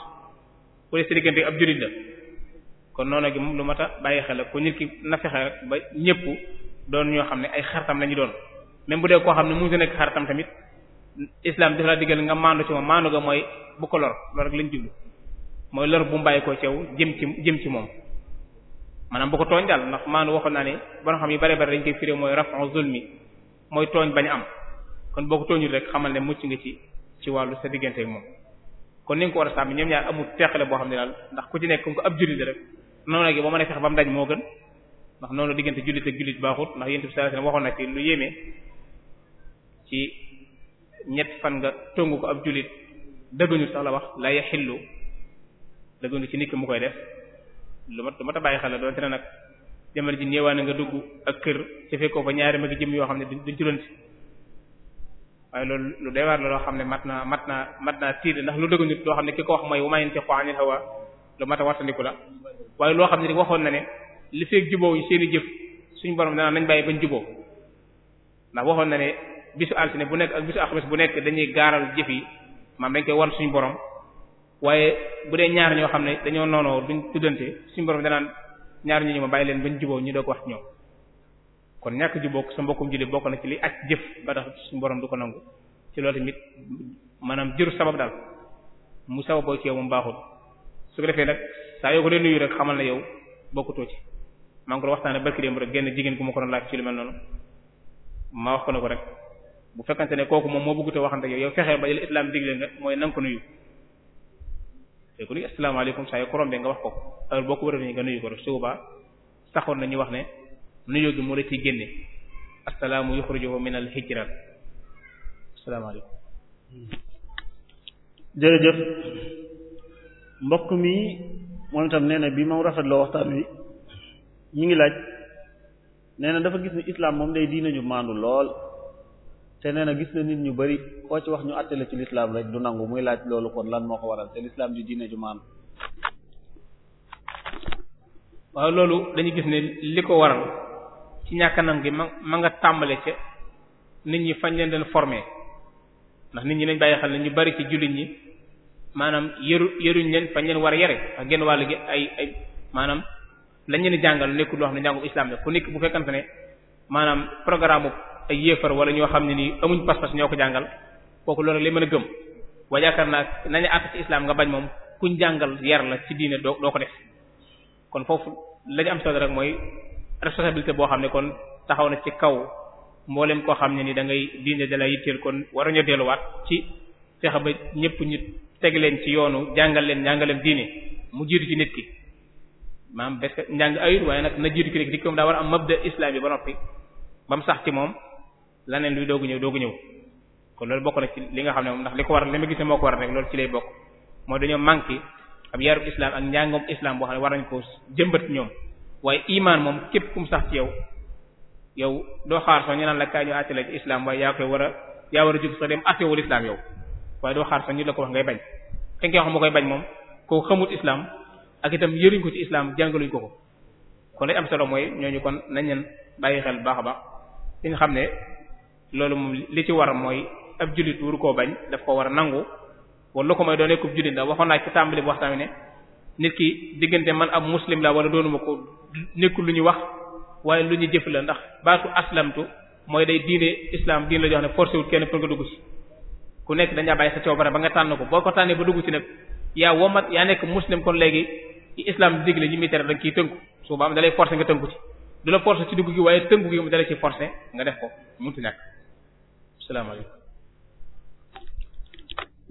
[SPEAKER 2] ku des ci diggante ab jullit la kon noonoo gi moom lu mat a bàyyi xel la ko nit ki na fexe ba ñëpp doon ñoo xam ne ay xaritam la ñu doon même bu dee koo xam ne mu ngi nekk xaritam tamit islam dafa la digal nga maandu ci moom maandu ga mooy bu ko lor loolu rek lañ jublu mooy lor bu mu bàyyi ko ci jëm ci jëm ci moom maanaam bu ko tooñ daal ndax maanaam waxoon naa ne boo xam yi bare bare dañ koy firé mooy raf'u zulmi mooy tooñ bañ am kon boo ko tooñul rek xamal ne ci nga ci ci wàllu sa diggante ak moom. kon ni nga ko war a sàmm ñoom ñaar amul teqale boo xam ne daal ndax ku ci nekk ko ab jullit rek noonu gi ba mën a fex ba mu dañ moo gën ndax noonu diggante jullit ak jullit baaxut ndax yéen bi sallallahu alayhi wasallam waxoon na lu yéeme ci ñett fan nga tongu ko ab jullit dëgguñu sax la wax la yaxillu dëggoon ci nit mu koy def lu mat lu mat a bàyyi xel la doonte ne nag jamono ji néewaa na nga dugg ak kër ci fekkoo fa ñaari magi jëm yoo xam ne duñ ci doon ci waaye loolu lu day waar la loo xam ne mat naa mat naa mat naa tiir ndax lu dëgg loo xam ne ki ko wax mooy wu mayen ci xoanil xawa lu mat a wartandiku la waaye loo xam ne waxoon na ne li feek juboo yi seen i jëf suñu borom danaa nañ bàyyi bañ juboo ndax waxoon na ne bisu altine bu nekk ak bisu alxames bu nekk dañuy gaaral jëf yi maam dañ koy wan suñu borom waaye bu dee ñaar ñoo xam ne dañoo noonoo duñ tuddante suñu borom danaa ñaar ñu ñu ma bàyyi leen ba ñu juboo ñu doog wax ñoom kon ñàkk juboo sa mbokkum julli bokk na ci li ak jëf ba tax suñu borom du ko nangu ci loolu tamit maanaam jëru sabab daal mu sababoo ci yow baaxul su ko defee nag saa yoo ko dee nuyu rek xamal na yow bokkutoo ci maa ngi ko waxtaanee barki rek genn jigéen ko doon laaj ci lu mel noonu ma wax ko rek bu fekkante ne kooku moom moo bëgg te waxante yow yow fexeel ba jël islam digle nga mooy na nga ko nuyu léegi luy asalaamaaleykum saa yu rombee nga wax ko heure boo ko war a nuyu nga nuyu ko su boobaa saxoon nañu wax ne nuyoo gi moo la ciy génne asalaamu yuxrijuhu min al hijra
[SPEAKER 8] asalaamaaleykum. jërëjëf mbokk mi moom itam nee na bi moom rafetloo waxtaan wi ñu ngi laaj nee na dafa gis ni islam moom day diina ñu maandu lool. te nee na gis na nit ñu bari koo ci wax ñu àtte la ci lislaam rek du nangu muy laaj loolu kon lan moo ko waral te lislaam di diine ju maan
[SPEAKER 2] waaw loolu dañu gis ne li ko waral ci ñàkk nangu gi ma ma nga tàmbale ca nit ñi fañ leen doon formé ndax nit ñi nañ bàyyi xel ne ñu bari ci jullit ñi maanaam yëru yëruñ leen fañ leen war a yare ak genn wàll gi ay ay maanaam lañ leen jàngal nekkul loo xam ne jàngu islam la ku nekk bu fekkante ne maanaam programme ay yéefar wala ñoo xam ne nii amuñ pas-pas ñoo ko jàngal kooku loolu lay mën a gëm waaye yaakaar naa nañu àtt ci islaam nga bañ moom kuñ jàngal yar la ci diine doo doo ko def kon foofu lañu am solo rek mooy responsabilité boo xam ne kon taxaw na ci kaw mboolem koo xam ne ni da ngay diine da la kon war añoo delluwaat ci fexe ba ñëpp ñu teg leen ci yoonu jàngal leen njàngaleem diine mu jiitu ci nit ki maam parce njàng ayut waaye nag na jiitu ci nit ki comme daa war a am mabda islam yi ba noppi ba sax ci moom laneen luy doogu ñëw doo doogu ñëw kon loolu bokk na ci li nga xam ne moom ndax li ko war li ma gis ne moo ko war rek loolu ci lay bokk moo dañoo manqué ab yarub islam ak njàngoom islam boo xam ne nañ ko jëmbat ñoom waaye iman moom képp kum sax ci yow yow doo xaar sax ñu naan ñu àtte la ci yaa koy war a yaa war a jóg sax dem àttewul islam yow waaye doo xaar sax ñu la ko wax ngay bañ te nga wax moo koy bañ moom koo xamut islaam ak itam yëruñ ko ci islam jàngaluñ ko ko kon lay am solo mooy ñooñu kon nañ leen bàyyi xel baax a baax li nga xam ne loolu moom li ci war mooy ab jullit wuru koo bañ daf koo war a nangu wala lu ko mooy doonee ko jullit la waxoon naa ci tàmbali bu waxtaan ne nit ki diggante man ab muslim la wala doonuma ko nekkul lu ñuy wax waaye lu ñu jëf la ndax baatu aslamtu mooy day diine islam diine la jox ne forcé wul kenn pour nga dugg ci ku nekk dañaa bàyyi sa coobare ba nga tànn ko boo ko tànnee ba dugg ci nag yaa womat yaa nekk muslim kon léegi islam digle ñu muy tere tënku su boobaa dalay forcé nga tënku ci la forcé ci dugg gi waaye tënku gi dala ci forcé nga def ko mënut ñàkk salaamaaleykum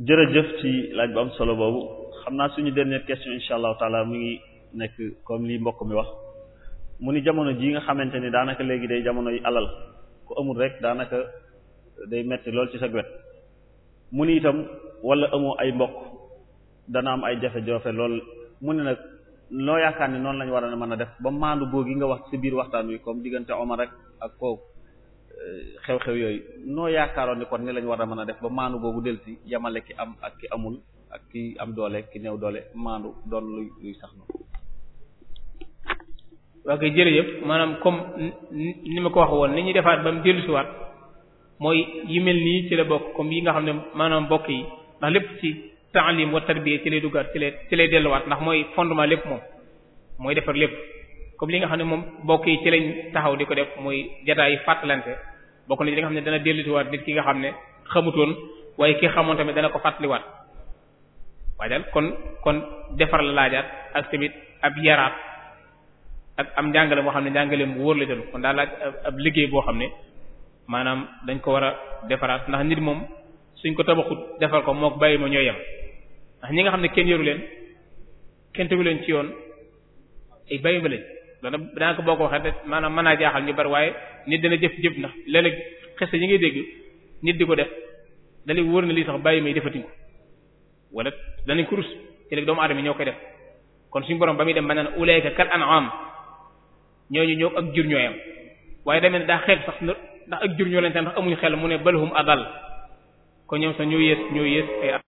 [SPEAKER 8] jërëjëf ci laaj bu am solo boobu xam naa suñu dernière question insha allahu taala mu ngi nekk comme lii mbokk mi wax mu ni jamono jii nga xamante ni daanaka léegi day jamonoy alal ku amul rek daanaka day metti lool ci sa wet mu ni itam wala amoo ay mbokk dana am ay jafe-jafe lool mu ne nag loo yaakaar ne noonu lañ war a mën a def ba maandu googu nga wax ci biir waxtaan wi comme diggante Omar rek ak kooku xew-xew yooyu noo yaakaaroon ni kon ni lañu war a mën a def ba maandu googu dellusi yamale ki am ak ki amul ak ki am doole ki new doole maandu doon luy
[SPEAKER 3] luy sax noonu.
[SPEAKER 2] waa koy jërëjëf maanaam comme ni ma ko wax woon ni ñuy defaat ba mu dellusiwaat mooy yi mel nii ci la bokk comme yi nga xam ne maanaam bokk yi ndax lépp ci taalim wa tarbiya ci lay duggaat ci lay ci lay delluwaat ndax mooy fondement lépp moom mooy defar lépp comme li nga xam ne moom bokk yi ci lañ taxaw di ko def muy jataayu fàttalante bokk na ci nga xam ne dana dellusiwaat nit ki nga xam ne xamutoon waaye ki xamoon tamit dana ko fàttaliwaat waaye kon kon defar la laajaat ak tamit ab yaraat ak am njàngale boo xam ne njàngale mu wóor la doon kon daa laaj ab liggéey boo xam ne maanaam dañ ko war a defaraat ndax nit moom suñ ko tabaxut defar ko mook bàyyi ma ñooy yem ndax ñi nga xam ne kenn yoru leen kenn tegu ci yoon ay bàyyi ma lañ dana daanaka boo ko waxee de maanaam mën naa jaaxal ñu bari waaye nit dana jëf jëf ndax léeg-léeg xese ñi ngay dégg nit di ko def dalay wóor na lii sax bàyyi may defati ko wala danañ kurus ci léegi doomu aadama ñoo koy def kon suñu borom ba muy dem ba naan ulayka kal an'am ñooñu ñoo ñu ak jur ñooyam
[SPEAKER 5] waaye demee ne daa xeeb sax ndax ak jur ñoo leen te ndax amuñu xel mu ne bal balhum adal kon ñoom sax ñoo yées ñoo yées ay